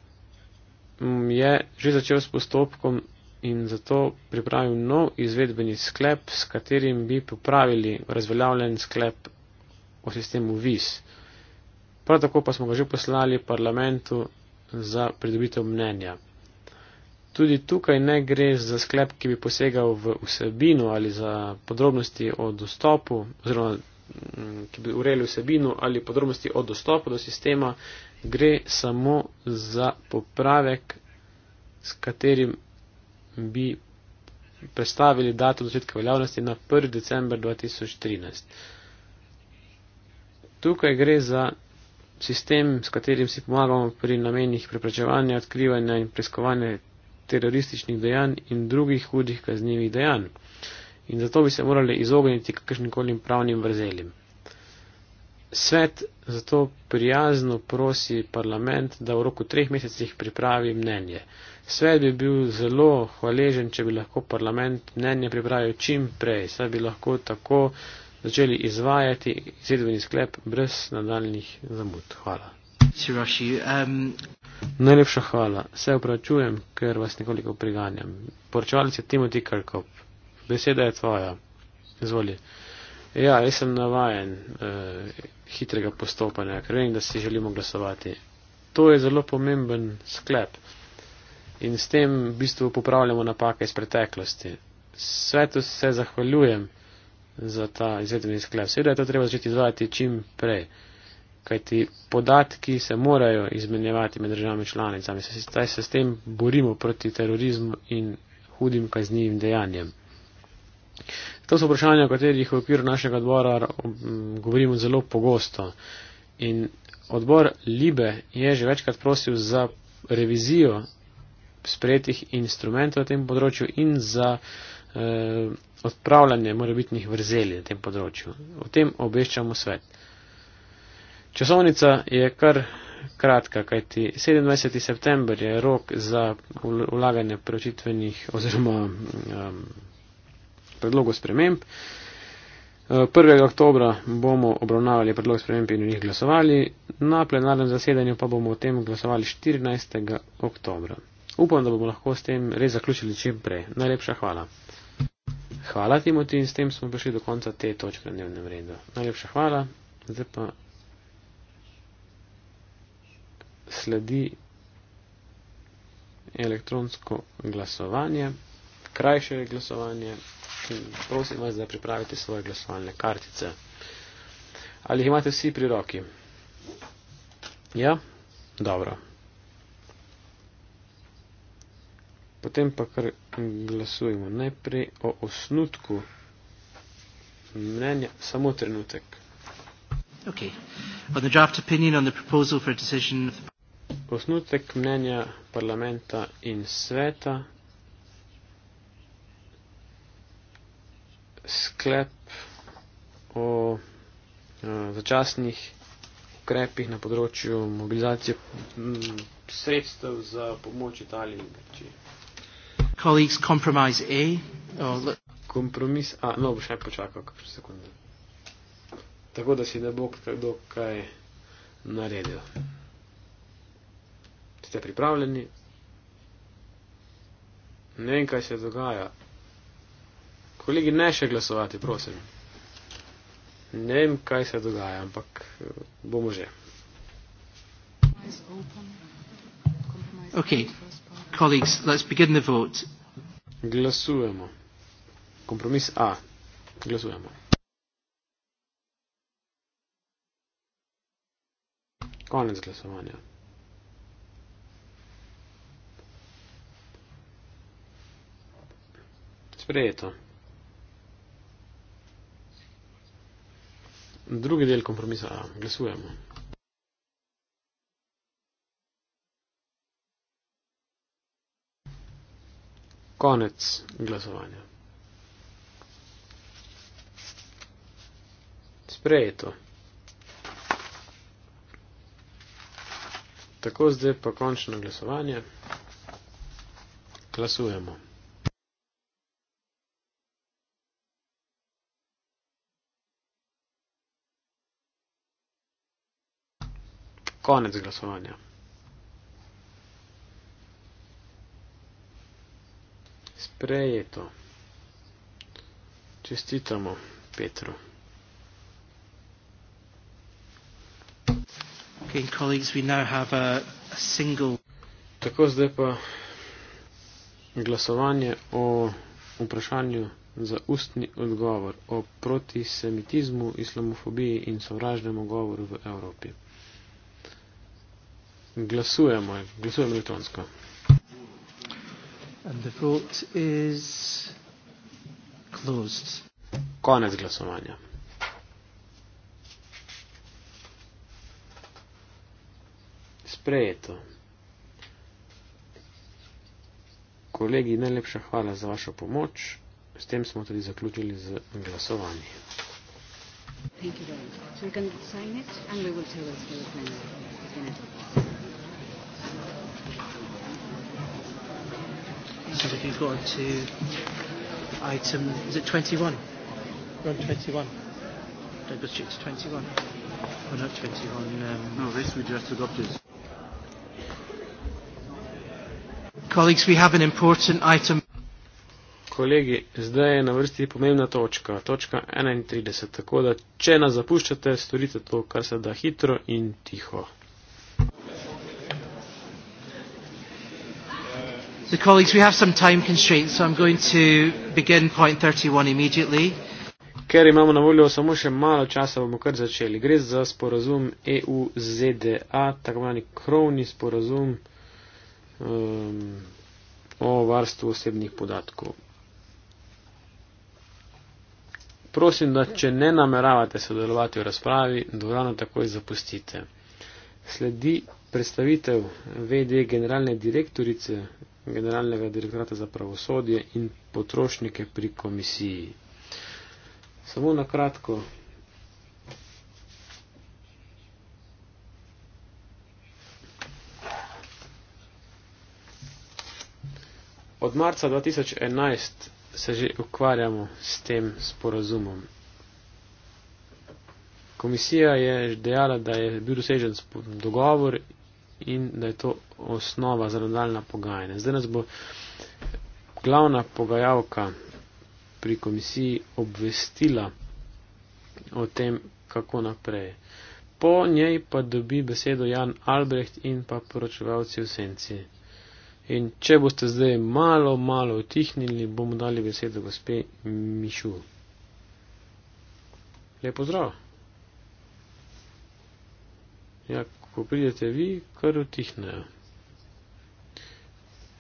mm, je že začel s postopkom in zato pripravil nov izvedbeni sklep, s katerim bi popravili razveljavljen sklep o sistemu VIS. Prav tako pa smo ga že poslali parlamentu za pridobitev mnenja. Tudi tukaj ne gre za sklep, ki bi posegal v vsebino ali za podrobnosti o dostopu, oziroma mm, ki bi urejali vsebino ali podrobnosti o dostopu do sistema, gre samo za popravek, s katerim bi predstavili datum začetka veljavnosti na 1. decembar 2013. Tukaj gre za sistem, s katerim si pomagamo pri namenih preprečevanja, odkrivanja in preiskovanja terorističnih dejanj in drugih hudih kaznjivih dejanj. In zato bi se morali izogniti kakršnikoli pravnim vrzelim. Svet zato prijazno prosi parlament, da v roku treh mesecih pripravi mnenje. Svet bi bil zelo hvaležen, če bi lahko parlament mnenje pripravil čim prej. Saj bi lahko tako začeli izvajati izvedbeni sklep brez nadaljnih zamud. Hvala. Rashi, um... Najlepša hvala. Se upravičujem, ker vas nekoliko priganjam. Poročevalec je Timothy Kirkop. Beseda je tvoja. Izvoli. Ja, jaz sem navajen uh, hitrega postopanja, ker vem, da si želimo glasovati. To je zelo pomemben sklep in s tem v bistvu popravljamo napake iz preteklosti. Svetu se zahvaljujem za ta izvedbeni sklep. Seveda je to treba začeti izvajati čim prej, kajti podatki se morajo izmenjevati med državami članicami. Zdaj se s tem borimo proti terorizmu in hudim kaznjivim dejanjem. To so vprašanja, o katerih v okviru našega odbora mm, govorimo zelo pogosto. In odbor Libe je že večkrat prosil za revizijo sprejetih instrumentov na tem področju in za eh, odpravljanje morebitnih vrzeli na tem področju. O tem obveščamo svet. Časovnica je kar kratka, kajti 27. september je rok za vlaganje preučitvenih oziroma um, predlogov sprememb. 1. Eh, oktobra bomo obravnavali predlog sprememb in v njih glasovali, na plenarnem zasedanju pa bomo o tem glasovali 14. oktobra. Upam, da bomo lahko s tem res zaključili čim prej. Najlepša hvala. Hvala Timoti in s tem smo prišli do konca te točke na dnevnem redu. Najlepša hvala. Zdaj pa sledi elektronsko glasovanje, krajše glasovanje. Prosim vas, da pripravite svoje glasovalne kartice. Ali jih imate vsi pri roki? Ja? Dobro. Potem pa kar glasujemo najprej o osnutku mnenja, samo trenutek. Osnutek mnenja parlamenta in sveta, sklep o uh, začasnih ukrepih na področju mobilizacije sredstev za pomoč Italiji in Grčiji colleagues, compromise A. Oh, Kompromis A, no bo še počakal kakšne sekunde. Tako da si ne bo kdo kaj naredil. Ste pripravljeni? Ne vem, kaj se dogaja. Kolegi, ne še glasovati, prosim. Ne vem, kaj se dogaja, ampak eh, bomo že. Okay. Colleagues, let's begin the vote. Glasujemo. Kompromis A. Glasujemo. Konec glasovanja. Sprejeto. Drugi del kompromisa A. Glasujemo. konec glasovanja. Sprejeto. Tako zdaj pa končno glasovanje. Glasujemo. Konec glasovanja. sprejeto. Čestitamo Petru. Okay, colleagues, we now have a, a single... Tako zdaj pa glasovanje o vprašanju za ustni odgovor o protisemitizmu, islamofobiji in sovražnemu govoru v Evropi. Glasujemo, glasujemo elektronsko. And the vote is closed. Konec glasovanja. Sprejeto. Kolegi, najlepša hvala za vašo pomoč. S tem smo tudi zaključili z glasovanjem. Thank you very much. So we can sign it and we will tell us who is going to So if you go on to item, is it 21? We're on 21. Don't go straight to 21. We're not 21. Um, no, this we just adopted. Colleagues, we have an important item. Kolegi, zdaj je na vrsti pomembna točka, točka 31, tako da če nas zapuščate, storite to, kar se da hitro in tiho. The colleagues, we have some time constraints, so I'm going to begin point 31 immediately. Ker imamo na voljo samo še malo časa, bomo kar začeli. Gre za sporazum EU-ZDA, tako imenovani krovni sporazum um, o varstvu osebnih podatkov. Prosim, da če ne nameravate sodelovati v razpravi, dvorano takoj zapustite. Sledi predstavitev VD generalne direktorice generalnega direktorata za pravosodje in potrošnike pri komisiji. Samo na kratko. Od marca 2011 se že ukvarjamo s tem sporazumom. Komisija je dejala, da je bil dosežen dogovor in da je to osnova za nadaljna pogajanja. Zdaj nas bo glavna pogajalka pri komisiji obvestila o tem, kako naprej. Po njej pa dobi besedo Jan Albrecht in pa poročevalci v senci. In če boste zdaj malo, malo otihnili, bomo dali besedo gospe Mišu. Lep pozdrav. Ja, ko pridete vi, kar utihnejo.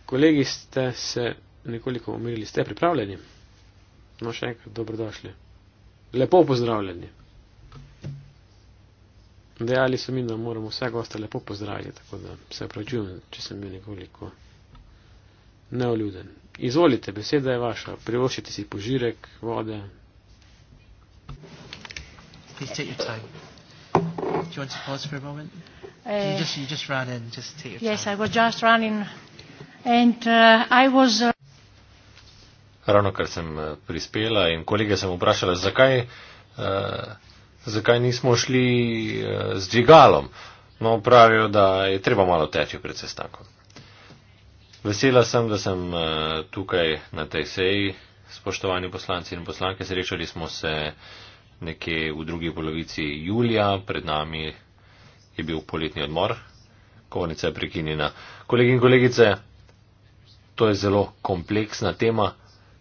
Kolegi ste se nekoliko umirili, ste pripravljeni? No, še enkrat dobrodošli. Lepo pozdravljeni. Dejali so mi, da moramo vse goste lepo pozdraviti, tako da se opravičujem, če sem bil nekoliko neoljuden. Izvolite, beseda je vaša, privošite si požirek, vode. Please take your time. Do you want to pause for a moment? Uh, you, just, you just ran in just to take your Yes, time. I was just running. And uh, I was. Uh, Ravno kar sem uh, prispela in kolege sem vprašala, zakaj, eh, zakaj nismo šli eh, z dvigalom. No, pravijo, da je treba malo teči pred sestankom. Vesela sem, da sem eh, tukaj na tej seji, spoštovani poslanci in poslanke, srečali smo se eh, nekje v drugi polovici julija, pred nami je bil poletni odmor, konica je prekinjena. Kolegi in kolegice, to je zelo kompleksna tema.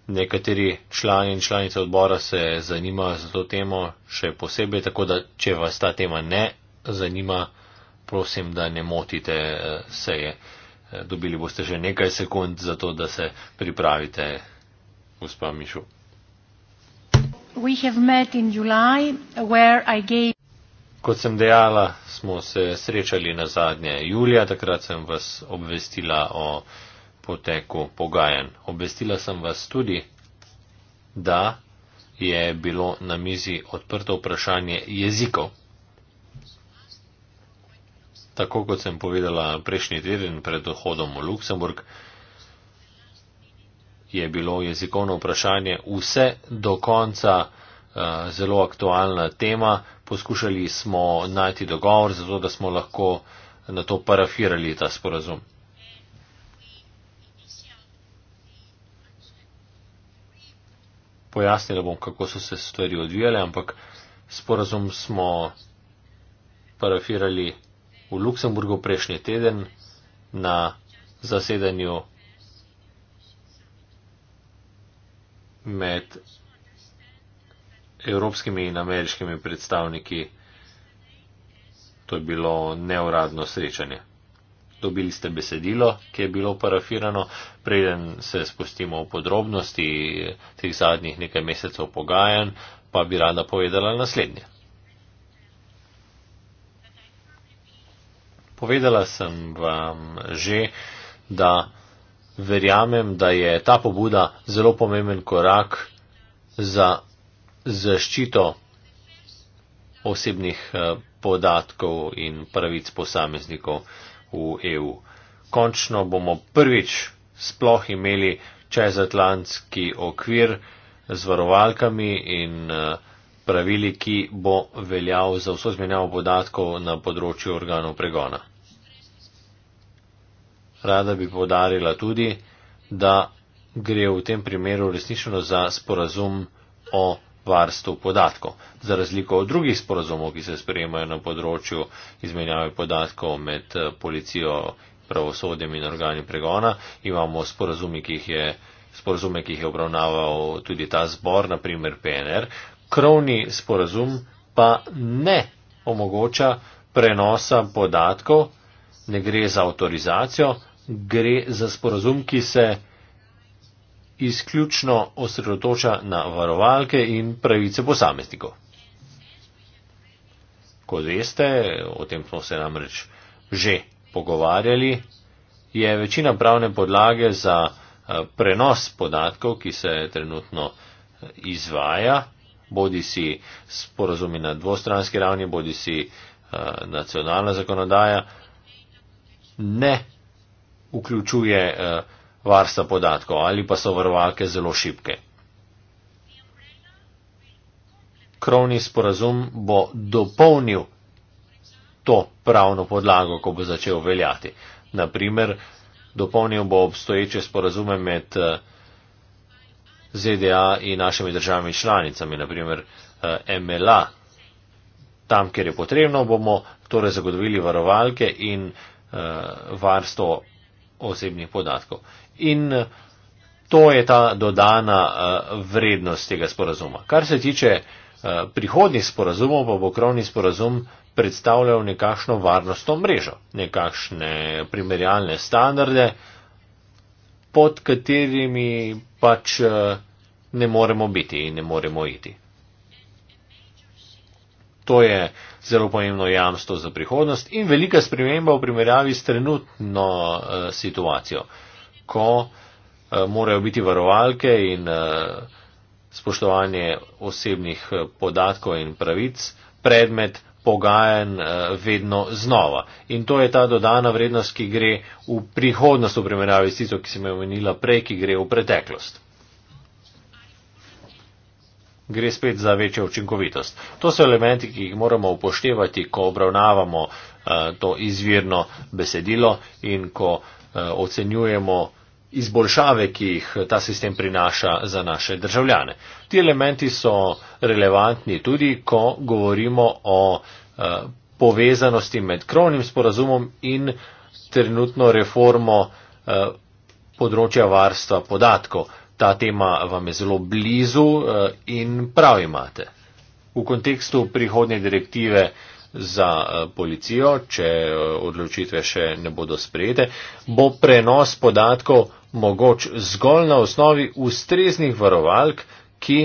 Nekateri člani in članice odbora se zanimajo za to temo še posebej, tako da če vas ta tema ne zanima, prosim, da ne motite eh, seje. Eh, dobili boste še nekaj sekund za to, da se pripravite, gospa Mišu. July, gave... Kot sem dejala, smo se srečali na zadnje julija, takrat sem vas obvestila o poteku pogajanj. Obvestila sem vas tudi, da je bilo na mizi odprto vprašanje jezikov. Tako kot sem povedala prejšnji teden pred odhodom v Luksemburg, je bilo jezikovno vprašanje vse do konca eh, zelo aktualna tema. Poskušali smo najti dogovor, zato da smo lahko na to parafirali ta sporazum. Pojasnil bom, kako so se stvari odvijale, ampak sporazum smo parafirali v Luksemburgu prejšnji teden na zasedanju med evropskimi in ameriškimi predstavniki. To je bilo neuradno srečanje. Dobili ste besedilo, ki je bilo parafirano, preden se spustimo v podrobnosti teh zadnjih nekaj mesecev pogajanj, pa bi rada povedala naslednje. Povedala sem vam že, da verjamem, da je ta pobuda zelo pomemben korak za zaščito osebnih eh, podatkov in pravic posameznikov v EU. Končno bomo prvič sploh imeli čezatlantski okvir z varovalkami in eh, pravili, ki bo veljal za vso zmenjavo podatkov na področju organov pregona rada bi podarila tudi, da gre v tem primeru resnično za sporazum o varstvu podatkov. Za razliko od drugih sporazumov, ki se sprejemajo na področju izmenjave podatkov med eh, policijo, pravosodjem in organi pregona, imamo sporazume, ki jih je, sporazume, ki jih je obravnaval tudi ta zbor, naprimer PNR. Krovni sporazum pa ne omogoča prenosa podatkov, ne gre za avtorizacijo, gre za sporozum, ki se izključno osredotoča na varovalke in pravice posameznikov. Kot veste, o tem smo se namreč že pogovarjali, je večina pravne podlage za eh, prenos podatkov, ki se trenutno eh, izvaja, bodi si sporozumi na dvostranski ravni, bodi si eh, nacionalna zakonodaja, ne vključuje eh, varstva podatkov ali pa so varovalke zelo šipke. Krovni sporazum bo dopolnil to pravno podlago, ko bo začel veljati. Naprimer, dopolnil bo obstoječe sporazume med eh, ZDA in našimi državami članicami, naprimer eh, MLA. Tam, kjer je potrebno, bomo torej zagotovili varovalke in varstvo osebnih podatkov. In eh, to je ta dodana eh, vrednost tega sporazuma. Kar se tiče eh, prihodnih sporazumov, pa bo krovni sporazum predstavljal nekakšno varnostno mrežo, nekakšne primerjalne standarde, pod katerimi pač ne moremo biti in ne moremo iti. To je uh, zelo pomembno jamstvo za prihodnost in velika sprememba v primerjavi s trenutno uh, situacijo, ko uh, morajo biti varovalke in uh, spoštovanje osebnih podatkov in pravic predmet pogajen vedno znova. In to je ta dodana vrednost, ki gre v prihodnost v primerjavi s tisto, ki sem jo omenila prej, ki gre v preteklost gre spet za večjo učinkovitost. To so elementi, ki jih moramo upoštevati, ko obravnavamo eh, to izvirno besedilo in ko eh, ocenjujemo izboljšave, ki jih eh, ta sistem prinaša za naše državljane. Ti elementi so relevantni tudi, ko govorimo o povezanosti med krovnim sporazumom in trenutno reformo področja varstva podatkov ta tema vam je zelo blizu eh, in prav imate. V kontekstu prihodnje direktive za eh, policijo, če eh, odločitve še ne bodo sprejete, bo prenos podatkov mogoč zgolj na osnovi ustreznih varovalk, ki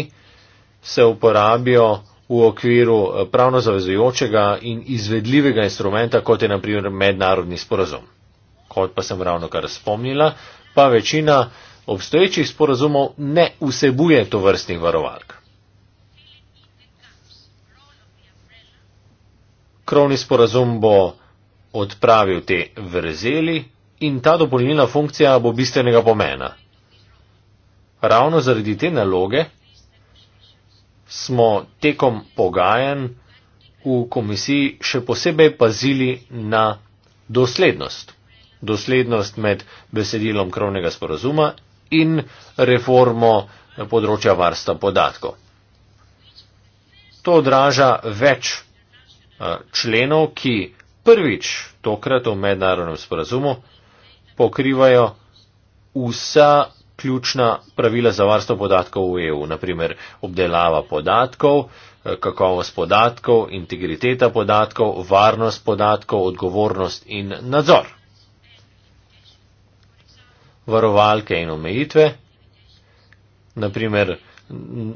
se uporabijo v okviru pravno zavezujočega in izvedljivega instrumenta, kot je naprimer mednarodni sporazum. Kot pa sem ravno kar spomnila, pa večina obstoječih sporazumov ne vsebuje to vrstnih varovalk. Krovni sporazum bo odpravil te vrzeli in ta dopolnilna funkcija bo bistvenega pomena. Ravno zaradi te naloge smo tekom pogajanj v komisiji še posebej pazili na doslednost. Doslednost med besedilom krovnega sporazuma in reformo področja varstva podatkov. To odraža več eh, členov, ki prvič tokrat v mednarodnem sporazumu pokrivajo vsa ključna pravila za varstvo podatkov v EU, naprimer obdelava podatkov, eh, kakovost podatkov, integriteta podatkov, varnost podatkov, odgovornost in nadzor varovalke in omejitve, naprimer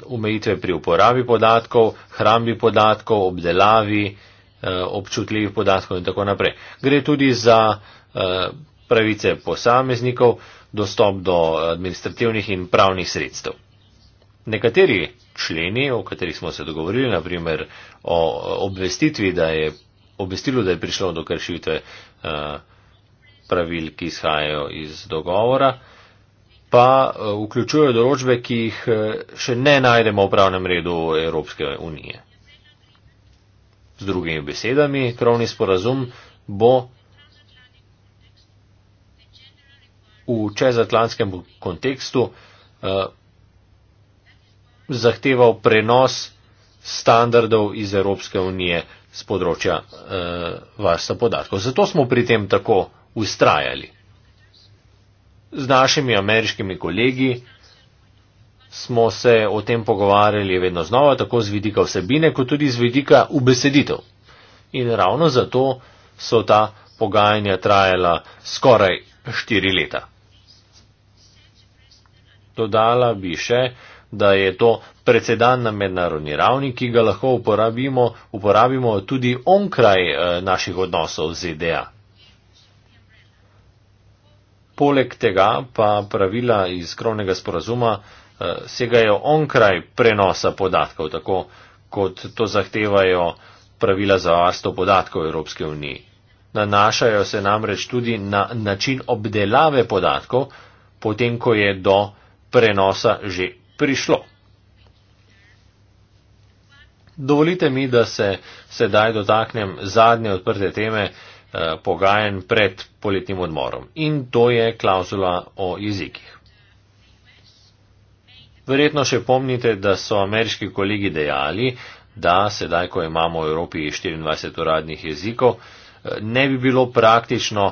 omejitve pri uporabi podatkov, hrambi podatkov, obdelavi eh, občutljivih podatkov in tako naprej. Gre tudi za eh, pravice posameznikov, dostop do administrativnih in pravnih sredstev. Nekateri členi, o katerih smo se dogovorili, naprimer o obvestitvi, da je obvestilo, da je prišlo do kršitve eh, pravil, ki izhajajo iz dogovora, pa e, vključujejo določbe, ki jih e, še ne najdemo v pravnem redu Evropske unije. Z drugimi besedami, krovni sporazum bo v čezatlantskem kontekstu eh, zahteval prenos standardov iz Evropske unije z področja eh, varstva podatkov. Zato smo pri tem tako ustrajali. Z našimi ameriškimi kolegi smo se o tem pogovarjali vedno znova, tako z vidika vsebine, kot tudi z vidika ubeseditev. In ravno zato so ta pogajanja trajala skoraj štiri leta. Dodala bi še, da je to predsedan na mednarodni ravni, ki ga lahko uporabimo, uporabimo tudi onkraj eh, naših odnosov z ZDA poleg tega pa pravila iz krovnega sporazuma eh, segajo onkraj prenosa podatkov, tako kot to zahtevajo pravila za varstvo podatkov Evropske unije. Nanašajo se namreč tudi na način obdelave podatkov, potem ko je do prenosa že prišlo. Dovolite mi, da se sedaj dotaknem zadnje odprte teme, Eh, pogajanj pred poletnim odmorom. In to je klauzula o jezikih. Verjetno še pomnite, da so ameriški kolegi dejali, da sedaj, ko imamo v Evropi 24 uradnih jezikov, eh, ne bi bilo praktično,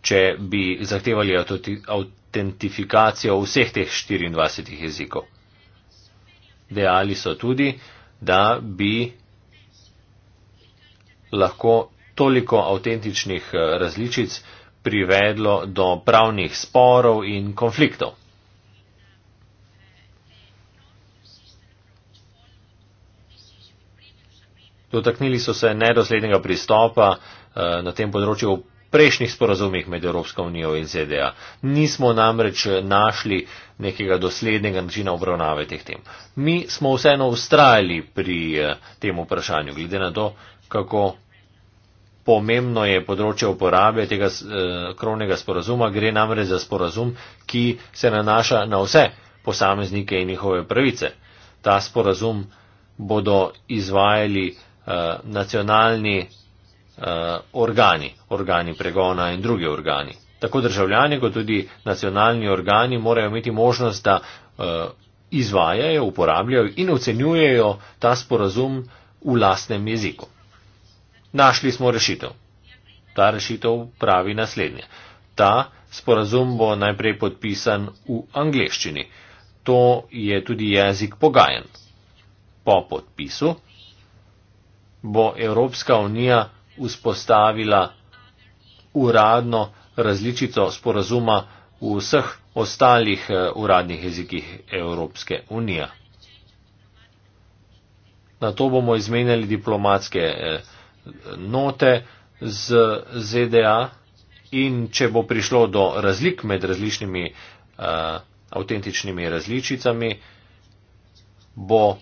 če bi zahtevali autentifikacijo vseh teh 24 jezikov. Dejali so tudi, da bi lahko toliko avtentičnih eh, različic privedlo do pravnih sporov in konfliktov. Dotaknili so se nedoslednega pristopa eh, na tem področju v prejšnjih sporazumih med Evropsko unijo in ZDA. Nismo namreč našli nekega doslednega načina obravnave teh tem. Mi smo vseeno ustrajali pri eh, tem vprašanju, glede na to, kako pomembno je področje uporabe tega eh, krovnega sporazuma. Gre namreč za sporazum, ki se nanaša na vse posameznike in njihove pravice. Ta sporazum bodo izvajali eh, nacionalni eh, organi, organi pregona in druge organi. Tako državljani kot tudi nacionalni organi morajo imeti možnost, da eh, izvajajo, uporabljajo in ocenjujejo ta sporazum v lastnem jeziku. Našli smo rešitev. Ta rešitev pravi naslednje. Ta sporazum bo najprej podpisan v angleščini. To je tudi jezik pogajen. Po podpisu bo Evropska unija vzpostavila uradno različico sporazuma v vseh ostalih eh, uradnih jezikih Evropske unije. Na to bomo izmenjali diplomatske. Eh, note z ZDA in če bo prišlo do razlik med različnimi uh, avtentičnimi različicami, bo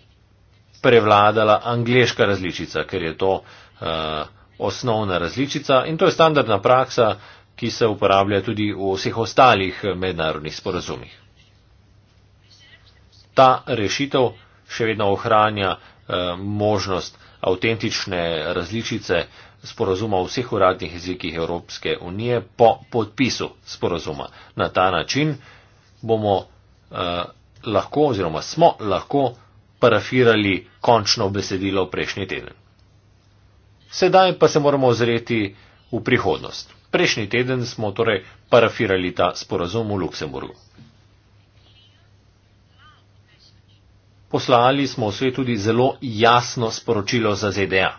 prevladala angliška različica, ker je to uh, osnovna različica in to je standardna praksa, ki se uporablja tudi v vseh ostalih mednarodnih sporazumih. Ta rešitev še vedno ohranja uh, možnost uh, avtentične različice sporazuma v vseh uradnih jezikih Evropske unije po podpisu sporazuma. Na ta način bomo eh, lahko oziroma smo lahko parafirali končno besedilo prejšnji teden. Sedaj pa se moramo ozreti v prihodnost. Prejšnji teden smo torej parafirali ta sporazum v Luksemburgu. Poslali smo vse tudi zelo jasno sporočilo za ZDA.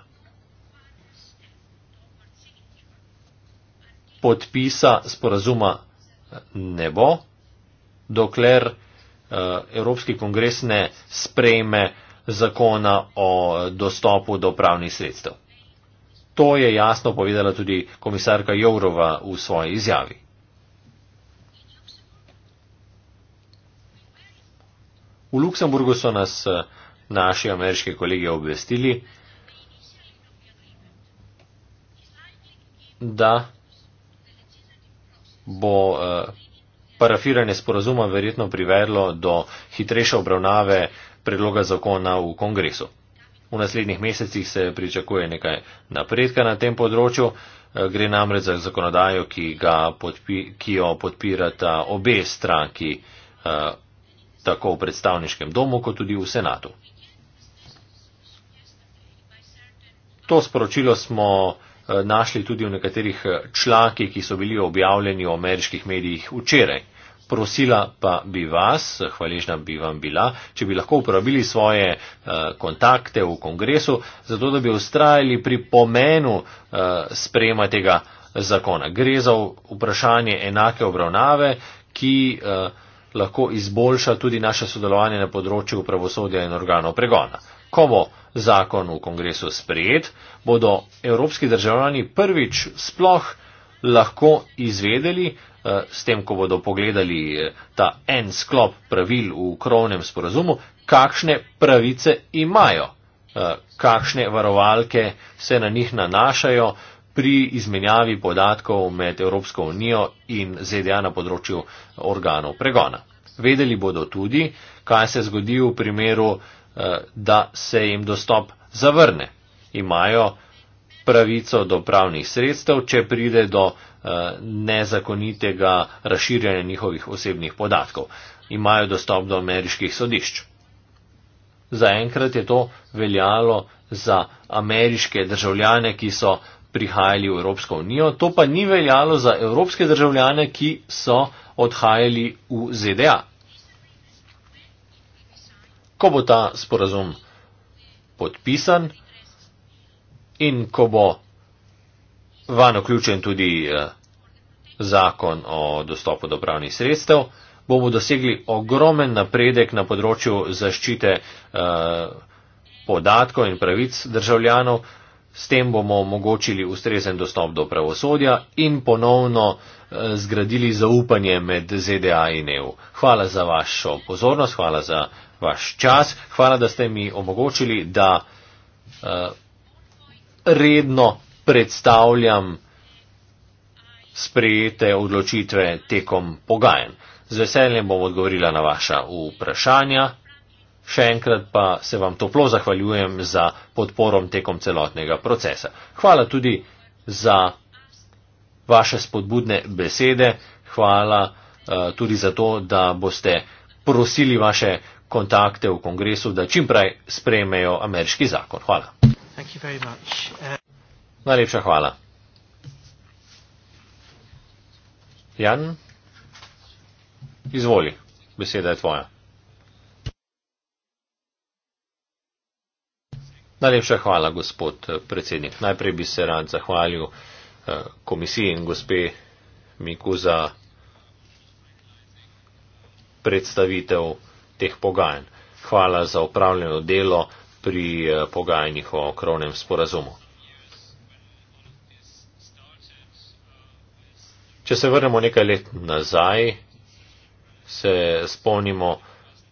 Podpisa sporazuma eh, ne bo, dokler eh, Evropski kongres ne sprejme zakona o dostopu do pravnih sredstev. To je jasno povedala tudi komisarka Jourova v svoji izjavi. V Luksemburgu so nas eh, naši ameriški kolegi obvestili, da bo eh, parafiranje sporazuma verjetno privedlo do hitrejše obravnave predloga zakona v kongresu. V naslednjih mesecih se pričakuje nekaj napredka na tem področju, eh, gre namreč za zakonodajo, ki, podpi, ki jo podpirata obe stranki tako v predstavniškem domu, kot tudi v senatu. To sporočilo smo eh, našli tudi v nekaterih eh, člankih, ki so bili objavljeni v ameriških medijih včeraj. Prosila pa bi vas, hvaležna bi vam bila, če bi lahko uporabili svoje eh, kontakte v kongresu, zato da bi ustrajali pri pomenu sprejema tega zakona. Gre za vprašanje enake obravnave, ki lahko izboljša tudi naše sodelovanje na področju pravosodja in organov pregona. Ko bo zakon v kongresu sprejet, bodo evropski državljani prvič sploh lahko izvedeli, eh, s tem, ko bodo pogledali eh, ta en sklop pravil v krovnem sporazumu, kakšne pravice imajo, eh, kakšne varovalke se na njih nanašajo, pri izmenjavi podatkov med Evropsko unijo in ZDA na področju organov pregona. Vedeli bodo tudi, kaj se zgodi v primeru, eh, da se jim dostop zavrne. Imajo pravico do pravnih sredstev, če pride do eh, nezakonitega razširjanja njihovih osebnih podatkov. Imajo dostop do ameriških sodišč. Zaenkrat je to veljalo za ameriške državljane, ki so prihajali v Evropsko unijo. To pa ni veljalo za evropske državljane, ki so odhajali v ZDA. Ko bo ta sporazum podpisan in ko bo van vključen tudi eh, zakon o dostopu do pravnih sredstev, bomo dosegli ogromen napredek na področju zaščite eh, podatkov in pravic državljanov, S tem bomo omogočili ustrezen dostop do pravosodja in ponovno eh, zgradili zaupanje med ZDA in EU. Hvala za vašo pozornost, hvala za vaš čas, hvala, da ste mi omogočili, da uh, redno predstavljam sprejete odločitve tekom pogajanj. Z veseljem bom odgovorila na vaša vprašanja. Še enkrat pa se vam toplo zahvaljujem za podporo tekom celotnega procesa. Hvala tudi za vaše spodbudne besede, hvala uh, tudi za to, da boste prosili vaše kontakte v kongresu, da čim prej sprejmejo ameriški zakon. Hvala. Eh, Najlepša hvala. Jan, izvoli, beseda je tvoja. Najlepša hvala, gospod eh, predsednik. Najprej bi se rad zahvalil eh, komisiji in gospe Miku za predstavitev teh pogajanj. Hvala za upravljeno delo pri eh, pogajanjih o krovnem sporazumu. Če se vrnemo nekaj let nazaj, se spomnimo,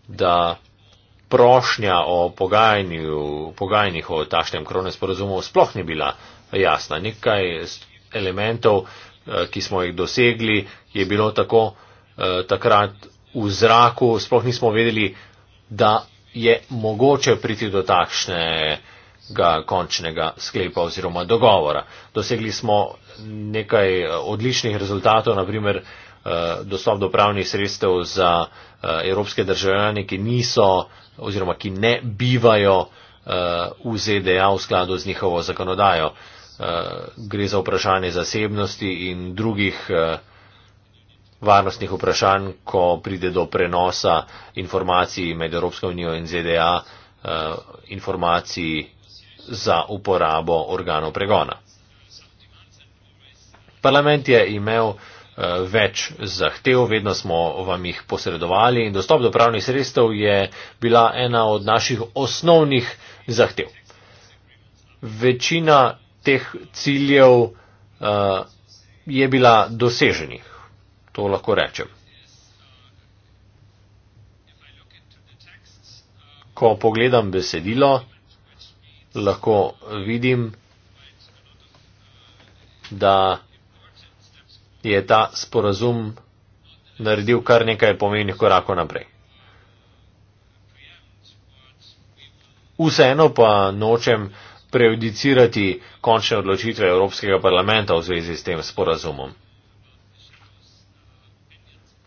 da prošnja o pogajanjih o tašnem krovnem sporozumu sploh ni bila jasna. Nekaj elementov, eh, ki smo jih dosegli, je bilo tako eh, takrat v zraku, sploh nismo vedeli, da je mogoče priti do takšnega končnega sklepa oziroma dogovora. Dosegli smo nekaj eh, odličnih rezultatov, naprimer, Eh, dostop do pravnih sredstev za eh, evropske državljane, ki niso oziroma ki ne bivajo eh, v ZDA v skladu z njihovo zakonodajo. Gre za vprašanje zasebnosti in drugih varnostnih vprašanj, ko pride do prenosa informacij med Evropsko unijo in ZDA, informacij za uporabo organov pregona. Parlament je imel Eh, več zahtev, vedno smo vam jih posredovali in dostop do pravnih sredstev je bila ena od naših osnovnih zahtev. Večina teh ciljev eh, je bila doseženih, to lahko rečem. Ko pogledam besedilo, lahko vidim, da je ta sporazum naredil kar nekaj pomenih korakov naprej. Vseeno pa nočem prejudicirati končne odločitve Evropskega parlamenta v zvezi s tem sporazumom.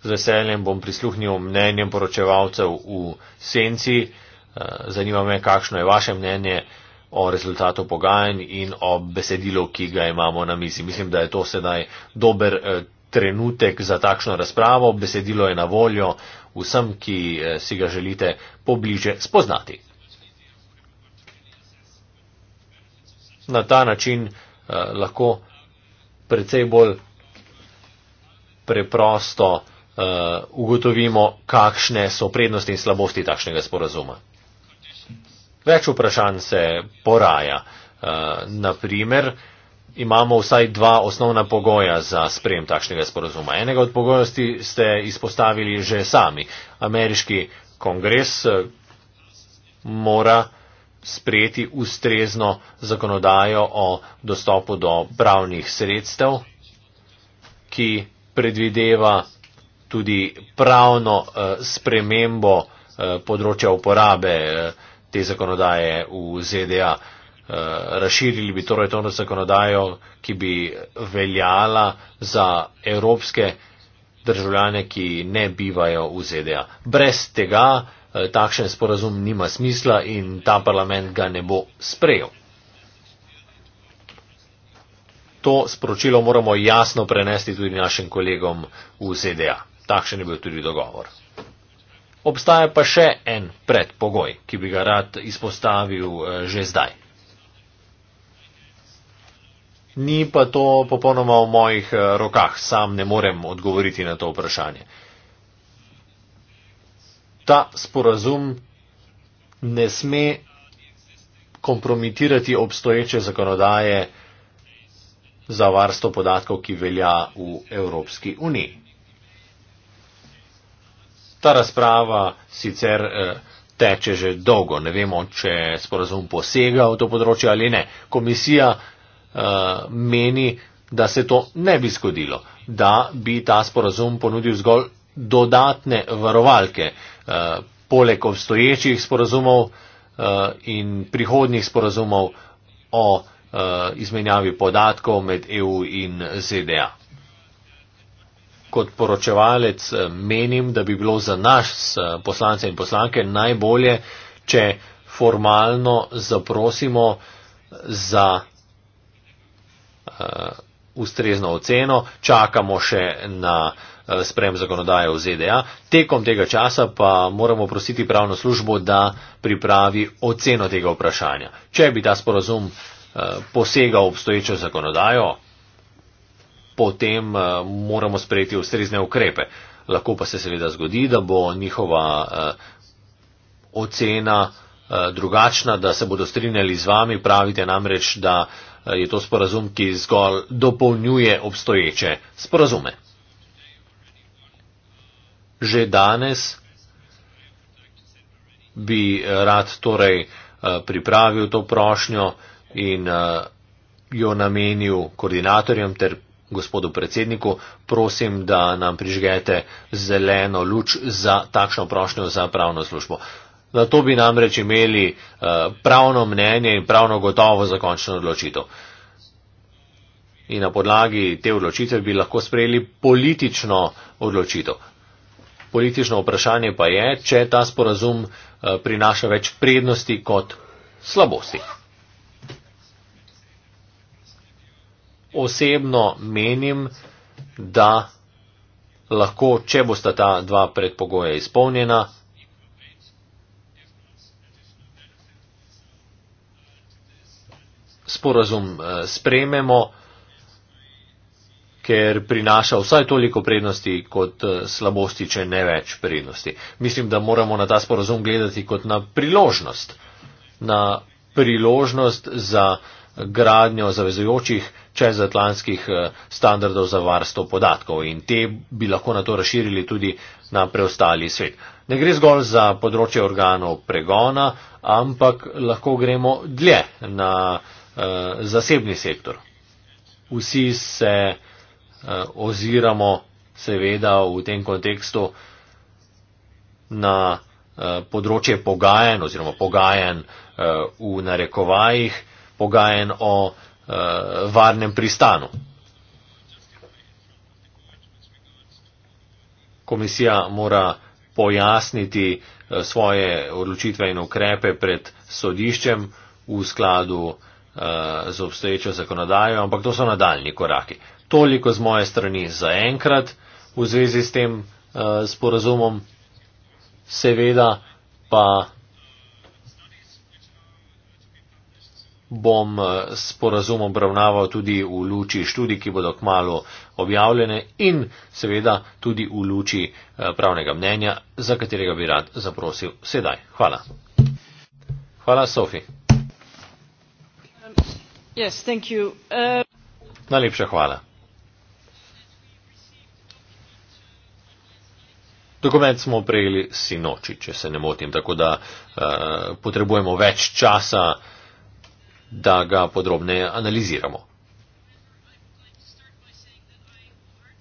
Z veseljem bom prisluhnil mnenjem poročevalcev v senci. Eh, zanima me, kakšno je vaše mnenje o rezultatu pogajanj in o besedilu, ki ga imamo na mizi. Mislim, da je to sedaj dober eh, trenutek za takšno razpravo. Besedilo je na voljo vsem, ki eh, si ga želite pobliže spoznati. Na ta način eh, lahko predvsej bolj preprosto eh, ugotovimo, kakšne so prednosti in slabosti takšnega sporazuma. Več vprašanj se poraja. Eh, Naprimer, imamo vsaj dva osnovna pogoja za sprejem takšnega sporozuma. Enega od pogojosti ste izpostavili že sami. Ameriški kongres eh, mora sprejeti ustrezno zakonodajo o dostopu do pravnih sredstev, ki predvideva tudi pravno eh, spremembo področja uporabe te zakonodaje v ZDA. Eh, razširili bi torej to zakonodajo, ki bi veljala za evropske državljane, ki ne bivajo v ZDA. Brez tega eh, takšen sporazum nima smisla in ta parlament ga ne bo sprejel. To sporočilo moramo jasno prenesti tudi našim kolegom v ZDA. Takšen je bil tudi dogovor. Obstaja pa še en predpogoj, ki bi ga rad izpostavil eh, že zdaj. Ni pa to popolnoma v mojih eh, rokah, sam ne morem odgovoriti na to vprašanje. Ta sporazum ne sme kompromitirati obstoječe zakonodaje za varstvo podatkov, ki velja v Evropski uniji. Ta razprava sicer eh, teče že dolgo, ne vemo, če sporazum posega v to področje ali ne. Komisija eh, meni, da se to ne bi zgodilo, da bi ta sporazum ponudil zgolj dodatne varovalke eh, poleg obstoječih sporazumov in prihodnih sporazumov o izmenjavi podatkov med EU in ZDA kot poročevalec eh, menim, da bi bilo za nas eh, poslance in poslanke najbolje, če formalno zaprosimo za uh, ustrezno oceno, čakamo še na uh, sprem zakonodaje v ZDA, tekom tega časa pa moramo prositi pravno službo, da pripravi oceno tega vprašanja. Če bi ta sporozum uh, posegal obstoječo zakonodajo, potem eh, moramo sprejeti ustrezne ukrepe. Lahko pa se seveda zgodi, da bo njihova eh, ocena eh, drugačna, da se bodo strinjali z vami, pravite namreč, da je to sporazum, ki zgolj dopolnjuje obstoječe sporazume. Že danes bi rad torej pripravil to prošnjo in jo namenil koordinatorjem ter gospodu predsedniku, prosim, da nam prižgete zeleno luč za takšno prošnjo za pravno službo. Na to bi namreč imeli eh, pravno mnenje in pravno gotovo zakončno odločitev. In na podlagi te odločitve bi lahko sprejeli politično odločitev. Politično vprašanje pa je, če ta sporazum eh, prinaša več prednosti kot slabosti. osebno menim, da lahko, če bosta ta dva predpogoja izpolnjena, sporazum eh, sprememo, ker prinaša vsaj toliko prednosti kot eh, slabosti, če ne več prednosti. Mislim, da moramo na ta sporazum gledati kot na priložnost, na priložnost za gradnjo zavezujočih čezatlantskih eh, standardov za varstvo podatkov in te bi lahko na to razširili tudi na preostali svet. Ne gre zgolj za področje organov pregona, ampak lahko gremo dlje na uh, zasebni sektor. Vsi se uh, oziramo seveda v tem kontekstu na uh, področje pogajen oziroma pogajen uh, v narekovajih, pogajen o uh, uh, varnem pristanu. Komisija mora pojasniti uh, svoje odločitve in ukrepe pred sodiščem v skladu uh, z obstoječo zakonodajo, ampak to so nadaljni koraki. Toliko z moje strani zaenkrat v zvezi s tem uh, sporazumom, seveda pa. bom eh, sporazum obravnaval tudi v luči študij, ki bodo kmalo objavljene in seveda tudi v luči eh, pravnega mnenja, za katerega bi rad zaprosil sedaj. Hvala. Hvala, Sofi. Yes, thank you. Uh... Najlepša hvala. Dokument smo prejeli sinoči, če se ne motim, tako da uh, potrebujemo več časa da ga podrobneje analiziramo.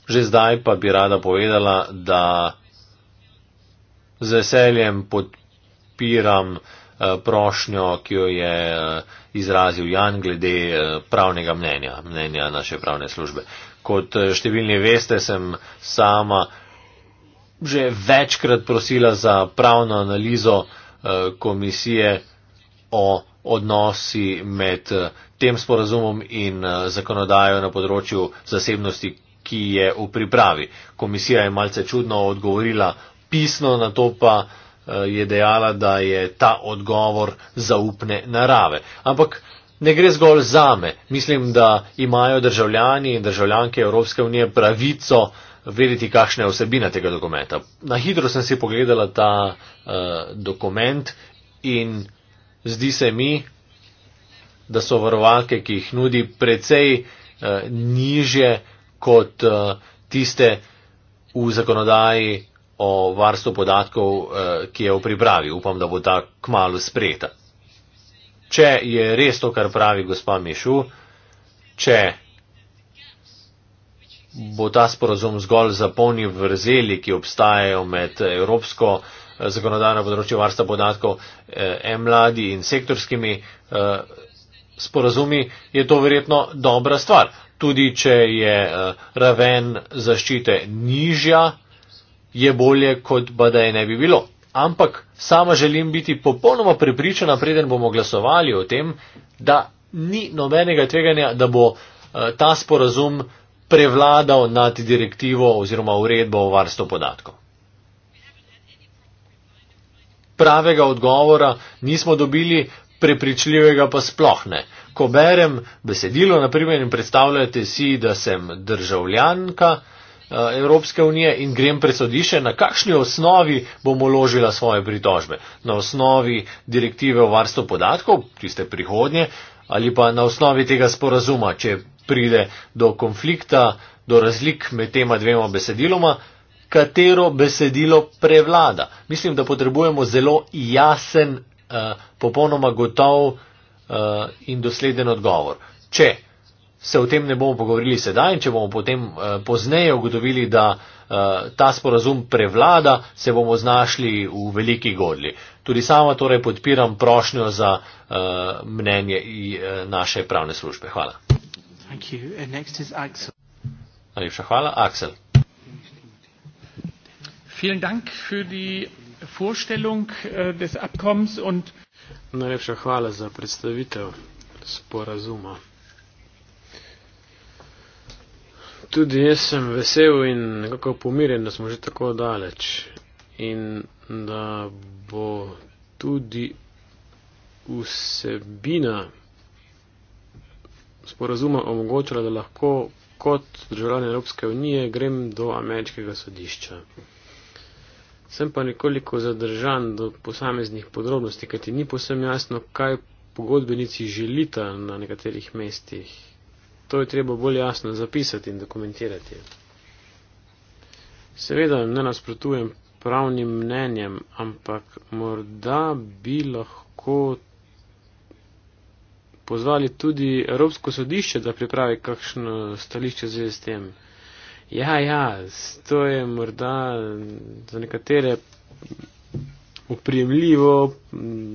Že zdaj pa bi rada povedala, da z veseljem podpiram eh, prošnjo, ki jo je eh, izrazil Jan glede eh, pravnega mnenja, mnenja naše pravne službe. Kot številni veste, sem sama že večkrat prosila za pravno analizo komisije o odnosi med eh, tem sporazumom in eh, zakonodajo na področju zasebnosti, ki je v pripravi. Komisija je malce čudno odgovorila pisno, na to pa eh, je dejala, da je ta odgovor zaupne narave. Ampak ne gre zgolj za me. Mislim, da imajo državljani in državljanke Evropske unije pravico vedeti, kakšna je vsebina tega dokumenta. Na hitro sem si pogledala ta uh, dokument in zdi se mi, da so varovalke, ki jih nudi, precej eh, nižje kot eh, tiste v zakonodaji o varstvu podatkov, eh, ki je v pripravi. Upam, da bo ta kmalo sprejeta. Če je res to, kar pravi gospa Mišu, če bo ta sporozum zgolj zapolnil vrzeli, ki obstajajo med Evropsko zakonodaja na področju varstva podatkov eh, mladi in sektorskimi eh, sporazumi, je to verjetno dobra stvar. Tudi če je eh, raven zaščite nižja, je bolje, kot pa da je ne bi bilo. Ampak sama želim biti popolnoma prepričana, preden bomo glasovali o tem, da ni nobenega tveganja, da bo ta sporazum prevladal nad direktivo oziroma uredbo o varstvu podatkov pravega odgovora nismo dobili, prepričljivega pa sploh ne. Ko berem besedilo, naprimer, in predstavljate si, da sem državljanka eh, Evropske unije in grem pred sodišče, na kakšni osnovi bom uložila svoje pritožbe? Na osnovi direktive o varstvu podatkov, tiste prihodnje, ali pa na osnovi tega sporazuma, če pride do konflikta, do razlik med tema dvema besediloma, katero besedilo prevlada. Mislim, da potrebujemo zelo jasen, eh, popolnoma gotov eh, in dosleden odgovor. Če se o tem ne bomo pogovorili sedaj in če bomo potem eh, pozneje ugotovili, da ta sporazum prevlada, se bomo znašli v veliki godli. Tudi sama torej podpiram prošnjo za mnenje naše pravne službe. Hvala. Najlepša hvala, Aksel. Vielen Dank für die Vorstellung äh, des Abkommens und Najlepša hvala za predstavitev sporazuma. Tudi jaz sem vesel in nekako pomirjen, da smo že tako daleč in da bo tudi vsebina sporazuma omogočila, da lahko kot državljan Evropske unije grem do ameriškega sodišča sem pa nekoliko zadržan do posameznih podrobnosti, kajti ni posem jasno, kaj pogodbenici želita na nekaterih mestih. To je treba bolj jasno zapisati in dokumentirati. Seveda ne nasprotujem pravnim mnenjem, ampak morda bi lahko pozvali tudi Evropsko sodišče, da pripravi kakšno stališče z tem. Ja, ja, to je morda za nekatere upremljivo,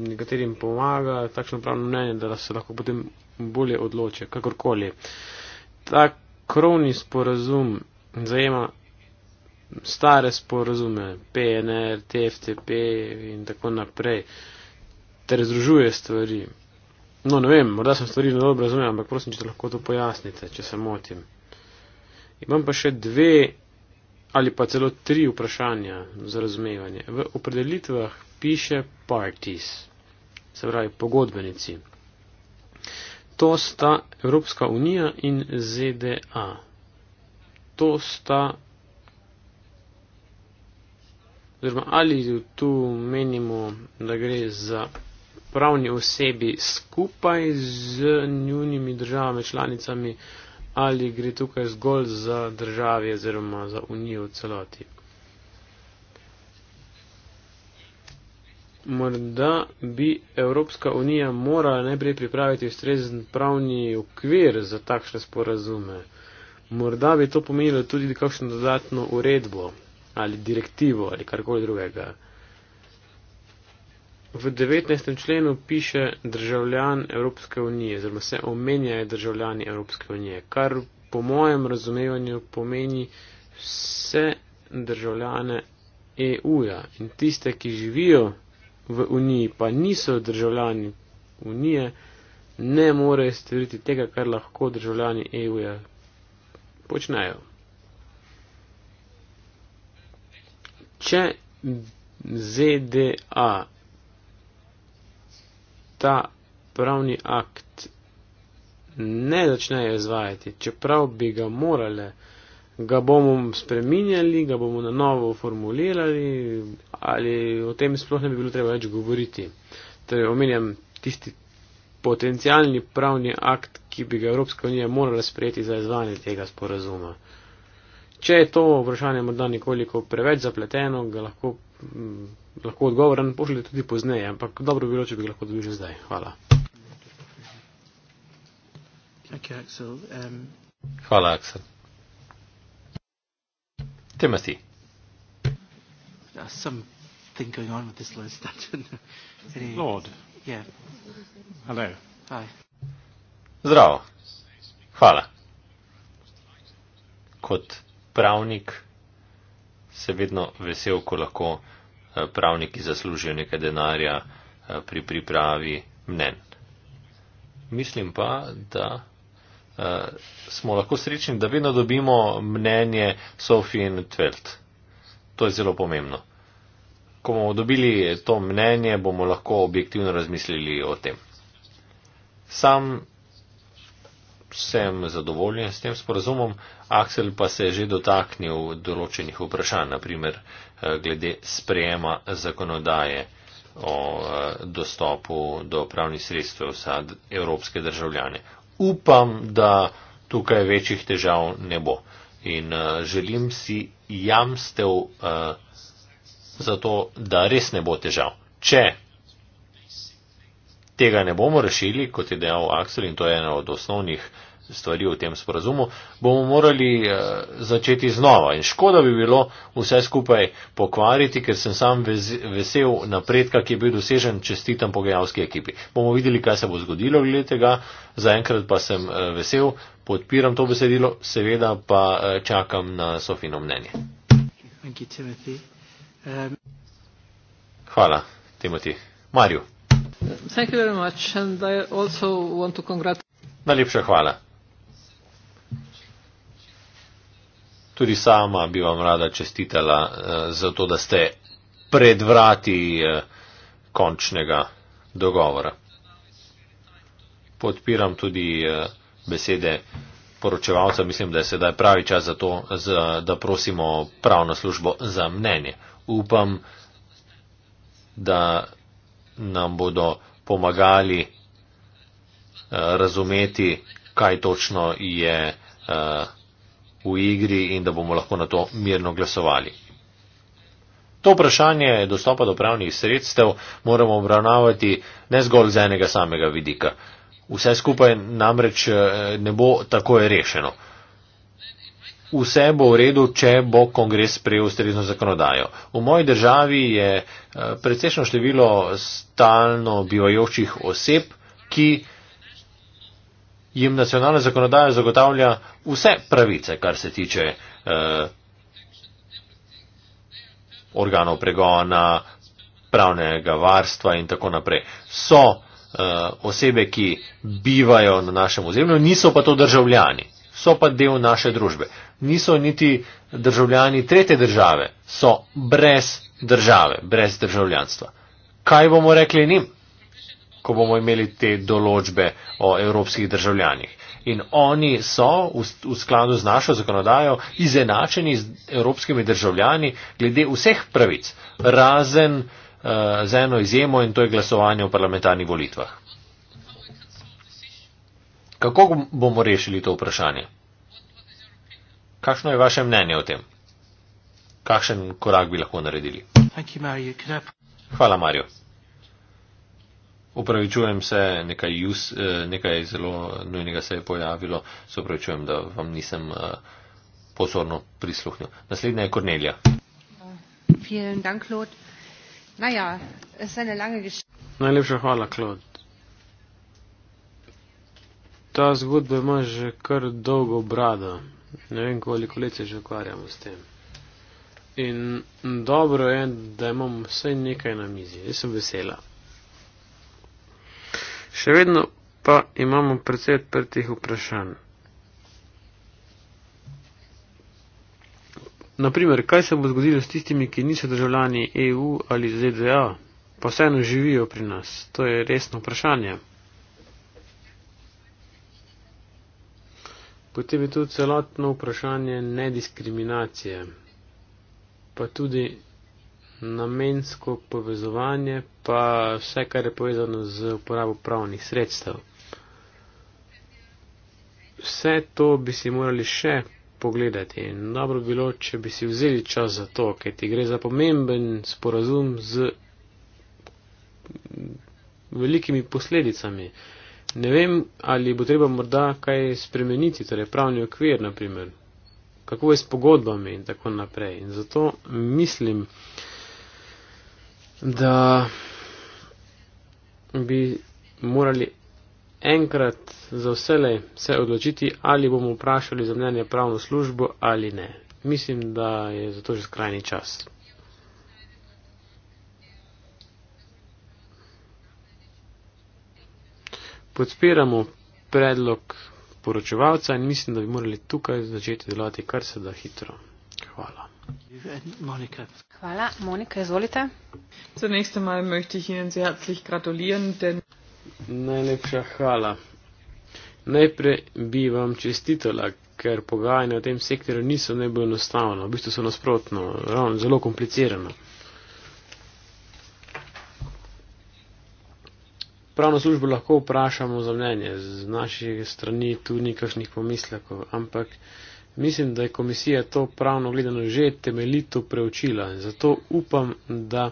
nekaterim pomaga, takšno pravno mnenje, da se lahko potem bolje odloče, kakorkoli. Ta krovni sporazum zajema stare sporazume, PNR, TFTP in tako naprej, ter združuje stvari. No, ne vem, morda sem stvari dobro razumel, ampak prosim, če lahko to pojasnite, če se motim. Imam pa še dve ali pa celo tri vprašanja za razumevanje. V opredelitvah piše parties, se pravi pogodbenici. To sta Evropska unija in ZDA. To sta. Oziroma, ali tu menimo, da gre za pravni osebi skupaj z njunimi državami članicami, ali gre tukaj zgolj za državi oziroma za unijo v celoti. Morda bi Evropska unija morala najprej pripraviti ustrezen pravni okvir za takšne sporazume. Morda bi to pomenilo tudi kakšno dodatno uredbo ali direktivo ali karkoli drugega. V 19. členu piše državljan Evropske unije, oziroma se omenjajo državljani Evropske unije, kar po mojem razumevanju pomeni vse državljane EU-ja in tiste, ki živijo v uniji, pa niso državljani unije, ne morejo storiti tega, kar lahko državljani EU-ja počnejo. Če ZDA ta pravni akt ne začnejo izvajati, čeprav bi ga morale, ga bomo spreminjali, ga bomo na novo formulirali ali o tem sploh ne bi bilo treba več govoriti. Torej, omenjam tisti potencijalni pravni akt, ki bi ga Evropska unija morala sprejeti za izvajanje tega sporazuma. Če je to vprašanje morda nekoliko preveč zapleteno, ga lahko Mm, lahko odgovor in pošljete tudi pozneje, ampak dobro bi bilo, če bi lahko dobil že zdaj. Hvala. Um, Hvala, Aksel. Timothy. Something going on with this list. <laughs> Lord. Yeah. Hello. Hi. Zdravo. Hvala. Kot pravnik se vedno vesel, ko lahko pravniki zaslužijo nekaj denarja eh, pri pripravi mnen. Mislim pa, da eh, smo lahko srečni, da vedno dobimo mnenje Sofie in Tvelt. To je zelo pomembno. Ko bomo dobili to mnenje, bomo lahko objektivno razmislili o tem. Sam sem zadovoljen s tem sporazumom, Aksel pa se je že dotaknil določenih vprašanj, naprimer Eh, glede sprejema zakonodaje o eh, dostopu do pravnih sredstev za evropske državljane. Upam, da tukaj večjih težav ne bo in eh, želim si jamstev za to, da res ne bo težav. Če tega ne bomo rešili, kot je dejal Aksel in to je ena od osnovnih stvari v tem sporazumu, bomo morali eh, začeti znova. In škoda bi bilo vse skupaj pokvariti, ker sem sam vesel napredka, ki je bil dosežen čestitam pogajalski ekipi. Bomo videli, kaj se bo zgodilo glede tega, zaenkrat pa sem eh, vesel, podpiram to besedilo, seveda pa eh, čakam na Sofino mnenje. Um, hvala, Timothy. Mario. Najlepša hvala. Tudi sama bi vam rada čestitala uh, za to, da ste pred vrati uh, končnega dogovora. Podpiram tudi uh, besede poročevalca, mislim, da je sedaj pravi čas za to, z, da prosimo pravno službo za mnenje. Upam, da nam bodo pomagali uh, razumeti, kaj točno je. Uh, v igri in da bomo lahko na to mirno glasovali. To vprašanje dostopa do pravnih sredstev moramo obravnavati ne zgolj z enega samega vidika. Vse skupaj namreč eh, ne bo takoj rešeno. Vse bo v redu, če bo kongres sprejel ustrezno zakonodajo. V moji državi je eh, precejšno število stalno bivajočih oseb, ki jim nacionalna zakonodaja zagotavlja vse pravice, kar se tiče eh, organov pregona, pravnega varstva in tako naprej. So eh, osebe, ki bivajo na našem ozemlju, niso pa to državljani, so pa del naše družbe. Niso niti državljani tretje države, so brez države, brez državljanstva. Kaj bomo rekli njim? ko bomo imeli te določbe o evropskih državljanih. In oni so v skladu z našo zakonodajo izenačeni z evropskimi državljani glede vseh pravic, razen eh, z eno izjemo in to je glasovanje v parlamentarnih volitvah. Kako bomo rešili to vprašanje? Kakšno je vaše mnenje o tem? Kakšen korak bi lahko naredili? Hvala, Mario. Upravičujem se, nekaj, jus, eh, nekaj zelo nujnega se je pojavilo, se upravičujem, da vam nisem eh, pozorno prisluhnil. Naslednja je Kornelija. Najlepša hvala, Klod. Ta zgodba ima že kar dolgo brado. Ne vem, koliko let se že ukvarjamo s tem. In dobro je, da imam vsaj nekaj na mizi. Jaz sem vesela. Še vedno pa imamo precej odprtih vprašanj. Naprimer, kaj se bo zgodilo s tistimi, ki niso državljani EU ali ZDA, pa vseeno živijo pri nas? To je resno vprašanje. Potem je tu celotno vprašanje nediskriminacije, pa tudi namensko povezovanje, pa vse, kar je povezano z uporabo pravnih sredstev. Vse to bi si morali še pogledati in dobro bi bilo, če bi si vzeli čas za to, ker ti gre za pomemben sporazum z velikimi posledicami. Ne vem, ali bo treba morda kaj spremeniti, torej pravni okvir, naprimer, kako je s pogodbami in tako naprej. In zato mislim, da da bi morali enkrat za vselej se odločiti, ali bomo vprašali za mnenje pravno službo ali ne. Mislim, da je zato že skrajni čas. Podpiramo predlog poročevalca in mislim, da bi morali tukaj začeti delati kar se da hitro. Hvala. Hvala. Monika, izvolite. Zunächst einmal möchte ich Ihnen sehr herzlich gratulieren, denn. Najlepša hvala. Najprej bi vam čestitala, ker pogajanja v tem sektorju niso najbolj enostavna, v bistvu so nasprotno, ravno zelo komplicirana. Pravno službo lahko vprašamo za mnenje, z naše strani tu ni kakšnih pomislekov, ampak. Mislim, da je komisija to pravno gledano že temeljito preučila in zato upam, da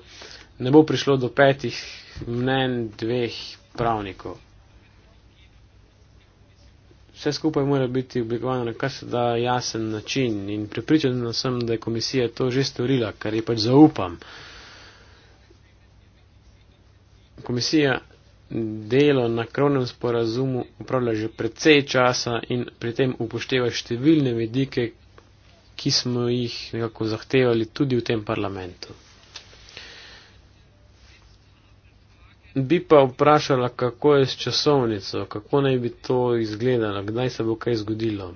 ne bo prišlo do petih mnen dveh pravnikov. Vse skupaj mora biti oblikovano na kar se da jasen način in pripričan sem, da je komisija to že storila, kar je pač zaupam. Komisija delo na kronem sporazumu upravlja že precej časa in pri tem upošteva številne vedike, ki smo jih nekako zahtevali tudi v tem parlamentu. Bi pa vprašala, kako je s časovnico, kako naj bi to izgledalo, kdaj se bo kaj zgodilo.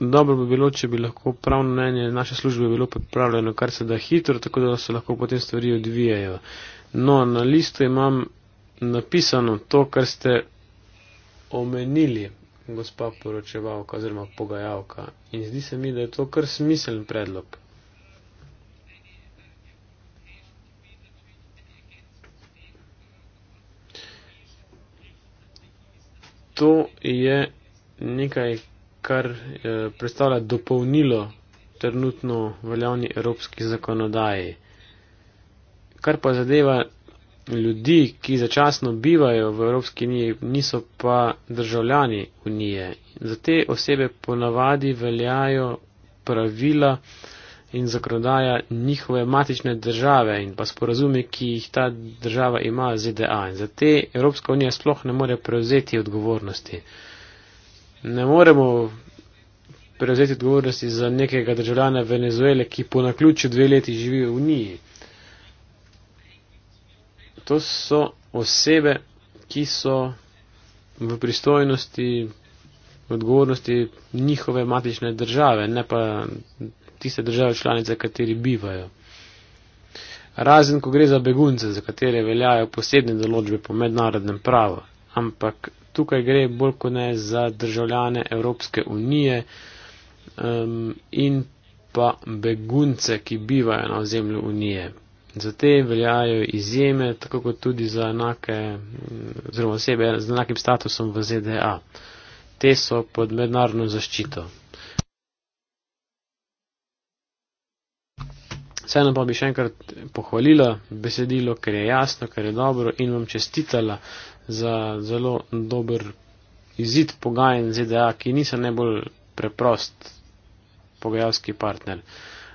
dobro bi bilo, če bi lahko pravno mnenje naše službe bilo pripravljeno kar se da hitro, tako da se lahko potem stvari odvijajo. No, na listu imam napisano to, kar ste omenili, gospa poročevalka oziroma pogajalka. In zdi se mi, da je to kar smiseln predlog. To je nekaj, kar eh, predstavlja dopolnilo trenutno veljavni evropski zakonodaji. Kar pa zadeva ljudi, ki začasno bivajo v Evropski uniji, niso pa državljani unije. Za te osebe ponavadi veljajo pravila in zakonodaja njihove matične države in pa sporazume, ki jih ta država ima z ZDA. In za te Evropska unija sploh ne more prevzeti odgovornosti ne moremo prevzeti odgovornosti za nekega državljana Venezuele, ki po naključju dve leti živi v Uniji. To so osebe, ki so v pristojnosti, odgovornosti njihove matične države, ne pa tiste države članice, kateri bivajo. Razen, ko gre za begunce, za katere veljajo posebne določbe po mednarodnem pravu, ampak tukaj gre bolj kot ne za državljane Evropske unije um, in pa begunce, ki bivajo na ozemlju unije. Za te veljajo izjeme, tako kot tudi za enake, oziroma osebe z enakim statusom v ZDA. Te so pod mednarodno zaščito. Vseeno pa bi še enkrat pohvalila besedilo, ker je jasno, ker je dobro in vam čestitala za zelo dober izid pogajen ZDA, ki niso najbolj preprost pogajalski partner.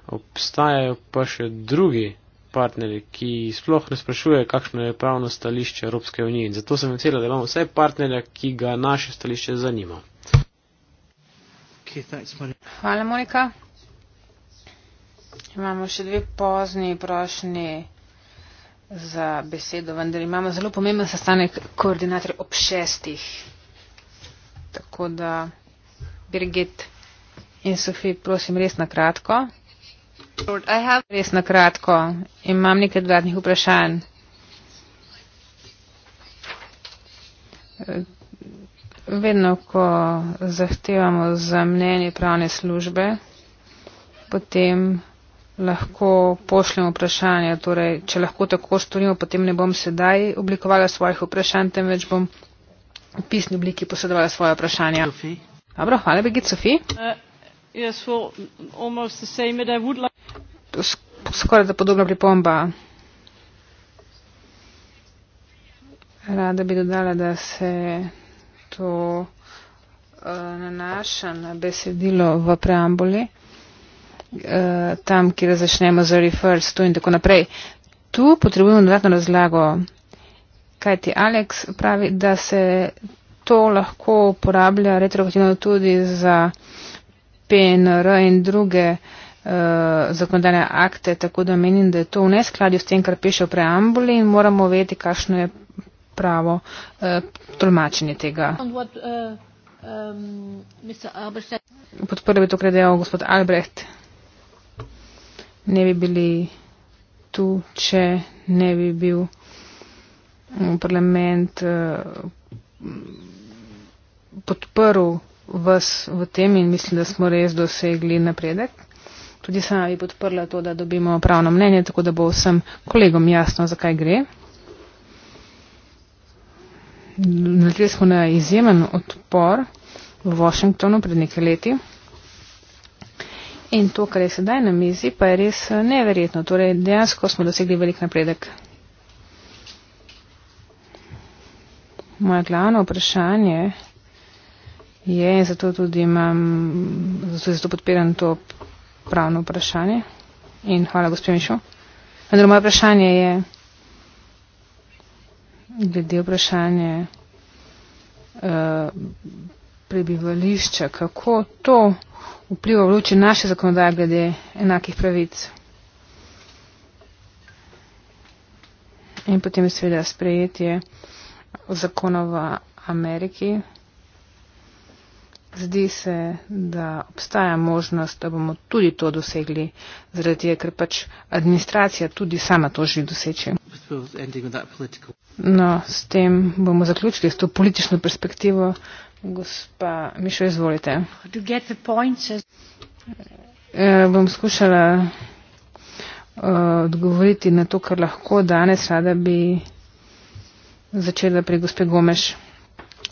Obstajajo pa še drugi partnerji, ki sploh ne sprašujejo, kakšno je pravno stališče Evropske unije. In zato sem vesela, da imamo vse partnerja, ki ga naše stališče zanima. Hvala, Monika. Imamo še dve pozni prošnji za besedo, vendar imamo zelo pomemben sestanek koordinator ob šestih. Tako da, Birgit in Sofi, prosim, res na kratko. Res na kratko, imam nekaj dodatnih vprašanj. Vedno, ko zahtevamo za mnenje pravne službe, potem lahko pošljem vprašanje. Torej, če lahko tako storimo, potem ne bom sedaj oblikovala svojih vprašanj, temveč bom v pisni obliki posredovala svoje vprašanje. Dobro, hvala, Begit Sofi. Uh, skoraj da podobna pripomba. Rada bi dodala, da se to uh, nanaša na besedilo v preambuli. Uh, Eh, tam, kjer začnemo z refers to in tako naprej. Tu potrebujemo dodatno razlago, kaj ti Alex pravi, da se to lahko uporablja retroaktivno tudi za PNR in druge uh, zakonodajne akte, tako da menim, da je to v neskladju s tem, kar piše v preambuli in moramo vedeti, kakšno je pravo uh, tolmačenje tega. Um, Podprl bi to, kar je dejal gospod Albrecht ne bi bili tu, če ne bi bil mm, parlament eh, podprl vas v tem in mislim, da smo res dosegli napredek. Tudi sama bi podprla to, da dobimo pravno mnenje, tako da bo vsem kolegom jasno, zakaj gre. Naletili smo na izjemen odpor v Washingtonu pred nekaj leti. In to, kar je sedaj na mizi, pa je res eh, neverjetno. Torej, dejansko smo dosegli velik napredek. Moje glavno vprašanje je, in zato tudi imam, zato, zato podpiram to pravno vprašanje. In hvala, gospod Mišo. Vendar moje vprašanje je, glede vprašanje uh, prebivališča, kako to vpliva v luči naše zakonodaje glede enakih pravic. In potem je seveda sprejetje zakona v Ameriki. Zdi se, da obstaja možnost, da bomo tudi to dosegli, zaradi tega, ker pač administracija tudi sama to želi doseči. No, s tem bomo zaključili, s to politično perspektivo. Gospa Mišo, izvolite. Uh, bom skušala uh, odgovoriti na to, kar lahko danes rada bi začela pri gospe Gomeš.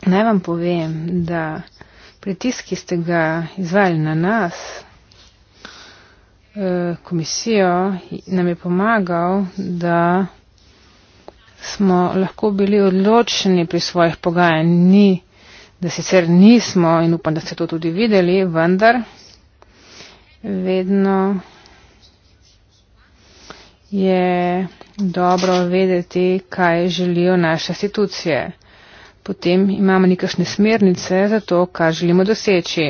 Naj vam povem, da pritisk, ki ste ga izvali na nas, eh, komisijo, nam je pomagal, da smo lahko bili odločeni pri svojih pogajanjih da sicer nismo in upam, da ste to tudi videli, vendar vedno je dobro vedeti, kaj želijo naše institucije. Potem imamo nekašne smernice za to, kar želimo doseči.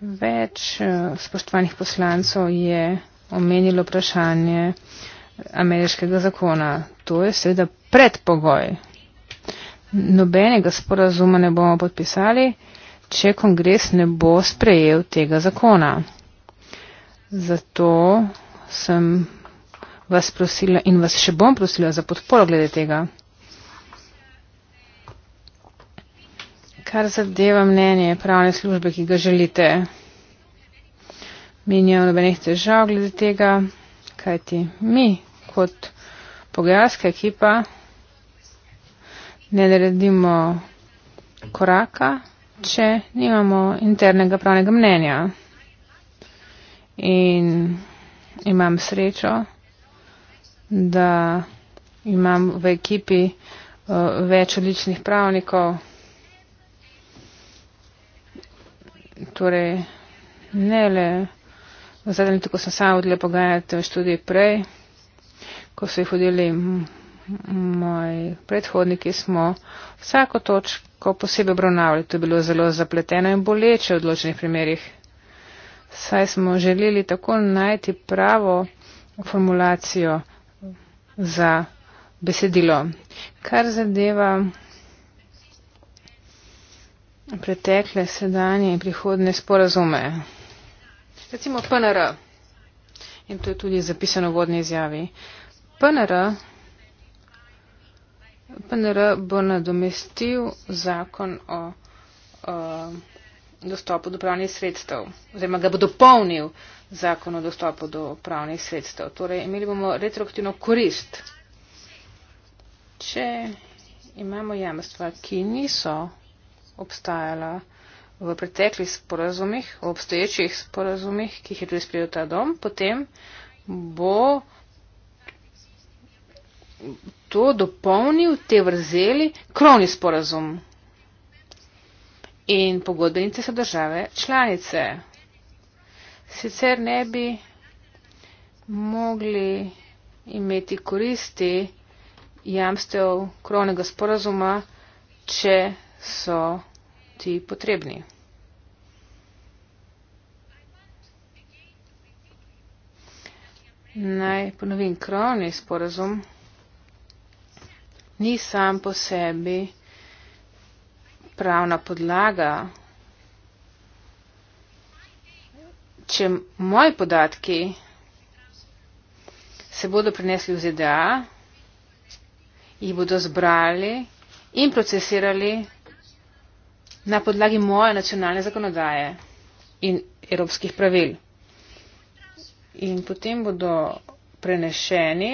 Več eh, spoštovanih poslancov je omenilo vprašanje ameriškega zakona. To je seveda predpogoj Nobenega sporazuma ne bomo podpisali, če kongres ne bo sprejel tega zakona. Zato sem vas prosila in vas še bom prosila za podporo glede tega. Kar zadeva mnenje pravne službe, ki ga želite, mi nimamo nobenih težav glede tega, kajti mi kot pogajalska ekipa ne naredimo koraka, če nimamo internega pravnega mnenja. In imam srečo, da imam v ekipi uh, več odličnih pravnikov. Torej, ne le v zadnjem, tako sem sama odle pogajati, tudi prej, ko so jih hodili moji predhodniki smo vsako točko posebej obravnavali. To je bilo zelo zapleteno in boleče v odločenih primerjih. Saj smo želeli tako najti pravo formulacijo za besedilo. Kar zadeva pretekle, sedanje in prihodne sporazume. Recimo PNR. In to je tudi zapisano v vodni izjavi. PNR PNR bo nadomestil zakon o, o dostopu do pravnih sredstev, oziroma ga bo dopolnil zakon o dostopu do pravnih sredstev. Torej, imeli bomo retroaktivno korist. Če imamo jamstva, ki niso obstajala v preteklih sporazumih, v obstoječih sporazumih, ki jih je tudi sprejel ta dom, potem bo to dopolnil te vrzeli krovni sporazum in pogodbenice so države članice. Sicer ne bi mogli imeti koristi jamstev krovnega sporazuma, če so ti potrebni. Naj ponovim krovni sporazum ni sam po sebi pravna podlaga. Če moji podatki se bodo prenesli v ZDA, jih bodo zbrali in procesirali na podlagi moje nacionalne zakonodaje in evropskih pravil. In potem bodo prenešeni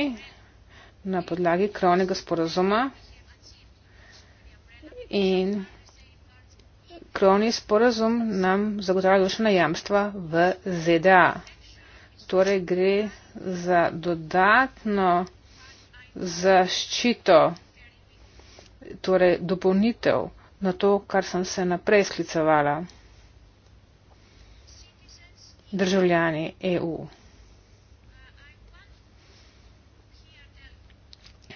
na podlagi krovnega sporozuma in krovni sporozum nam zagotavlja dušna jamstva v ZDA. Torej gre za dodatno zaščito, torej dopolnitev na to, kar sem se naprej sklicevala državljani EU.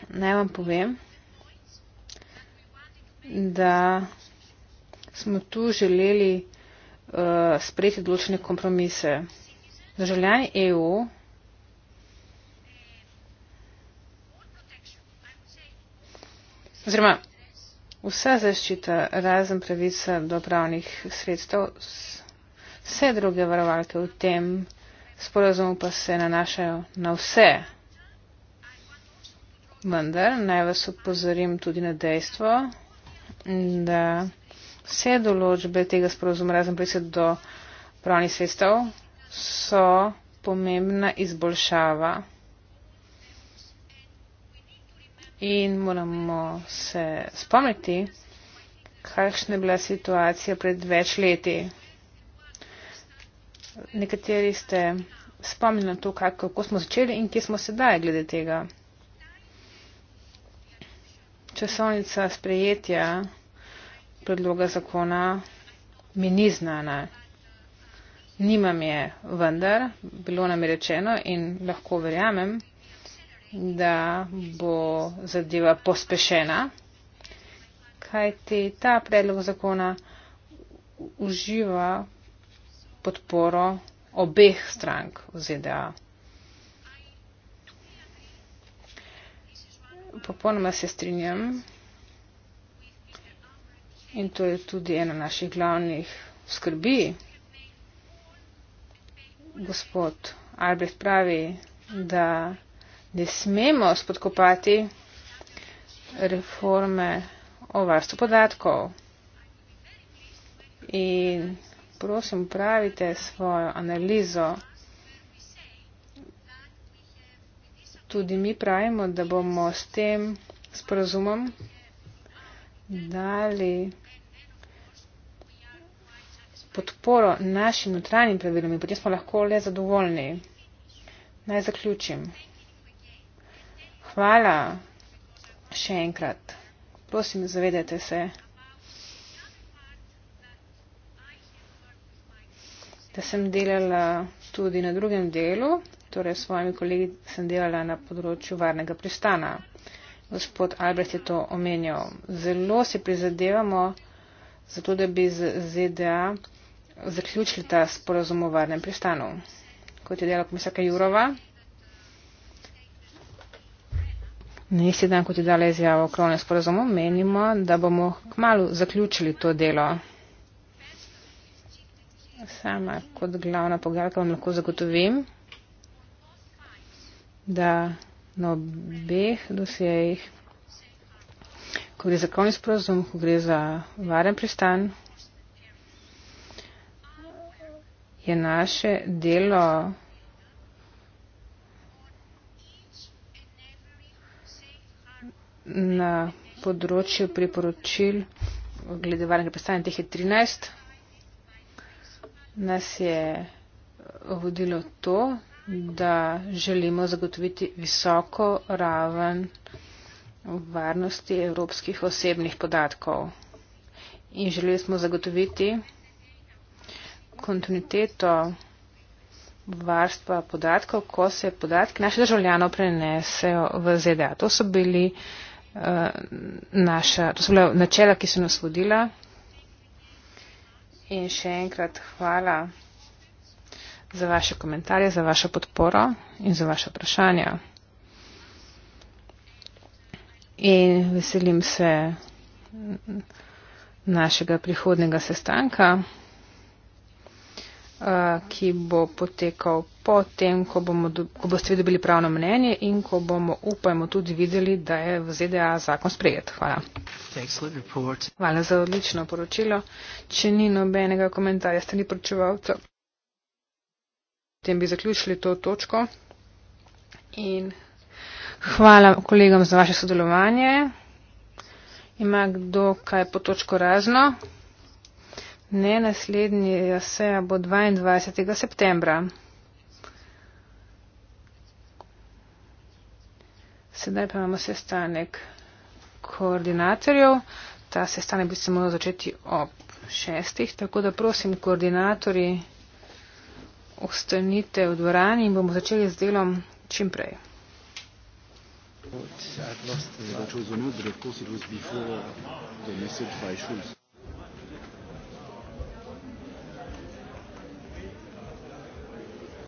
naj vam povem, da smo tu želeli uh, sprejeti odločene kompromise. Državljani EU oziroma vsa zaščita razen pravica do pravnih sredstev, vse druge varovalke v tem sporazumu pa se nanašajo na vse Vendar naj vas opozorim tudi na dejstvo, da vse določbe tega sporozuma, razen pristop do pravnih sredstev, so pomembna izboljšava in moramo se spomniti, kakšna je bila situacija pred več leti. Nekateri ste spomnili na to, kako smo začeli in kje smo sedaj glede tega časovnica sprejetja predloga zakona mi ni znana. Nimam je vendar, bilo nam je rečeno in lahko verjamem, da bo zadeva pospešena, kajti ta predlog zakona uživa podporo obeh strank v ZDA. popolnoma se strinjam. In to je tudi ena naših glavnih skrbi. Gospod Albert pravi, da ne smemo spodkopati reforme o varstvu podatkov. In prosim, pravite svojo analizo. tudi mi pravimo, da bomo s tem sporozumom dali podporo našim notranjim pravilom in potem smo lahko le zadovoljni. Naj zaključim. Hvala še enkrat. Prosim, zavedajte se, da sem delala tudi na drugem delu torej s svojimi kolegi sem delala na področju varnega pristana. Gospod Albrecht je to omenjal. Zelo si prizadevamo, zato da bi z ZDA zaključili ta sporozum o varnem pristanu. Kot je delala komisarka Jurova, na isti dan, kot je dala izjavo o krovnem sporozumu, menimo, da bomo kmalo zaključili to delo. Sama kot glavna pogajalka vam lahko zagotovim, da na obeh dosjejih, ko gre za konj sporozum, ko gre za varen pristan, je naše delo na področju priporočil glede varnega pristanja, teh je 13, nas je vodilo to, da želimo zagotoviti visoko raven varnosti evropskih osebnih podatkov. In želeli smo zagotoviti kontinuiteto varstva podatkov, ko se podatki naših državljanov prenesejo v ZDA. To so, bili, uh, naša, to so bila načela, ki so nas vodila. In še enkrat hvala za vaše komentarje, za vašo podporo in za vaše vprašanja. In veselim se našega prihodnega sestanka, ki bo potekal po tem, ko, bomo, ko boste vi dobili pravno mnenje in ko bomo, upajmo, tudi videli, da je v ZDA zakon sprejet. Hvala. Hvala za odlično poročilo. Če ni nobenega komentarja, ste ni poročevalca tem bi zaključili to točko. In hvala kolegom za vaše sodelovanje. Ima kdo kaj po točko razno? Ne, naslednji ja, seja bo 22. septembra. Sedaj pa imamo sestanek koordinatorjev. Ta sestanek bi se moral začeti ob šestih, tako da prosim koordinatorji ostanite v dvorani in bomo začeli z delom čim prej. No, before the message by Schulz.